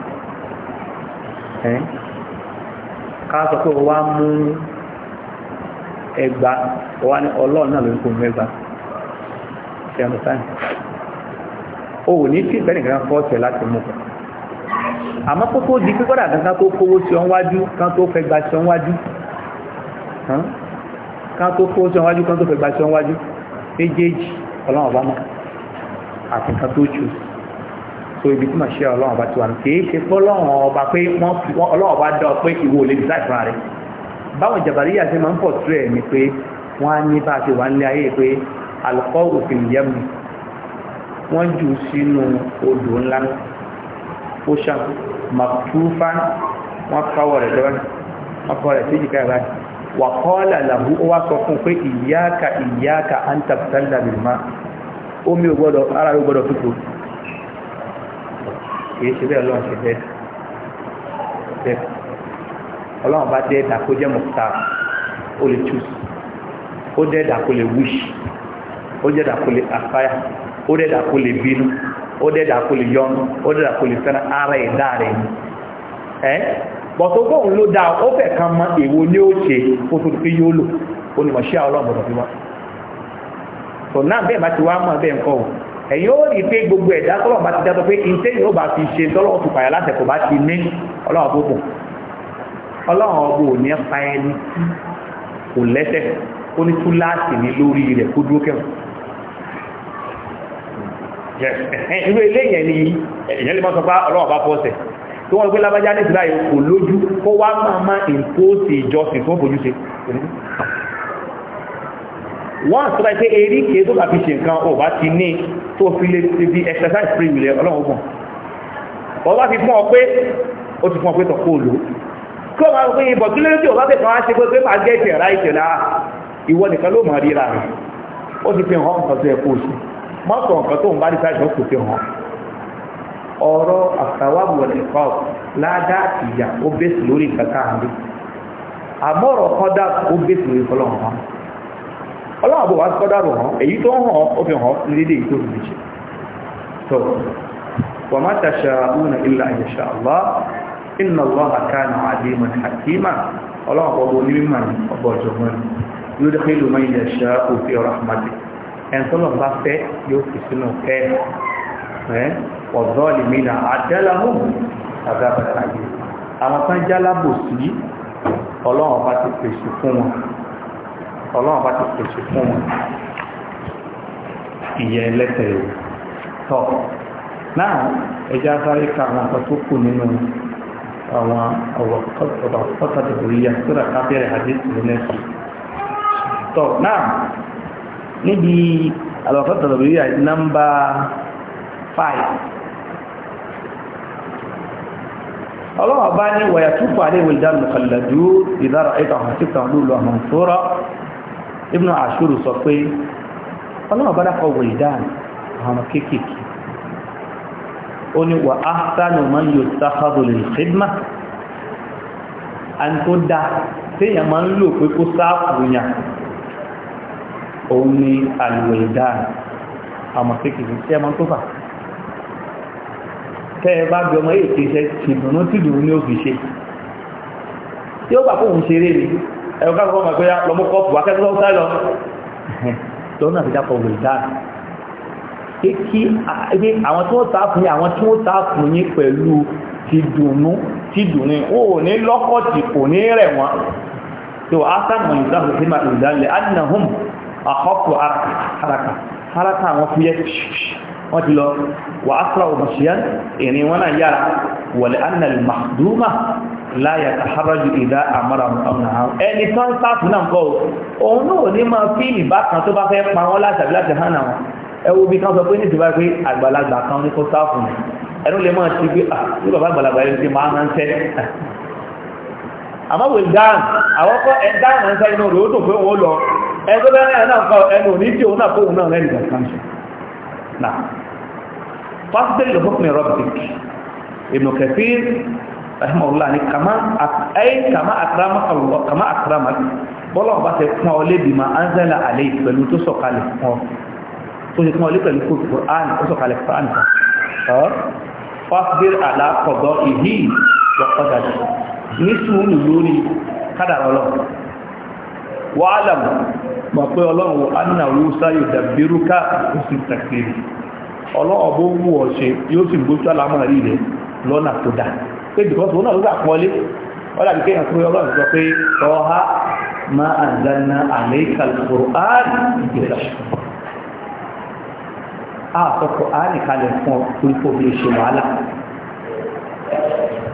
ká sọ pé wọ́n wá mú ẹgbà wọ́n wá ní ọlọ́run náà ló ń kó mú you understand o ò ní sí ìfẹ́ nìkan fọ́ọ̀tì láti mú àmọ́ kókó di pé kọ́dà kan tó kówó sí ọ́n wájú kan tó fẹ́ gba sí ọ́n wájú kan tó kówó sí ọ́n wájú kan tó fẹ́ gba sí ọ́n wájú méjèèjì ọlọ́run ọba mọ́ àti nǹkan tó tù so ibi tí mà ṣe ọlọ́run ọba ti wà ní kì í ṣe pé ọlọ́run ọba pé wọ́n fi ọlọ́run ọba dán ọ pé ìwọ ò lè dì láì fúnra rẹ̀ báwọn jàbàríyà ṣe máa ń pọ̀ tú ẹ̀ ni pé wọ́n á ní bá a ṣe wà nílé ayé pé alukọ́wù fi yẹmu wọ́n jù sínú odò ńlá ocean makutufa wọ́n kọ́wọ́ rẹ̀ lọ́wọ́ wọ́n kọ́wọ́ rẹ̀ sí ìjìká ìbá wà kọ́ọ̀lá làbú ó wá sọ fún pé ìyáka ìyáka à ń tàbítàlá bìí má omi ò gbọ́dọ̀ ara ò gbọ́dọ̀ tútù kìí ṣe bẹ́ẹ̀ lọ́n ṣe bẹ́ẹ̀ ọlọ́run bá dẹ́ kó jẹ́ mọ̀ta ó lè túùsì ó dẹ́ kó lè wíṣì ó jẹ́ dà kó lè àfáyà ó dẹ́ dà kó lè bínú ó dẹ́ dà kó lè yọnu ó dẹ́ dà kó lè fẹ́ràn ara ẹ̀dá rẹ̀ ni ẹ́ bọ̀tọ̀ bóun ló dáa ó fẹ́ kan mọ èwo ní ó ṣe kó tó fi yóò lò ó ní mọ̀ ṣé àwọn ọlọ́mọdọ̀ fi wá tò náà bẹ́ẹ̀ bá ti wá mọ̀ bẹ́ẹ̀ nǹkan o ẹ̀yin ó rí i pé gbogbo ẹ̀dá tọ́lọ̀ bá ti dátọ́ pé iṣẹ́ yìí ó bá fi ṣe tọ́lọ̀ tó pààyà láti ẹ̀kọ́ bá ti ní ọlọ́run tó kù ọlọ́run ọgbọ ò ní pa ẹni kò lẹ́sẹ̀ ó ní túláàsì ní lórí rẹ̀ kó dúró kẹ́wọ̀n irú eléyìn ni èyàn lè mọ́ sọ pé ọlọ́wọ́ bá fọ́ọ̀sẹ̀ tó wọ́n gbé lábájá ní ìsìlá yìí kò lójú kó wá máa máa ìpóòsì ìjọsìn fún òfojúṣe wọ́n sọ pé erí kìí tó bá fi ṣe nǹkan ò bá ti ní tó fi lè fi exercise free will ọlọ́run fún ọ bá fi fún ọ pé ó ti fún ọ pé tọ̀ kó lò kí o máa o bá fẹ́ kàn á ṣe pé máa gẹ́ẹ̀tì ẹ̀rá ìtẹ̀lá ah, ìwọ nìkan ló mọ̀ ríra rẹ̀ ó ti fi mọ́tò nǹkan tó ń bá dísáì tó kò fi hàn ọ̀rọ̀ àtàwàbù ẹ̀kọ́ ládá ìyà ó bẹ́sì lórí nǹkan káàdé àmọ́rọ̀ kọ́dà ó bẹ́sì lórí fọlọ́run hàn ọlọ́run àbò wá sí kọ́dà rò hàn èyí tó ń hàn ó fi hàn lédè yìí tó fi ṣe tó wà má tàṣà una illa àyẹ̀ṣà Allah inna Allah kana aliman hakima ọlọ́run àbọ̀ onímọ̀ ọgbọ̀ ọ̀jọ̀gbọ́n yóò dẹ́kẹ́lù mọ́ ìyẹ̀ṣà òfin rahmatik ẹ̀ńtọ́lọ̀ bá fẹ́ yóò fi sínú kẹ́ ẹ̀ ọ̀dọ́ọ̀lì mi nà àdẹ́làhùn àgbàbàtà yìí àwọn kan jálábò sí ọlọ́run bá ti pèsè fún wọn ọlọ́run bá ti pèsè fún wọn ìyẹn ẹlẹ́tẹ̀ rẹ̀ tọ́ náà ẹjá sáré ka àwọn nǹkan tó kù nínú àwọn ọ̀rọ̀ kọ́tàdìbò yíyá tó rà kábẹ́rẹ́ àdéhùn lẹ́sìn tọ́ náà níbi àlọ́fẹ́ tọ̀lọ̀bìyà nọ́mbà 5 ọlọ́wọ́ bá ní wàyà túnfà ní wìlìdán mùkànlẹ̀dú ìdára ẹ̀kà hàn sí kan lóòlò àwọn sọ́rọ̀ Ibn Ashur sọ pé ọlọ́wọ́ bá dákọ̀ wìlìdán àwọn kéèkèé ó ní wà áhsánù man yóò sáfàdù lè àti tó dá òun ni àlùwẹ̀ ìdáà àmọ̀síkìsì tí ẹmọ tó fà tẹ́ ẹ bá bí ọmọ èyí ti ṣe ṣìdùnú tí ìdùnú ní òfin ṣe tí ó bà fóun ṣeré ni ẹ̀rọ káàkiri ọmọ ìpínlẹ̀ lọmú kọ́ọ̀pù akẹ́kọ̀ọ́ lọ́wọ́ sáré lọ lọ́nà (laughs) àti dápọ̀ wẹ̀ dáa kí àwọn tí wọ́n ta fún yín àwọn tí wọ́n ta fún yín pẹ̀lú ti dùnú ti dùnú ó ní lọ́kọ̀tì kò ní rẹ̀ wọ́n àkọ́kù haraka haraka àwọn fúyẹ́ wọ́n ti lọ wà ásra òmàṣíyàn ìrìn wọn náà yára wọ̀lẹ̀ annal mahduma láyà tàhárájú ìdá àmọ́ra ọ̀nà àwọn ẹni tán sáàtù náà kọ́ òun náà ní máa fi ìbákan tó bá fẹ́ pa wọ́n látàbí láti hàn àwọn ẹwú bí kan sọ pé ní ti bá pé àgbàlagbà kan ní kó sáàfù ẹnu lè máa ti gbé àti bàbá àgbàlagbà yìí ti máa ń tẹ́ àmọ́ wèé dáhùn àwọn kọ́ ẹ̀ dáhùn ẹgbẹ́ bẹ́rẹ̀ náà kọ ẹnu ní tí òun náà kó òun náà rẹ̀ ìgbà kanṣẹ́ náà fásitì ìlúkùnrin rọ́bìk Ibn Kathir rahimahullah ni kama akrama bọ́lọ̀ bá tẹ fún ọ lébi ma anzala alẹ́ pẹ̀lú tó sọ̀kalẹ̀ fún ọ tó ṣe fún ọ lé pẹ̀lú kò Qur'an ó sọ̀kalẹ̀ Qur'an kan fásitì alákọ̀dọ̀ ìhí lọ́kọ̀dà ní sùúrù lórí kádàrọ̀ lọ́wọ́ wàhálà mọ̀ pé ọlọ́run anáwó sáyò dàbírúká òsì tàkìrì ọlọ́run bó wù ọ́ ṣe yóò sì gbójú àlámọ̀ rí rẹ̀ lọ́nà tó dà pé bìkọ́sì òun náà ló dà pọ́lé wọ́n dàbí kéèyàn pé ọlọ́run sọ pé ọha ma àzànà àlẹ́kà Al-Qur'an ìgbésà àtọ́kọ̀ àánìkalẹ̀ fún orí kò fi ṣe wàhálà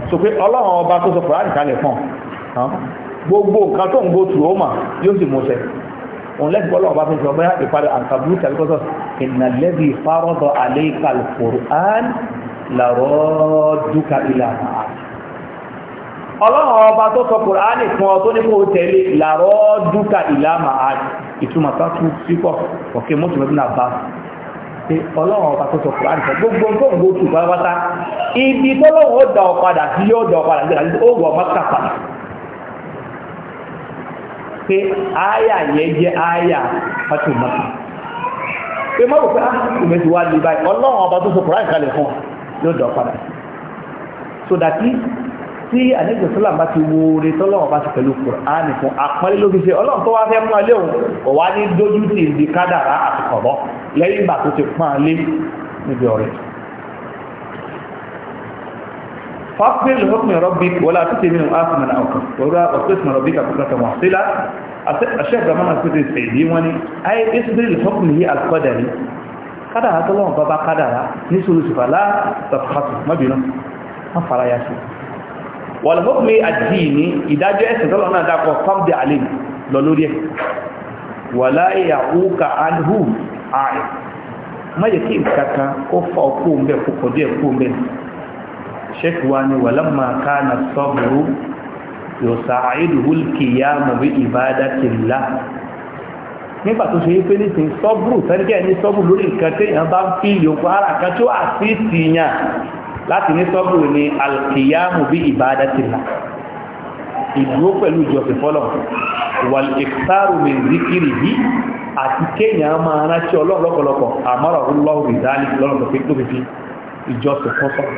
so pé ọlọ́run ọba tó sọ Qur'an ìkalẹ̀ fún ọ gbogbo nǹkan tó ń go through ó mà yóò sì mú sẹ òun lẹ́sìn bọ́lá ọba fi sọ bóyá ìpadà àǹkàbùrú tàbí kọ́sọ̀ ìnàlẹ́bí fárọ́dọ̀ àléékà kùrán làrọ́ dúkà ilà ọlọ́run ọba tó sọ kùránì fún ọ tó ní kó tẹ̀lé làrọ́ dúkà ilà màá ìtumọ̀ sáfù sípọ̀ ọ̀kẹ́ mọ́tòmọ́tò náà bá pé ọlọ́run ọba tó sọ kùránì fún gbogbo tó ń gbóòtù pátápátá ibi tọ́lọ́run ó dà ọ sí yóò dà ọ sí ó pé ááyà yẹn jẹ́ ááyà pàtó mọ́tò pé mọ́tò pé àkùnmí ah, ti wá lè báyìí ọlọ́run ọba tó so kùrán kalẹ̀ fún yóò dọ̀ padà so dàtí tí àlejò sọ́là bá ti wo oore tọ́lọ́run bá ti pẹ̀lú kùrán fún àpọ́nlé ló fi ṣe ọlọ́run tó wá fẹ́ mú alẹ́ òun kò wá ní dójú tì ní kádàrá àtìkọ̀bọ́ lẹ́yìn ìgbà tó ti pọ́n alẹ́ níbi ọ̀rẹ́ فاصبر لحكم ربك ولا تطع منهم آثما أو كفورا واستثم ربك بكرة وحصيلا الشيخ رمان الكتب السعيدي واني أي اصبر لحكمه القدري kada ha tọ́lọ́wọ́n bá bá kádàrá ní sùúrù sí fàlá tàbí mọ́bìnú wọ́n fara ya sí wọ̀lọ̀fọ́kùnlé àjíì ní ìdájọ́ ẹ̀sìn tọ́lọ́ náà dákọ̀ fábdẹ̀ alìm lọ lórí ẹ̀ wà láyé àwúkà anhu ààrẹ mọ́jẹ̀ kí sheikh wa ni walamma kana sabru yusaiduhu alqiyamu bi ibadatillah nígbà tó ṣe pé nísìn sọ́bùrù tẹ́lẹ̀kẹ́ ní sọ́bùrù lórí nǹkan téèyàn bá ń fi yòókù ara kan tó àṣìṣì yàn láti ní sọ́bùrù ni alkiyamu bí ibadatillah ìdúró pẹ̀lú ìjọsìn fọ́lọ̀ wal iktaru min zikrihi àti kéèyàn máa rántí ọlọ́run lọ́pọ̀lọpọ̀ àmọ́ràn lọ́rùn ìdálẹ́ lọ́rùn tó fi ìjọsìn fọ́sọ̀rọ̀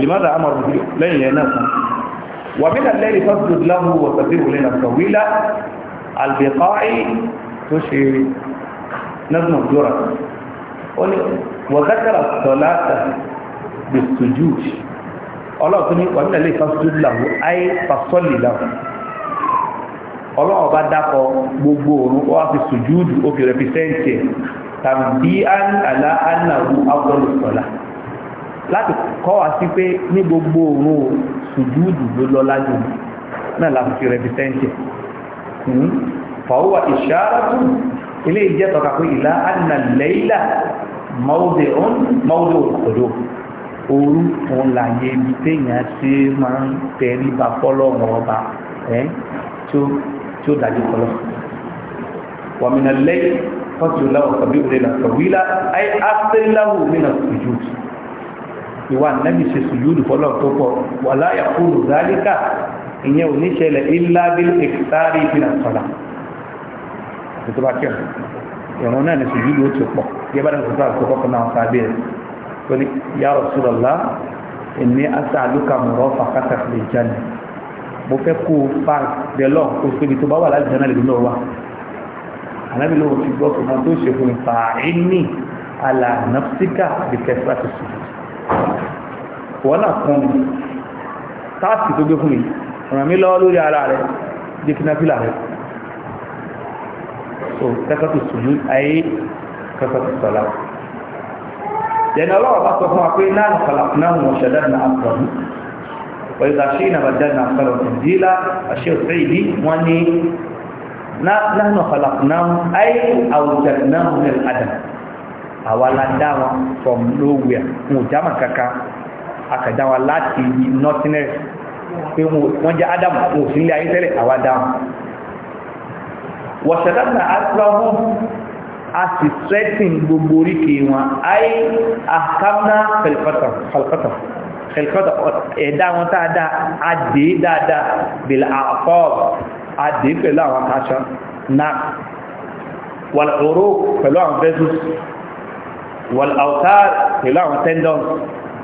lèmọ́dà àmọ̀rù lẹ́yìn yẹn náà fún wà mí lẹ́lẹ́ ìfọ́sùn láhù wọ̀sàdé wòlé na sọ̀wílá albẹ̀kọ́ì tó ṣe nazmọ̀ dúrà ó ní wọ̀gákàrà sọ̀láta bí sùjú ọlọ́ọ̀tún ní wà mí lẹ́lẹ́ ìfọ́sùn láhù ayé fasọ́lì láhù ọlọ́ọ̀ bá dákọ̀ gbogbo òun ó wá fi sùjúdù ó fi rẹpìsẹ́ǹtì ẹ̀ tàbí án àlá ánáwó afọ́lù sọ̀lá láti kọ́ wá sí pé ní gbogbo òun sùjúùdù ló lọ́lá jù náà láti fi rẹ̀pítẹ́ǹtì hmm? fàwọ́wà ìṣàràtù ilé ìjẹ́ tọ́ka pé ìlà àdínà lẹ́ìlà mọ́ọ̀dẹ̀ òkòdó òru òun làyè ibi téèyàn ṣe máa ń tẹrí ba fọ́lọ́run ọba tí ó dájú kọlọ́ wàmìnà lẹ́yìn fọ́tùláwọ̀ tàbí òrìlà tàbí ilá ayé áfẹ́láwò mìíràn sùjúùdù ìwà nẹ́bí ṣe sùjúdù fọ́lọ̀ tó pọ̀ wà láyà kúrò zálíkà ìyẹn ò ní ṣẹlẹ̀ ilábíl ìkìtàrí ìpínlẹ̀ sọ́lá tó bá kí ọ̀rọ̀ náà ní sùjúdù ó ti pọ̀ yẹ́bá ní sọ́lá tó kọ́kọ́ náà sábẹ́ rẹ̀ tó ní yá ṣe fún ìfà ẹni bí kẹfà ti sùn wọ́n náà kún mi táàsì tó gbé fún mi ràn mí lọ́wọ́ lórí ara rẹ̀ jẹ́ kí náà fìlà rẹ̀ so kẹ́kọ̀tù sùnú ayé kẹ́kọ̀tù sọ̀lá yẹn ọlọ́wọ́ bá sọ fún wa pé náà kàlàkùnà wọn ṣẹ̀dá náà àkọ́rù وإذا شئنا بدلنا أمثالهم تبديلا الشيخ سعيدي واني نحن خلقناهم أي أوجدناهم من الأدم أولا دعوة from nowhere مجمع كاكا àkàdá wa láti nọ́tínẹ̀rì pé wọ́n jẹ́ ádámù wọn ò sí ilé ayé tẹ́lẹ̀ àwa dáhùn wọ̀ṣẹ̀dáta àtúráwọ̀ a sì strẹ́tìn gbogbo oríkèé wọn ayé àkámná kẹlifátà ẹ̀dá wọn táadáa adé dáadáa bèèrè àkọ́ọ̀bù adé pẹ̀lú àwọn aṣọ náà wàlọ̀rọ̀ pẹ̀lú àwọn vessels wàlọ̀ọ̀tá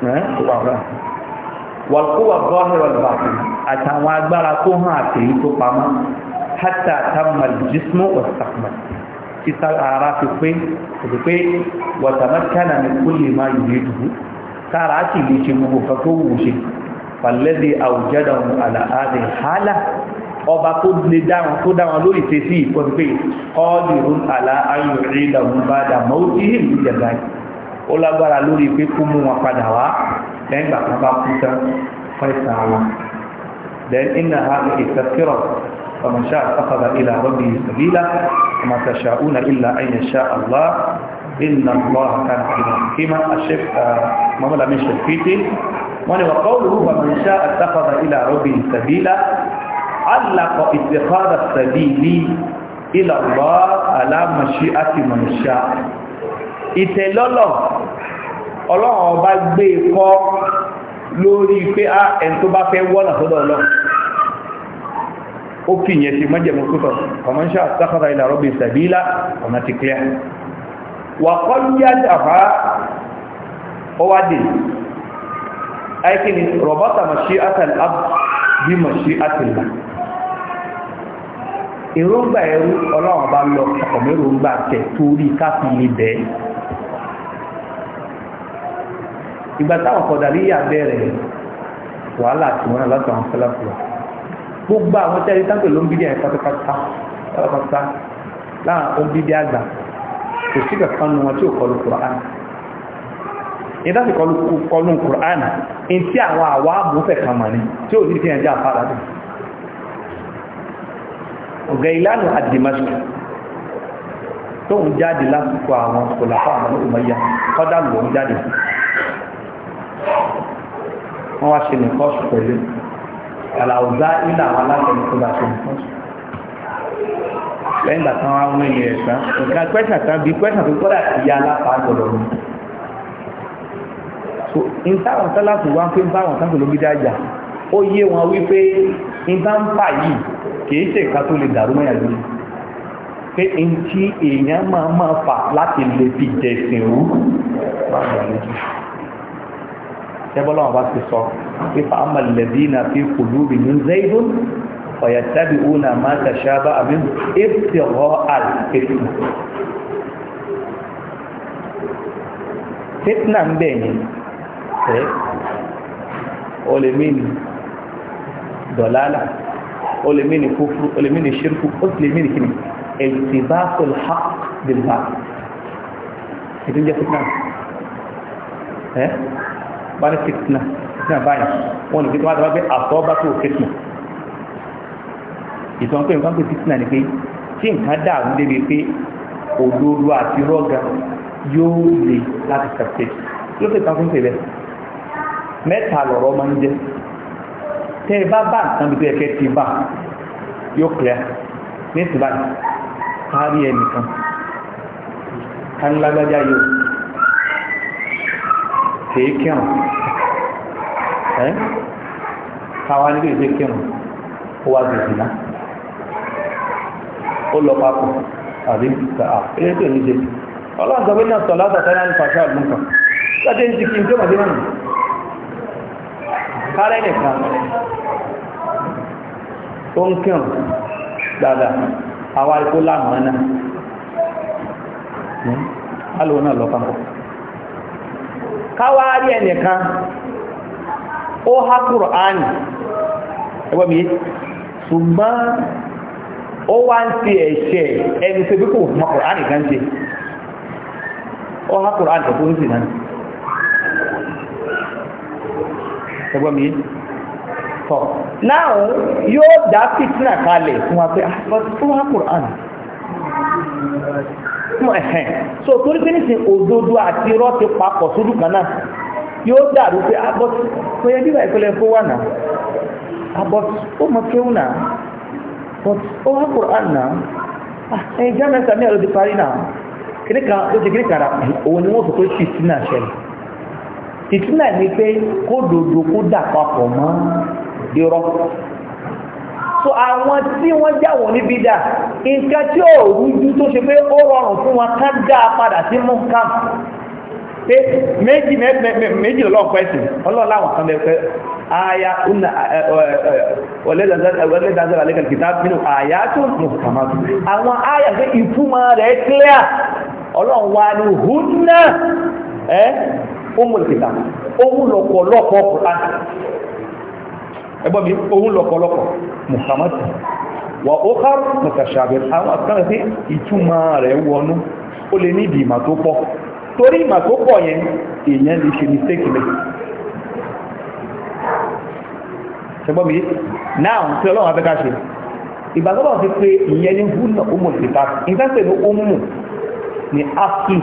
wàlúwà bọ́ọ̀rọ̀ lọ́wọ́ àtàwọn agbára tó hàn àtèyí tó pamọ́ hátà tamal jismu wàsàkùnmọ̀ títà ara fi pé òtù pé wàtàmọ́kànà ní kúlè máa yìí dùn kára á sì lè ṣe gbogbo kan tó wù ṣe pàlẹ́dì àwùjọ́dà wọn àlàáde hálà ọba tó ó lágbára lórí pé kó mú wọn padà wá lẹ́yìn ìgbà tó bá kú tán fún ìsàn wọn then inna hadhihi tadhkira faman sha'a ittakhadha ila rabbihi sabila wa ma tasha'una illa an yasha Allah inna Allah kana aliman hakima ash-shaykh uh, mawla min shafiti wa la qawluhu faman sha'a ittakhadha ila rabbihi sabila allaqa ittikhadha as-sabili ila Allah ala mashi'ati man sha'a ìtẹ̀lọ́lọ̀ ọlọ́run ọba gbé e kọ́ lórí pé a ah, ẹni tó bá fẹ́ wọ́nà tó lọ́ọ̀lọ́ ó fi ìyẹn ti mọ́jẹ̀mú kútọ̀ ọmọ ṣáà sáfàrà ilà rọ́bì sàbílà ọ̀nà ti clear wà kọ́ yíyá dàfà ọwádìí aikini robata mashi'atal ab bi mashi'atillah èròǹgbà ẹrú ọlọ́run bá lọ ọ̀pọ̀ mẹ́ròǹgbà tẹ̀ torí káfíìlì bẹ́ẹ̀ ìgbà táwọn kọ̀dàríyà bẹ̀rẹ̀ wàhálà tí wọ́n látọ̀ àwọn fẹ́lẹ́fẹ́lẹ́ gbogbo àwọn tẹ́lẹ̀ tán pẹ̀lú bídí ẹ̀ pátápátá pátápátá láwọn tó bídí àgbà kò sí kankan nu wọn tí ò kọlu Qur'an ní láti kọlu kọlu Qur'an in tí àwọn àwa àbúfẹ̀ kan mọ̀ ni tí ò ní fi ẹjọ́ àfárá dùn ọ̀gá ìlànà àdìmọ́sù tó ń jáde lásìkò àwọn kòlàfà àwọn ọmọ ìyá kọ́dà lòún jáde wọ́n wá ṣe nìkan ṣù pẹ̀lú àlàóza ilà àwọn aláṣẹ tó bá ṣe nìkan ṣù lẹ́yìn ìgbà táwọn àwọn ènìyàn ẹ̀sán nǹkan pẹ́sà kan bíi pẹ́sà tó kọ́dà ìyá alápá gbọ́dọ̀ mi so n táwọn sálàfù wá ń pè ń bá àwọn sáfù lóbi dájà ó yé wọn wípé n bá ń fà yìí kìí ṣe nǹkan tó lè dàrú mọ́yà lórí pé n tí èèyàn máa máa fà láti lè fi jẹ̀sìn rú máa ń lójú. tẹ́bọ́lọ́ àbá ti sọ ipa amma lẹ́dínà fi kùlúbì ní zaidun fàyàtàbí una máa tàṣà bá àmìn ìfẹ̀họ́ àìfẹ́tìnà fẹ́tìnà ń bẹ̀yìn ẹ́ olèmínì dọ̀lálà olèmínì kúfú olèmínì ṣírkù olèmínì kìnnì ẹ̀tìbáfòl haq bilba ìdíjẹ́ fẹ́tìnà ẹ́ bá ní fitna fitna báyìí wọ́n ní pé tó bá tọ́wọ́ pé àtọ́ bá tó fitna ìtàn nǹkan pé fitna ni pé tí nǹkan dàrú débi pé òdodo àti rọ́gà yóò le láti kàfẹ́ ló fẹ́ kan fún tẹ̀lẹ̀ mẹ́ta lọ̀rọ̀ máa ń jẹ́ tẹ́ ẹ bá bá nǹkan bí tó yẹ kẹ́ ti bá yóò clear ní ìsìnbáyìí kárí ẹnìkan kárí yóò kìí kírun ẹ́ káwa ní kìí ṣe kírun ó wá gbèsè náà ó lọ papọ̀ àbí ilé tó ní ṣe ọlọ́run sọ pé náà sọ látàtà náà ní pàṣẹ àdúgbò kan láti ń ti kí n tó màdé mọ́nà kárẹ́ nìkan ó ń kírun dáadáa àwa ikú láàmú náà alóhùn hm? náà lọ papọ̀ káwárí ẹnìkan ó há kùránì ẹgbẹ́ mi ṣùgbọ́n ó wá ń ti ẹ̀ṣẹ̀ ẹni tó bí kò mọ kùránì kan ṣe ó há kùránì tó ń sì náà ẹgbẹ́ mi tọ̀ náà yóò dá fìtínà kalẹ̀ fún wa pé àwọn ah, tó há kùránì so torí pé nísìn òdodo àti irọ́ ti papọ̀ sójú kan náà yóò dàrú pé abọ́sí ah, kò yẹ bí báyìí pẹ́lẹ́ kó wà náà abọ́sí ah, ó mọ kéwù náà ó wá Kùránì náà ah, ẹ̀yìn jẹ́ mẹ́ta ní ẹ̀rọ ti parí náà kìnnìkan ló ti kìnnìkan ra òun ni wọ́n sọ pé fìtínà ṣẹlẹ̀ fìtínà ni pé kó kó dà papọ̀ mọ́ irọ́ sọ àwọn tí wọ́n já wọn níbi dà nǹkan tí ò rújú tó ṣe pé ó rọrùn fún wọn ká dá a padà sí mú kàn pé méjì méjì lọ́lọ́ pẹ́ sí ọlọ́run láwọn kan bẹ́ẹ̀ pẹ́ aya una ọ̀lẹ́dàzọ́lá lẹ́kàn kìtà nínú aya tó mú kàmá àwọn aya pé ìfúnmọ́ rẹ̀ clear ọlọ́run wa ni hùnà ẹ́ ó mú kìtà ó mú lọ́pọ̀lọpọ̀ kùrán ẹgbọ́n mi ohun lọ́pọ̀lọpọ̀ muhammad wà ó ká mùsàṣàbẹ̀ àwọn akẹ́rẹ́ sí ìtumọ̀ rẹ̀ wọnú ó lè ní ìdí ìmà tó pọ̀ torí ìmà tó pọ̀ yẹn èèyàn lè ṣe mistake lẹ́yìn ṣẹgbọ́n mi náà tí ọlọ́run afẹ́ká ṣe ìgbàgbọ́n ti pé ìyẹn ní húnà ó mọ̀ sí ta ìfẹ́sẹ̀ ní ó mú ní aslu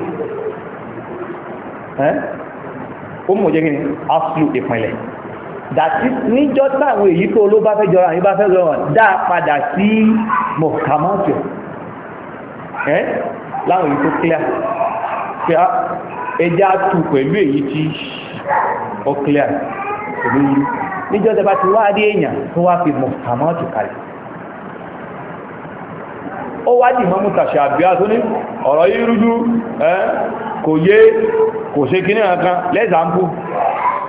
ó mọ̀ ni aslu ìpínlẹ̀ dàtí níjọ́ táwọn èyí tó ló bá fẹ́ jọra àyíbá fẹ́ lọ́wọ́ dá padà sí mọ̀kàmọ́tò ẹ́ láwọn èyí tó clear pé ẹjá tù pẹ̀lú èyí tí ó clear pẹ̀lú yìí níjọ́ tẹ́ bá ti wá dé èèyàn tó wá fi mọ̀kàmọ́tò kalẹ̀ ó wá dì mọ́mú tàṣà àbíá tó ní ọ̀rọ̀ yìí rújú ẹ́ kò yé kò ṣe kíní kan lẹ́sàmpù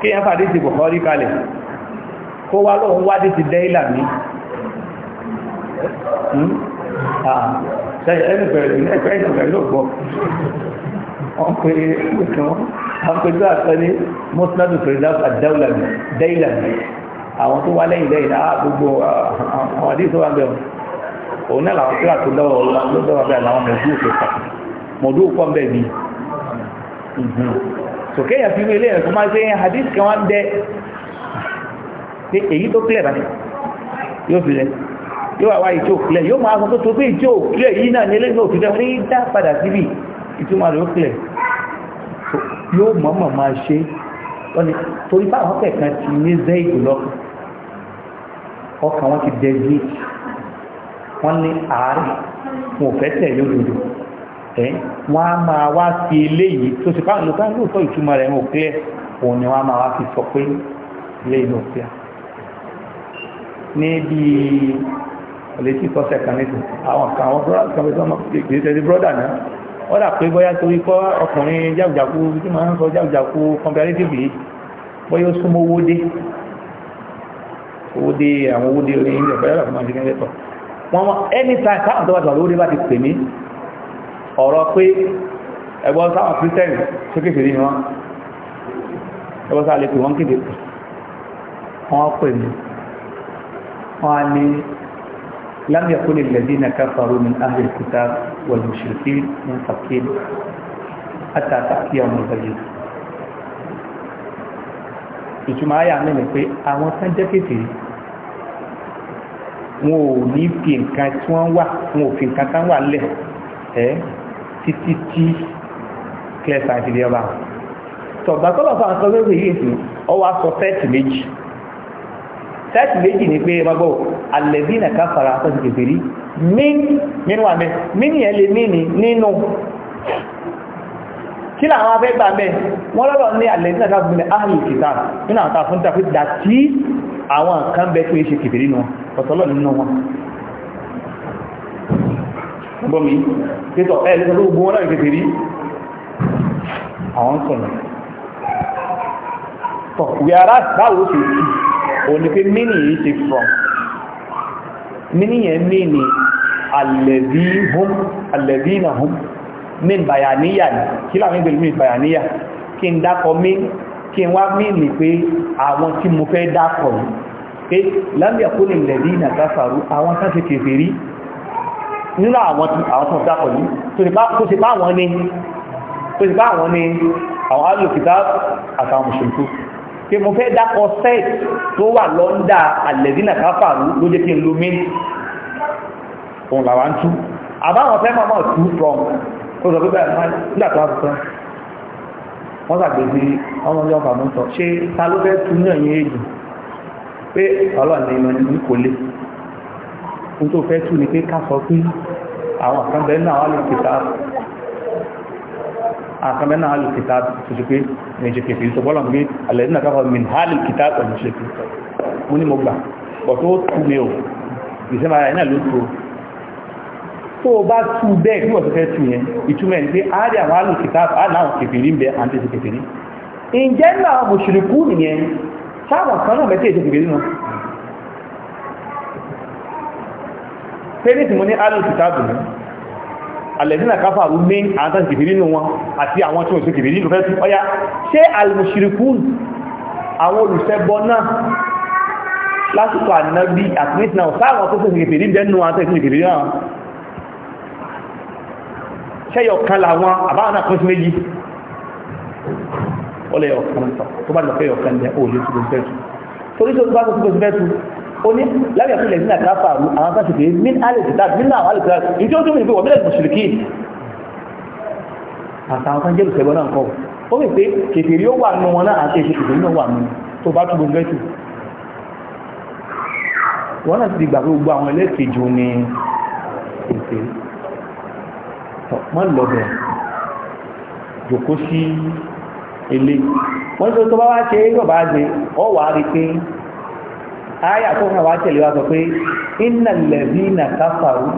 kí ẹ fàdé ti bọ̀kọ́ rí kalẹ̀ kó wá lóhun wádé ti dẹ́ ìlà mí àwọn tó wá lẹ́yìn lẹ́yìn àà gbogbo àwọn àdíṣò wà bẹ̀rẹ̀ òun náà làwọn tíra tó lọ́wọ́ lọ́wọ́ bẹ̀rẹ̀ àwọn mọ̀dúù pẹ̀pẹ̀ mọ̀dúù pọ̀ bẹ̀rẹ̀ bí i sòkè èèyàn fi wí ilé ẹ̀kọ́ máa ṣe hadith kan wá ń dẹ pé èyí tó clear báyìí yóò fi lẹ yóò wá ìjó clear yóò máa sọ tó tó pé ìjó clear yìí náà ní eléyìí náà òfin dẹ́kun ní dá padà síbi ìtumọ̀ rẹ̀ ó clear yóò mọ̀ọ́mọ̀ máa ṣe wọ́n ni torí báwọn kẹ̀kan ti ní zẹ́ìkù lọ́kàn ọkàn wọn ti dẹ́gbé wọ́n ní àárẹ̀ wọn ò fẹ́ tẹ̀lé òdodo ẹ́ wọ́n á máa wá sí eléyìí tó sì fáwọn olùkọ́ lóòótọ́ ìtumọ̀ rẹ̀ wọn ò clear òun ni wọ́n á máa wá fi sọ pé eléyìí ló clear ní bí ọ̀lẹ́tí sọ́sẹ̀ kan nísìn àwọn kan àwọn brọ́dà kan pẹ̀lú ọmọ ìgbésẹ̀ sí brọ́dà náà wọ́n dà pé bóyá torí kọ́ ọkùnrin jáùjáku tí máa ń sọ jáùjáku comparatively bóyá ó súnmọ́ owó dé owó dé àwọn owó dé orí ilẹ̀ bóyá lọ́kùnrin máa ń ṣe kẹ́kẹ́ tọ̀ wọ́n mọ anytime káwọn tó bá tọ̀ lórí bá ti pè mí ọ̀rọ̀ pé ẹgbọ́n sáwọn christian tó kéfèrè ní wọ́n ẹgbọ́n sáà lè pè wọ́n kéde wọ́n pè mí wọ́n á ní لم يكن الذين كفروا من أهل الكتاب والمشركين منفكين حتى تأتيهم البينة ìtumọ̀ ayà mi ni pé àwọn tán jẹ́ kékeré wọn ò ní fi nǹkan tí wọ́n wà wọn ò fi wà lẹ̀ ẹ́ títí tí clear sign ti di ọba tọ̀gbà tọ́lọ̀ fún àǹsọ́ wéwé yìí sí ọwọ́ aṣọ sẹ́ẹ̀tì méjì sẹ́ẹ̀tì méjì ni pé magbọ́ alẹ́bí nà ká fara aṣọ ti kèfèrí mín nínú àmì mín yẹn lè mín ní nínú kí làwọn afẹ́ gbà mẹ́ wọ́n lọ́rọ̀ ní alẹ́bí nà ká fún mi áhùn ìkìtà nínú àwọn tá a fún tàbí dàtí àwọn nǹkan bẹ́ẹ̀ tó yẹ ṣe kèfèrí nù ọ̀tọ́lọ́ nínú wọn gbọ́mí títọ̀ ẹ̀ lẹ́sọ ló gbọ́ wọn láti tètè rí àwọn sọ̀rọ̀ tọ̀ wíárá báwo ṣe sí òun ni pé mini yìí ṣe from mini yẹn mini alẹ́bí hum alẹ́bí na hum min bayaniya ni kí láwọn ìgbèlú min bayaniya kí n dákọ min kí n wá min ni pé àwọn tí mo fẹ́ dákọ ni pé lábẹ́ àkólè lẹ́bí na àwọn sáfẹ́ kèfèrí nínú àwọn tí àwọn tó ń dákọ̀ yìí tó ti bá wọn ní tó ti bá wọn ní àwọn alòkìtà àtàwọn mùsùlùmí pé mo fẹ́ dákọ̀ set tó wà lọ́ndà àlẹ́dínà káfàrú ló jẹ́ kí n lo mint òun làwa ń tú àbáwọn fẹ́ máa tú from ó sọ pé báyìí máa nígbà tó wà tuntun wọ́n sàgbègbè ọmọ ọjọ́ ọkọ̀ àmúntọ̀ ṣé ta ló fẹ́ tú náà yẹn èjì pé ọlọ́ọ̀ni ìmọ̀ ní kò lè tó fẹ́ tù ní pé ká sọ pé àwọn àkànbẹ̀ náà alùkìtà tó ṣe pé mẹ́jẹ̀kẹ̀ fi sọ bọ́lá pé alẹ́dínà káfà min alùkìtà pẹ̀lú ṣe pé mú ní mo gbà pọ̀ tó tù mí o ìsẹ́mara iná ló tó tó bá tù bẹ́ẹ̀ bí wọ́n tó fẹ́ tù yẹn ìtumẹ̀ ní pé àárí àwọn alùkìtà aláwọn kèfèrí ń bẹ àti ṣe kèfèrí ìjẹ́ náà mùsùlùkù nìyẹn sáwọn kan náà mẹ́tẹ̀ẹ́ tẹ́lẹ̀tì mọ́ ní alùsìtàbù ní alẹ́dínà káfàrú ní àtàkì kìfìrí nù wọn àti àwọn tí ó sì kìfìrí nù fẹ́ tún ọya ṣe alùsìrìkún àwọn olùṣẹbọ náà lásìkò ànábí àtìmẹ́sìnà sáwọn tó sì kìfìrí bẹ́nu àtàkì kìfìrí náà ṣẹ́yọ̀ kan làwọn àbáwọn náà kún sí méjì ọlẹ́yọ̀ kan tó bá lọ fẹ́yọ̀ kan jẹ́ òòlù tó bá tó bá tó bá tó oni lábẹ́ fún lẹ́sìn àti àfàrù àwọn kan ṣèké min alẹ́sìtàt min náà alẹ́sìtàt ìdí ó tóbi ní pé wọ́n mílẹ̀ mùsùlùkì àtàwọn kan jẹ́rù sẹ́gbọ́n náà kọ́ ó mì pé kèfèrí ó wà nù wọn náà àti èsì kèfèrí náà wà nù tó bá túbọ̀ gẹ́tù wọ́n náà ti di gbà pé gbogbo àwọn ẹlẹ́kejì ní èsè mọ́ lọ́bẹ̀ jòkó sí ilé wọ́n tó bá àyà tó hàn wá tẹ̀lé wa sọ pé iná lẹ́bí na káfàrú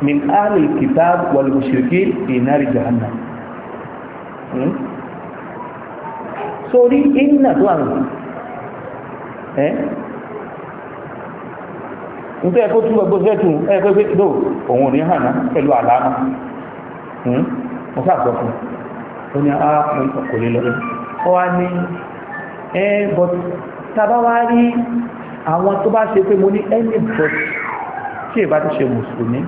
min áàlì kìtà wàlùmùsìlùkì ìnárì jahanna hmm? sórí iná tó àrùn eh? ẹ́ nítorí ẹ̀kọ́ tún gbogbo sẹ́tù ẹ̀kọ́ pé lò òun ò ní hàn náà pẹ̀lú àlámà hmm? mo sáàsọ fún ó ní àá ah, kò lè lọ ó wá ní ẹ́ eh, bọ́tù tàbá wá rí àwọn tó bá ṣe pé mo ní any bus tí ìbá ti ṣe mùsùlùmí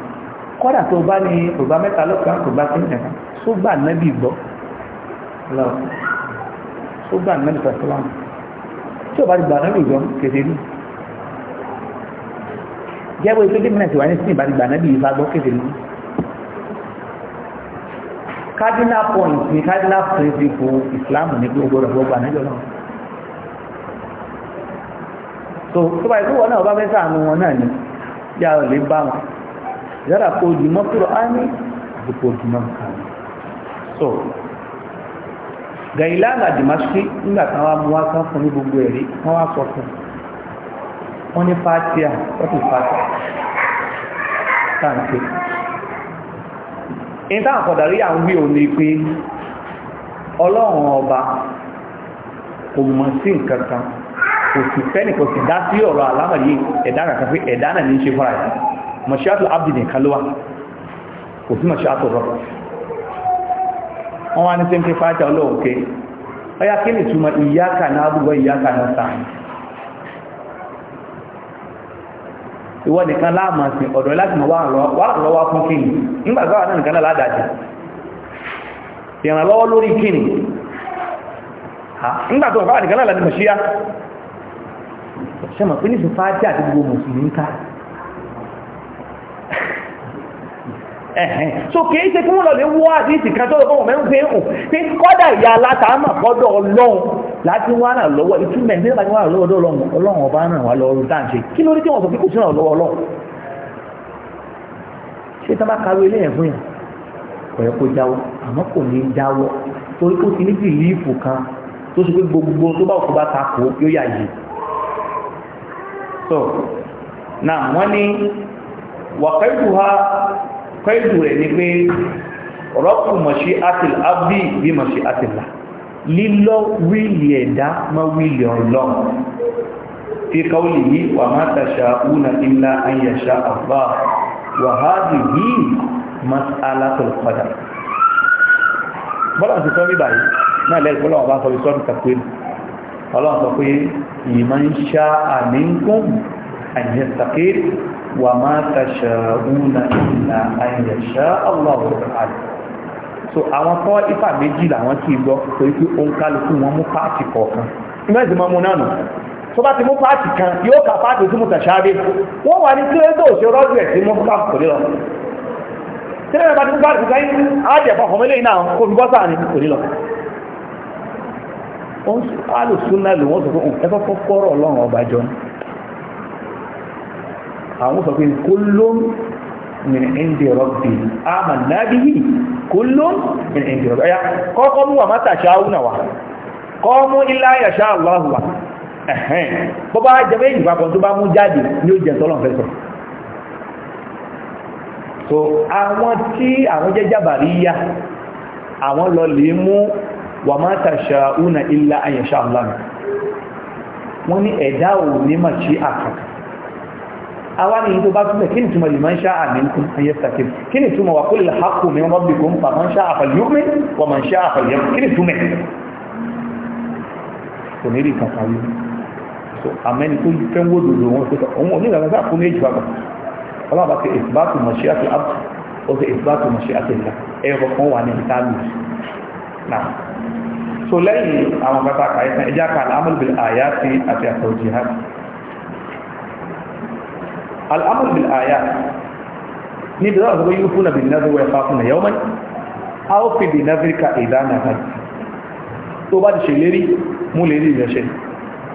kọ́dà tó bá ní ògbà mẹ́ta lọ́kàn kò bá kéèyàn kan tó gbà nẹ́bì gbọ́ lọ tó gbà nẹ́bì sàtọ́lámù tí ò bá ti gbà nẹ́bì gbọ́ kéde ní jẹ́wọ́ ètò ìdí mìíràn ti wà ní sí ìbá ti gbà nẹ́bì ìfà gbọ́ kéde ní cardinal point ni cardinal principle Islam ní pé ó nẹ́bì ọlọ́run so tó bá ìkúwọ̀ náà bá mẹ́sà àánú wọn náà ni yà lè bá wọn yàrá kó jùmọ́ kúrò á ní àdúgbò jùmọ́ kan so Gailana Dimashqi nígbà kan wá mú wá sán fún ní gbogbo ẹ̀rí wọ́n wá sọ fún ní wọ́n ti à ọba kò mọ̀ sí kò sì fẹ́ni kò sì dá sí ọ̀rọ̀ alámọ̀lẹ́ ẹ̀dá kankan pé ẹ̀dá náà ní í ṣe fúnra ẹ̀ mọ̀ṣíátù abdi nìkan ló wà kò sí mọ̀ṣíátù rọ̀ wọ́n wá ní sí ń pé fájà ọlọ́ọ̀kẹ́ ọya kí ni túmọ̀ ìyáka náà àbúgbọ́ ìyáka náà sáà ìwọ nìkan láàmà sí ọ̀dọ̀ láti mọ̀ wà lọ́wọ́ fún kíni nígbàgbà wà nìkan náà ládàájì ìrànlọ́wọ́ lórí kíni nígbàtọ̀ wà nìkan náà ládàájì ṣẹ́mọ̀ pé nísìn fáájì àti gbogbo mùsùlùmí ká ẹ̀hẹ́n so kìí ṣe kí wọ́n lọ lè wọ́ àti ìsìnká tó lọ́wọ́ mẹ́rin pé hùn pé kọ́dà ìyá aláta mà kọ́dọ̀ ọlọ́run láti wọ́n ràn lọ́wọ́ ìtumẹ̀ ní láti wọ́n ràn lọ́wọ́ ọlọ́run ọba ràn wá lọ́rùn dáǹṣe kí lórí tí wọ́n sọ pé kò sí ràn lọ́wọ́ ọlọ́run ṣé tá bá káró ilé kan tó ṣe pé gbogbo tó bá òkú bá takò yóò yà yìí so náà wọ́n ní wàkàìdùhá kàìdù rẹ̀ ni pé rọ́pù mọ̀ṣí àtìl abdi bí mọ̀ṣí àtìlá lílọ wíìlì ẹ̀dá mọ́ wíìlì ọlọ́run fi kọ́wùlì yìí wà máa tàṣà únà ilá àyàṣà àbá wà háàdì yìí mas'alatul qadar bọ́lá ọlọ́run sọ pé liman sha'a minkum an yastaqim wa ma tasha'una illa an yasha Allahu so àwọn tọ́ ifá méjì làwọn kì í gbọ́ torí pé òun kálukú wọn mú páàtì kọ̀ọ̀kan nígbà tí wọ́n mú náà nù tó bá ti mú páàtì kan yóò kà páàtì sí mùtàṣáábé wọ́n wà ní tíréńdò òṣè rọ́dù ẹ̀ sí mú páàtì kò nílọ tíréńdò bá ti mú páàtì kan yìí á jẹ̀ fọ́ alùsúnà ló wọ́n sọ fún ẹ̀kọ́ kọ́kọ́rọ̀ ọlọ́run ọba jọ àwọn sọ pé kullun min indi rabbi amanna bihi kullun min indi rabbi ẹ̀yà kọ́kọ́ mú wa má tàṣà áwùnà wa kọ́ mú illa yasha Allahu wa ẹ̀hẹ́n bọ́ bá jẹ́ méjì papọ̀ tó bá mú jáde ní ó jẹ́ tọ́lọ̀ fẹ́ so àwọn tí àwọn jẹ́ jàbàrí yá àwọn lọ lè mú wà má tasha'una illa an yasha Allah wọ́n ní ẹ̀dá ò ní mà sí àkàkà àwa ní ìdó bá túnbẹ̀ kí ni túnmọ̀ liman sha'a minkum an yastaqim kí ni túnmọ̀ wa kí ni túnmẹ̀ kò ní rí kankan yìí so àmẹ́ni tó fẹ́ wó dòdò wọn pé òun òní ìlànà sáà fún méjì bàbà ọlọ́ọ̀bá ti ìsìbáàtù mọ̀ṣí àti àbùkù ó ti ìsìbáàtù mọ̀ṣí àti ìlà so lẹ́yìn àwọn bàtà kàyẹ́sán ẹjá ka al'amul bil ayati àti àtọ̀jihad al'amul bil ayati ní bí wọ́n gbé yúfú na bin nazir wa ẹ̀fà fún yawman a ó ka ìdáná kan tó bá ti ṣe lérí mú lérí ìrẹsẹ̀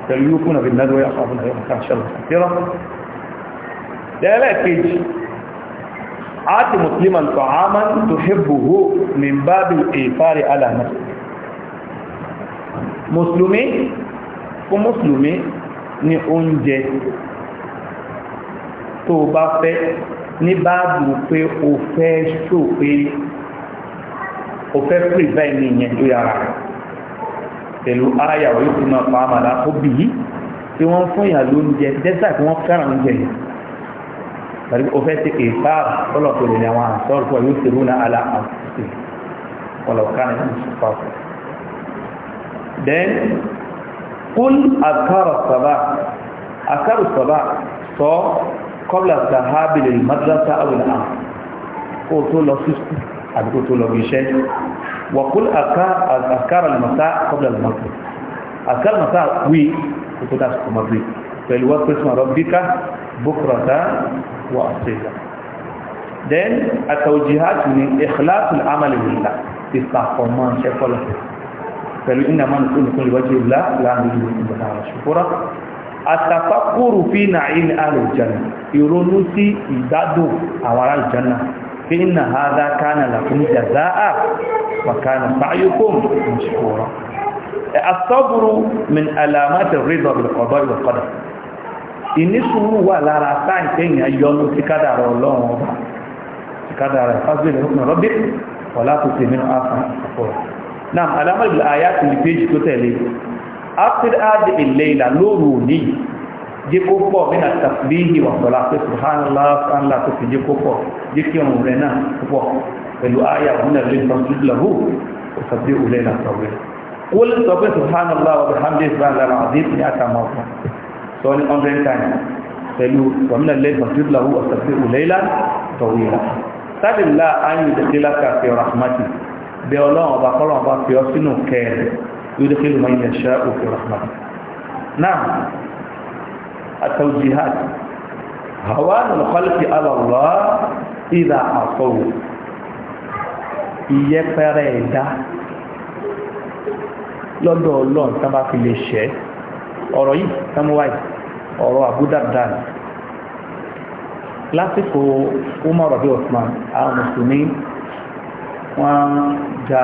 pẹ̀lú yúfú na bin nazir wa ẹ̀fà fún yawman kan ṣẹlẹ̀ ṣẹlẹ̀ lẹ́lẹ́kejì a min babil ifari ala mùsùlùmí fún mùsùlùmí ní oúnjẹ tó bá fẹ́ ní báàbù pé o fẹ́ ṣò pé o fẹ́ pèsè ní ìyẹn tó yára pẹ̀lú àyà orí tí máa pa àmàlà ó bì í tí wọ́n fún ìyà lóúnjẹ dẹ́sà tí wọ́n fẹ́ràn oúnjẹ yìí pẹ̀lú o fẹ́ ṣe èfà ọlọ́pẹ̀lẹ̀ ni àwọn àṣọ ọ̀pọ̀ yóò ṣe rúnà àlà àṣìṣe ọlọ́kànnì ní ìṣùpá ọ̀pọ̀ then kul azkar as-sabah azkar as-sabah sọ qabla dhahabi lil madrasa aw al-am kó tó lọ sí sùkú àbí kó tó lọ bí iṣẹ́ wa kul azkar al-masa qabla al-maghrib azkar al-masa wí kó tó dá sùkú maghrib pẹ̀lú wá pẹ̀sùn rabbika bukrata wa asila then àtàwùjì hàtù ní ikhlasul amali lillah ìsàkọ̀mọ́ ṣẹ́kọ́lọ́pẹ̀ pẹ̀lú ìnàmọ́ nìkú nìkú ìwájú ìlà láàrin ìlú ìgbàlá ṣùkúrà àtàfàkùrù fi nàílì àrùjánà ìrònú sí ìgbádùn àwọn àrùjánà fi ìnà àádá kánà làkún jàzáà wàkánà sáyókòm ṣùkúrà asọ́bùrù min alamati rizọ bilkọ̀dọ̀ ìwọ̀kọ̀dọ̀ ìnísùúrù wà lára sáìkẹ́yìn àfà àkọ́rọ̀ náà alamọ́ ìbìlá ayá ti lè péjì tó tẹ̀lé afir'adi ìlẹ́ìlà lóòrù òní jẹ́ kó pọ̀ mínà tàbíhì wà sọ́lá pé subhanallah tó fi jẹ́ kó pọ̀ jẹ́ kí ọmọ rẹ̀ náà púpọ̀ pẹ̀lú ayá òun ẹ̀lẹ́ ìfọ̀sílẹ̀hù òsàbí òlẹ́ìlà sọ̀rọ̀ kúlù sọ pé subhanallah wa bihamdihi subhanallah azim ní àtàmọ́ ọ̀sán sọ ní 100 times pẹ̀lú wàmínà lẹ́yìn ìfọ̀sílẹ̀hù òsàbí òlẹ́ìlà sọ̀rọ̀ bẹ ọlọ́run ọba kọ́lọ́run ọba fi ọ sínú kẹrẹ yóò dé kéwòn ayé ẹ̀ṣẹ́ òfin rahman náà àtàwùjihad àwọn olùkọ́lẹ́sì alọ́lọ́ ìdá àfọwò ìyẹpẹrẹ ẹ̀dá lọ́dọ̀ ọlọ́run tá bá fi lè ṣẹ́ ọ̀rọ̀ yìí samuwai ọ̀rọ̀ abudardan lásìkò umar rabi osman àwọn mùsùlùmí wọ́n ja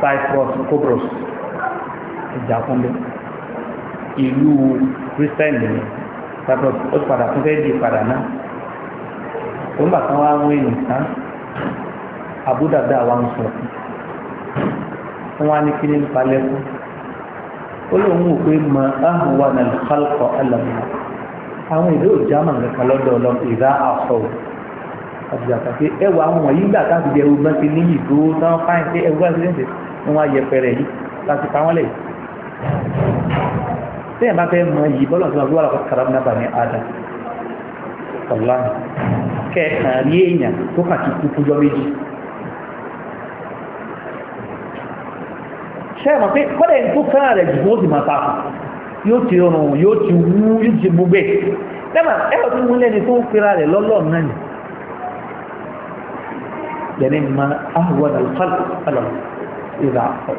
cyprus cobros ìjà kúnlẹ̀ ìlú christian ní cyprus ó ti padà tún fẹ́ di padà náà òun bàtà wá wọ́n ènìyàn tán àbúdàdà wa ń sọ fún wọn ní kí ní palẹ́ fún ó lóun wò pé mọ ahùn wa nà lọ́kọ̀ àwọn ìlú òjá màgàkà lọ́dọ̀ ọlọ́pàá ìdá àfọwọ́ àtijọ́ àtàkì ẹwà àwọn wọ̀nyí gbà táwọn ti jẹ ewu náà ti ní ìdó náà fáìn pé ẹwà ẹsẹ̀ wọn wá yẹpẹrẹ yìí láti pa wọn lẹ̀ tẹ́yìn bá fẹ́ mọ yìí bọ́lọ̀ tí wọ́n wà lọ́kọ̀ kàrà náà bà ní ada ọ̀la kẹ́ẹ̀kan rí èèyàn tó kà ti kú fújọ́ méjì ṣẹ́ẹ̀mọ̀ pé kọ́lẹ̀ tó kàn rẹ̀ jù ó sì máa ta yóò ti rùn yóò ti wú yóò ti gbogbo ẹ̀ ẹ̀rọ tó múlẹ̀ ni tó ń pera rẹ̀ lọ́lọ́ọ̀ náà يعني ما أهون الخلق على إذا عصوا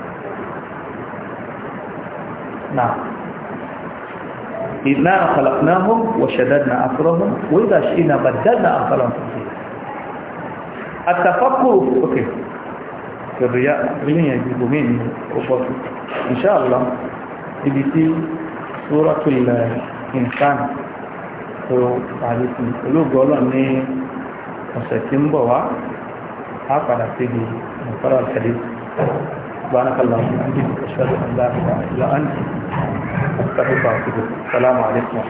نعم إنا خلقناهم وشددنا أسرهم وإذا شئنا بدلنا أمثالهم تبديلا التفكر أوكي في الرياء مين يجيبوا مين إن شاء الله يجي في سورة الإنسان tó tàbí olóògbé ọlọ́run ní ọ̀sẹ̀ tí ń a padà síbi nǹkan àtẹ̀lé سبحانك اللهم وبحمدك اشهد ان لا اله الا انت استغفرك واتوب السلام عليكم ورحمه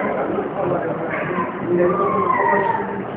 الله وبركاته. نعم.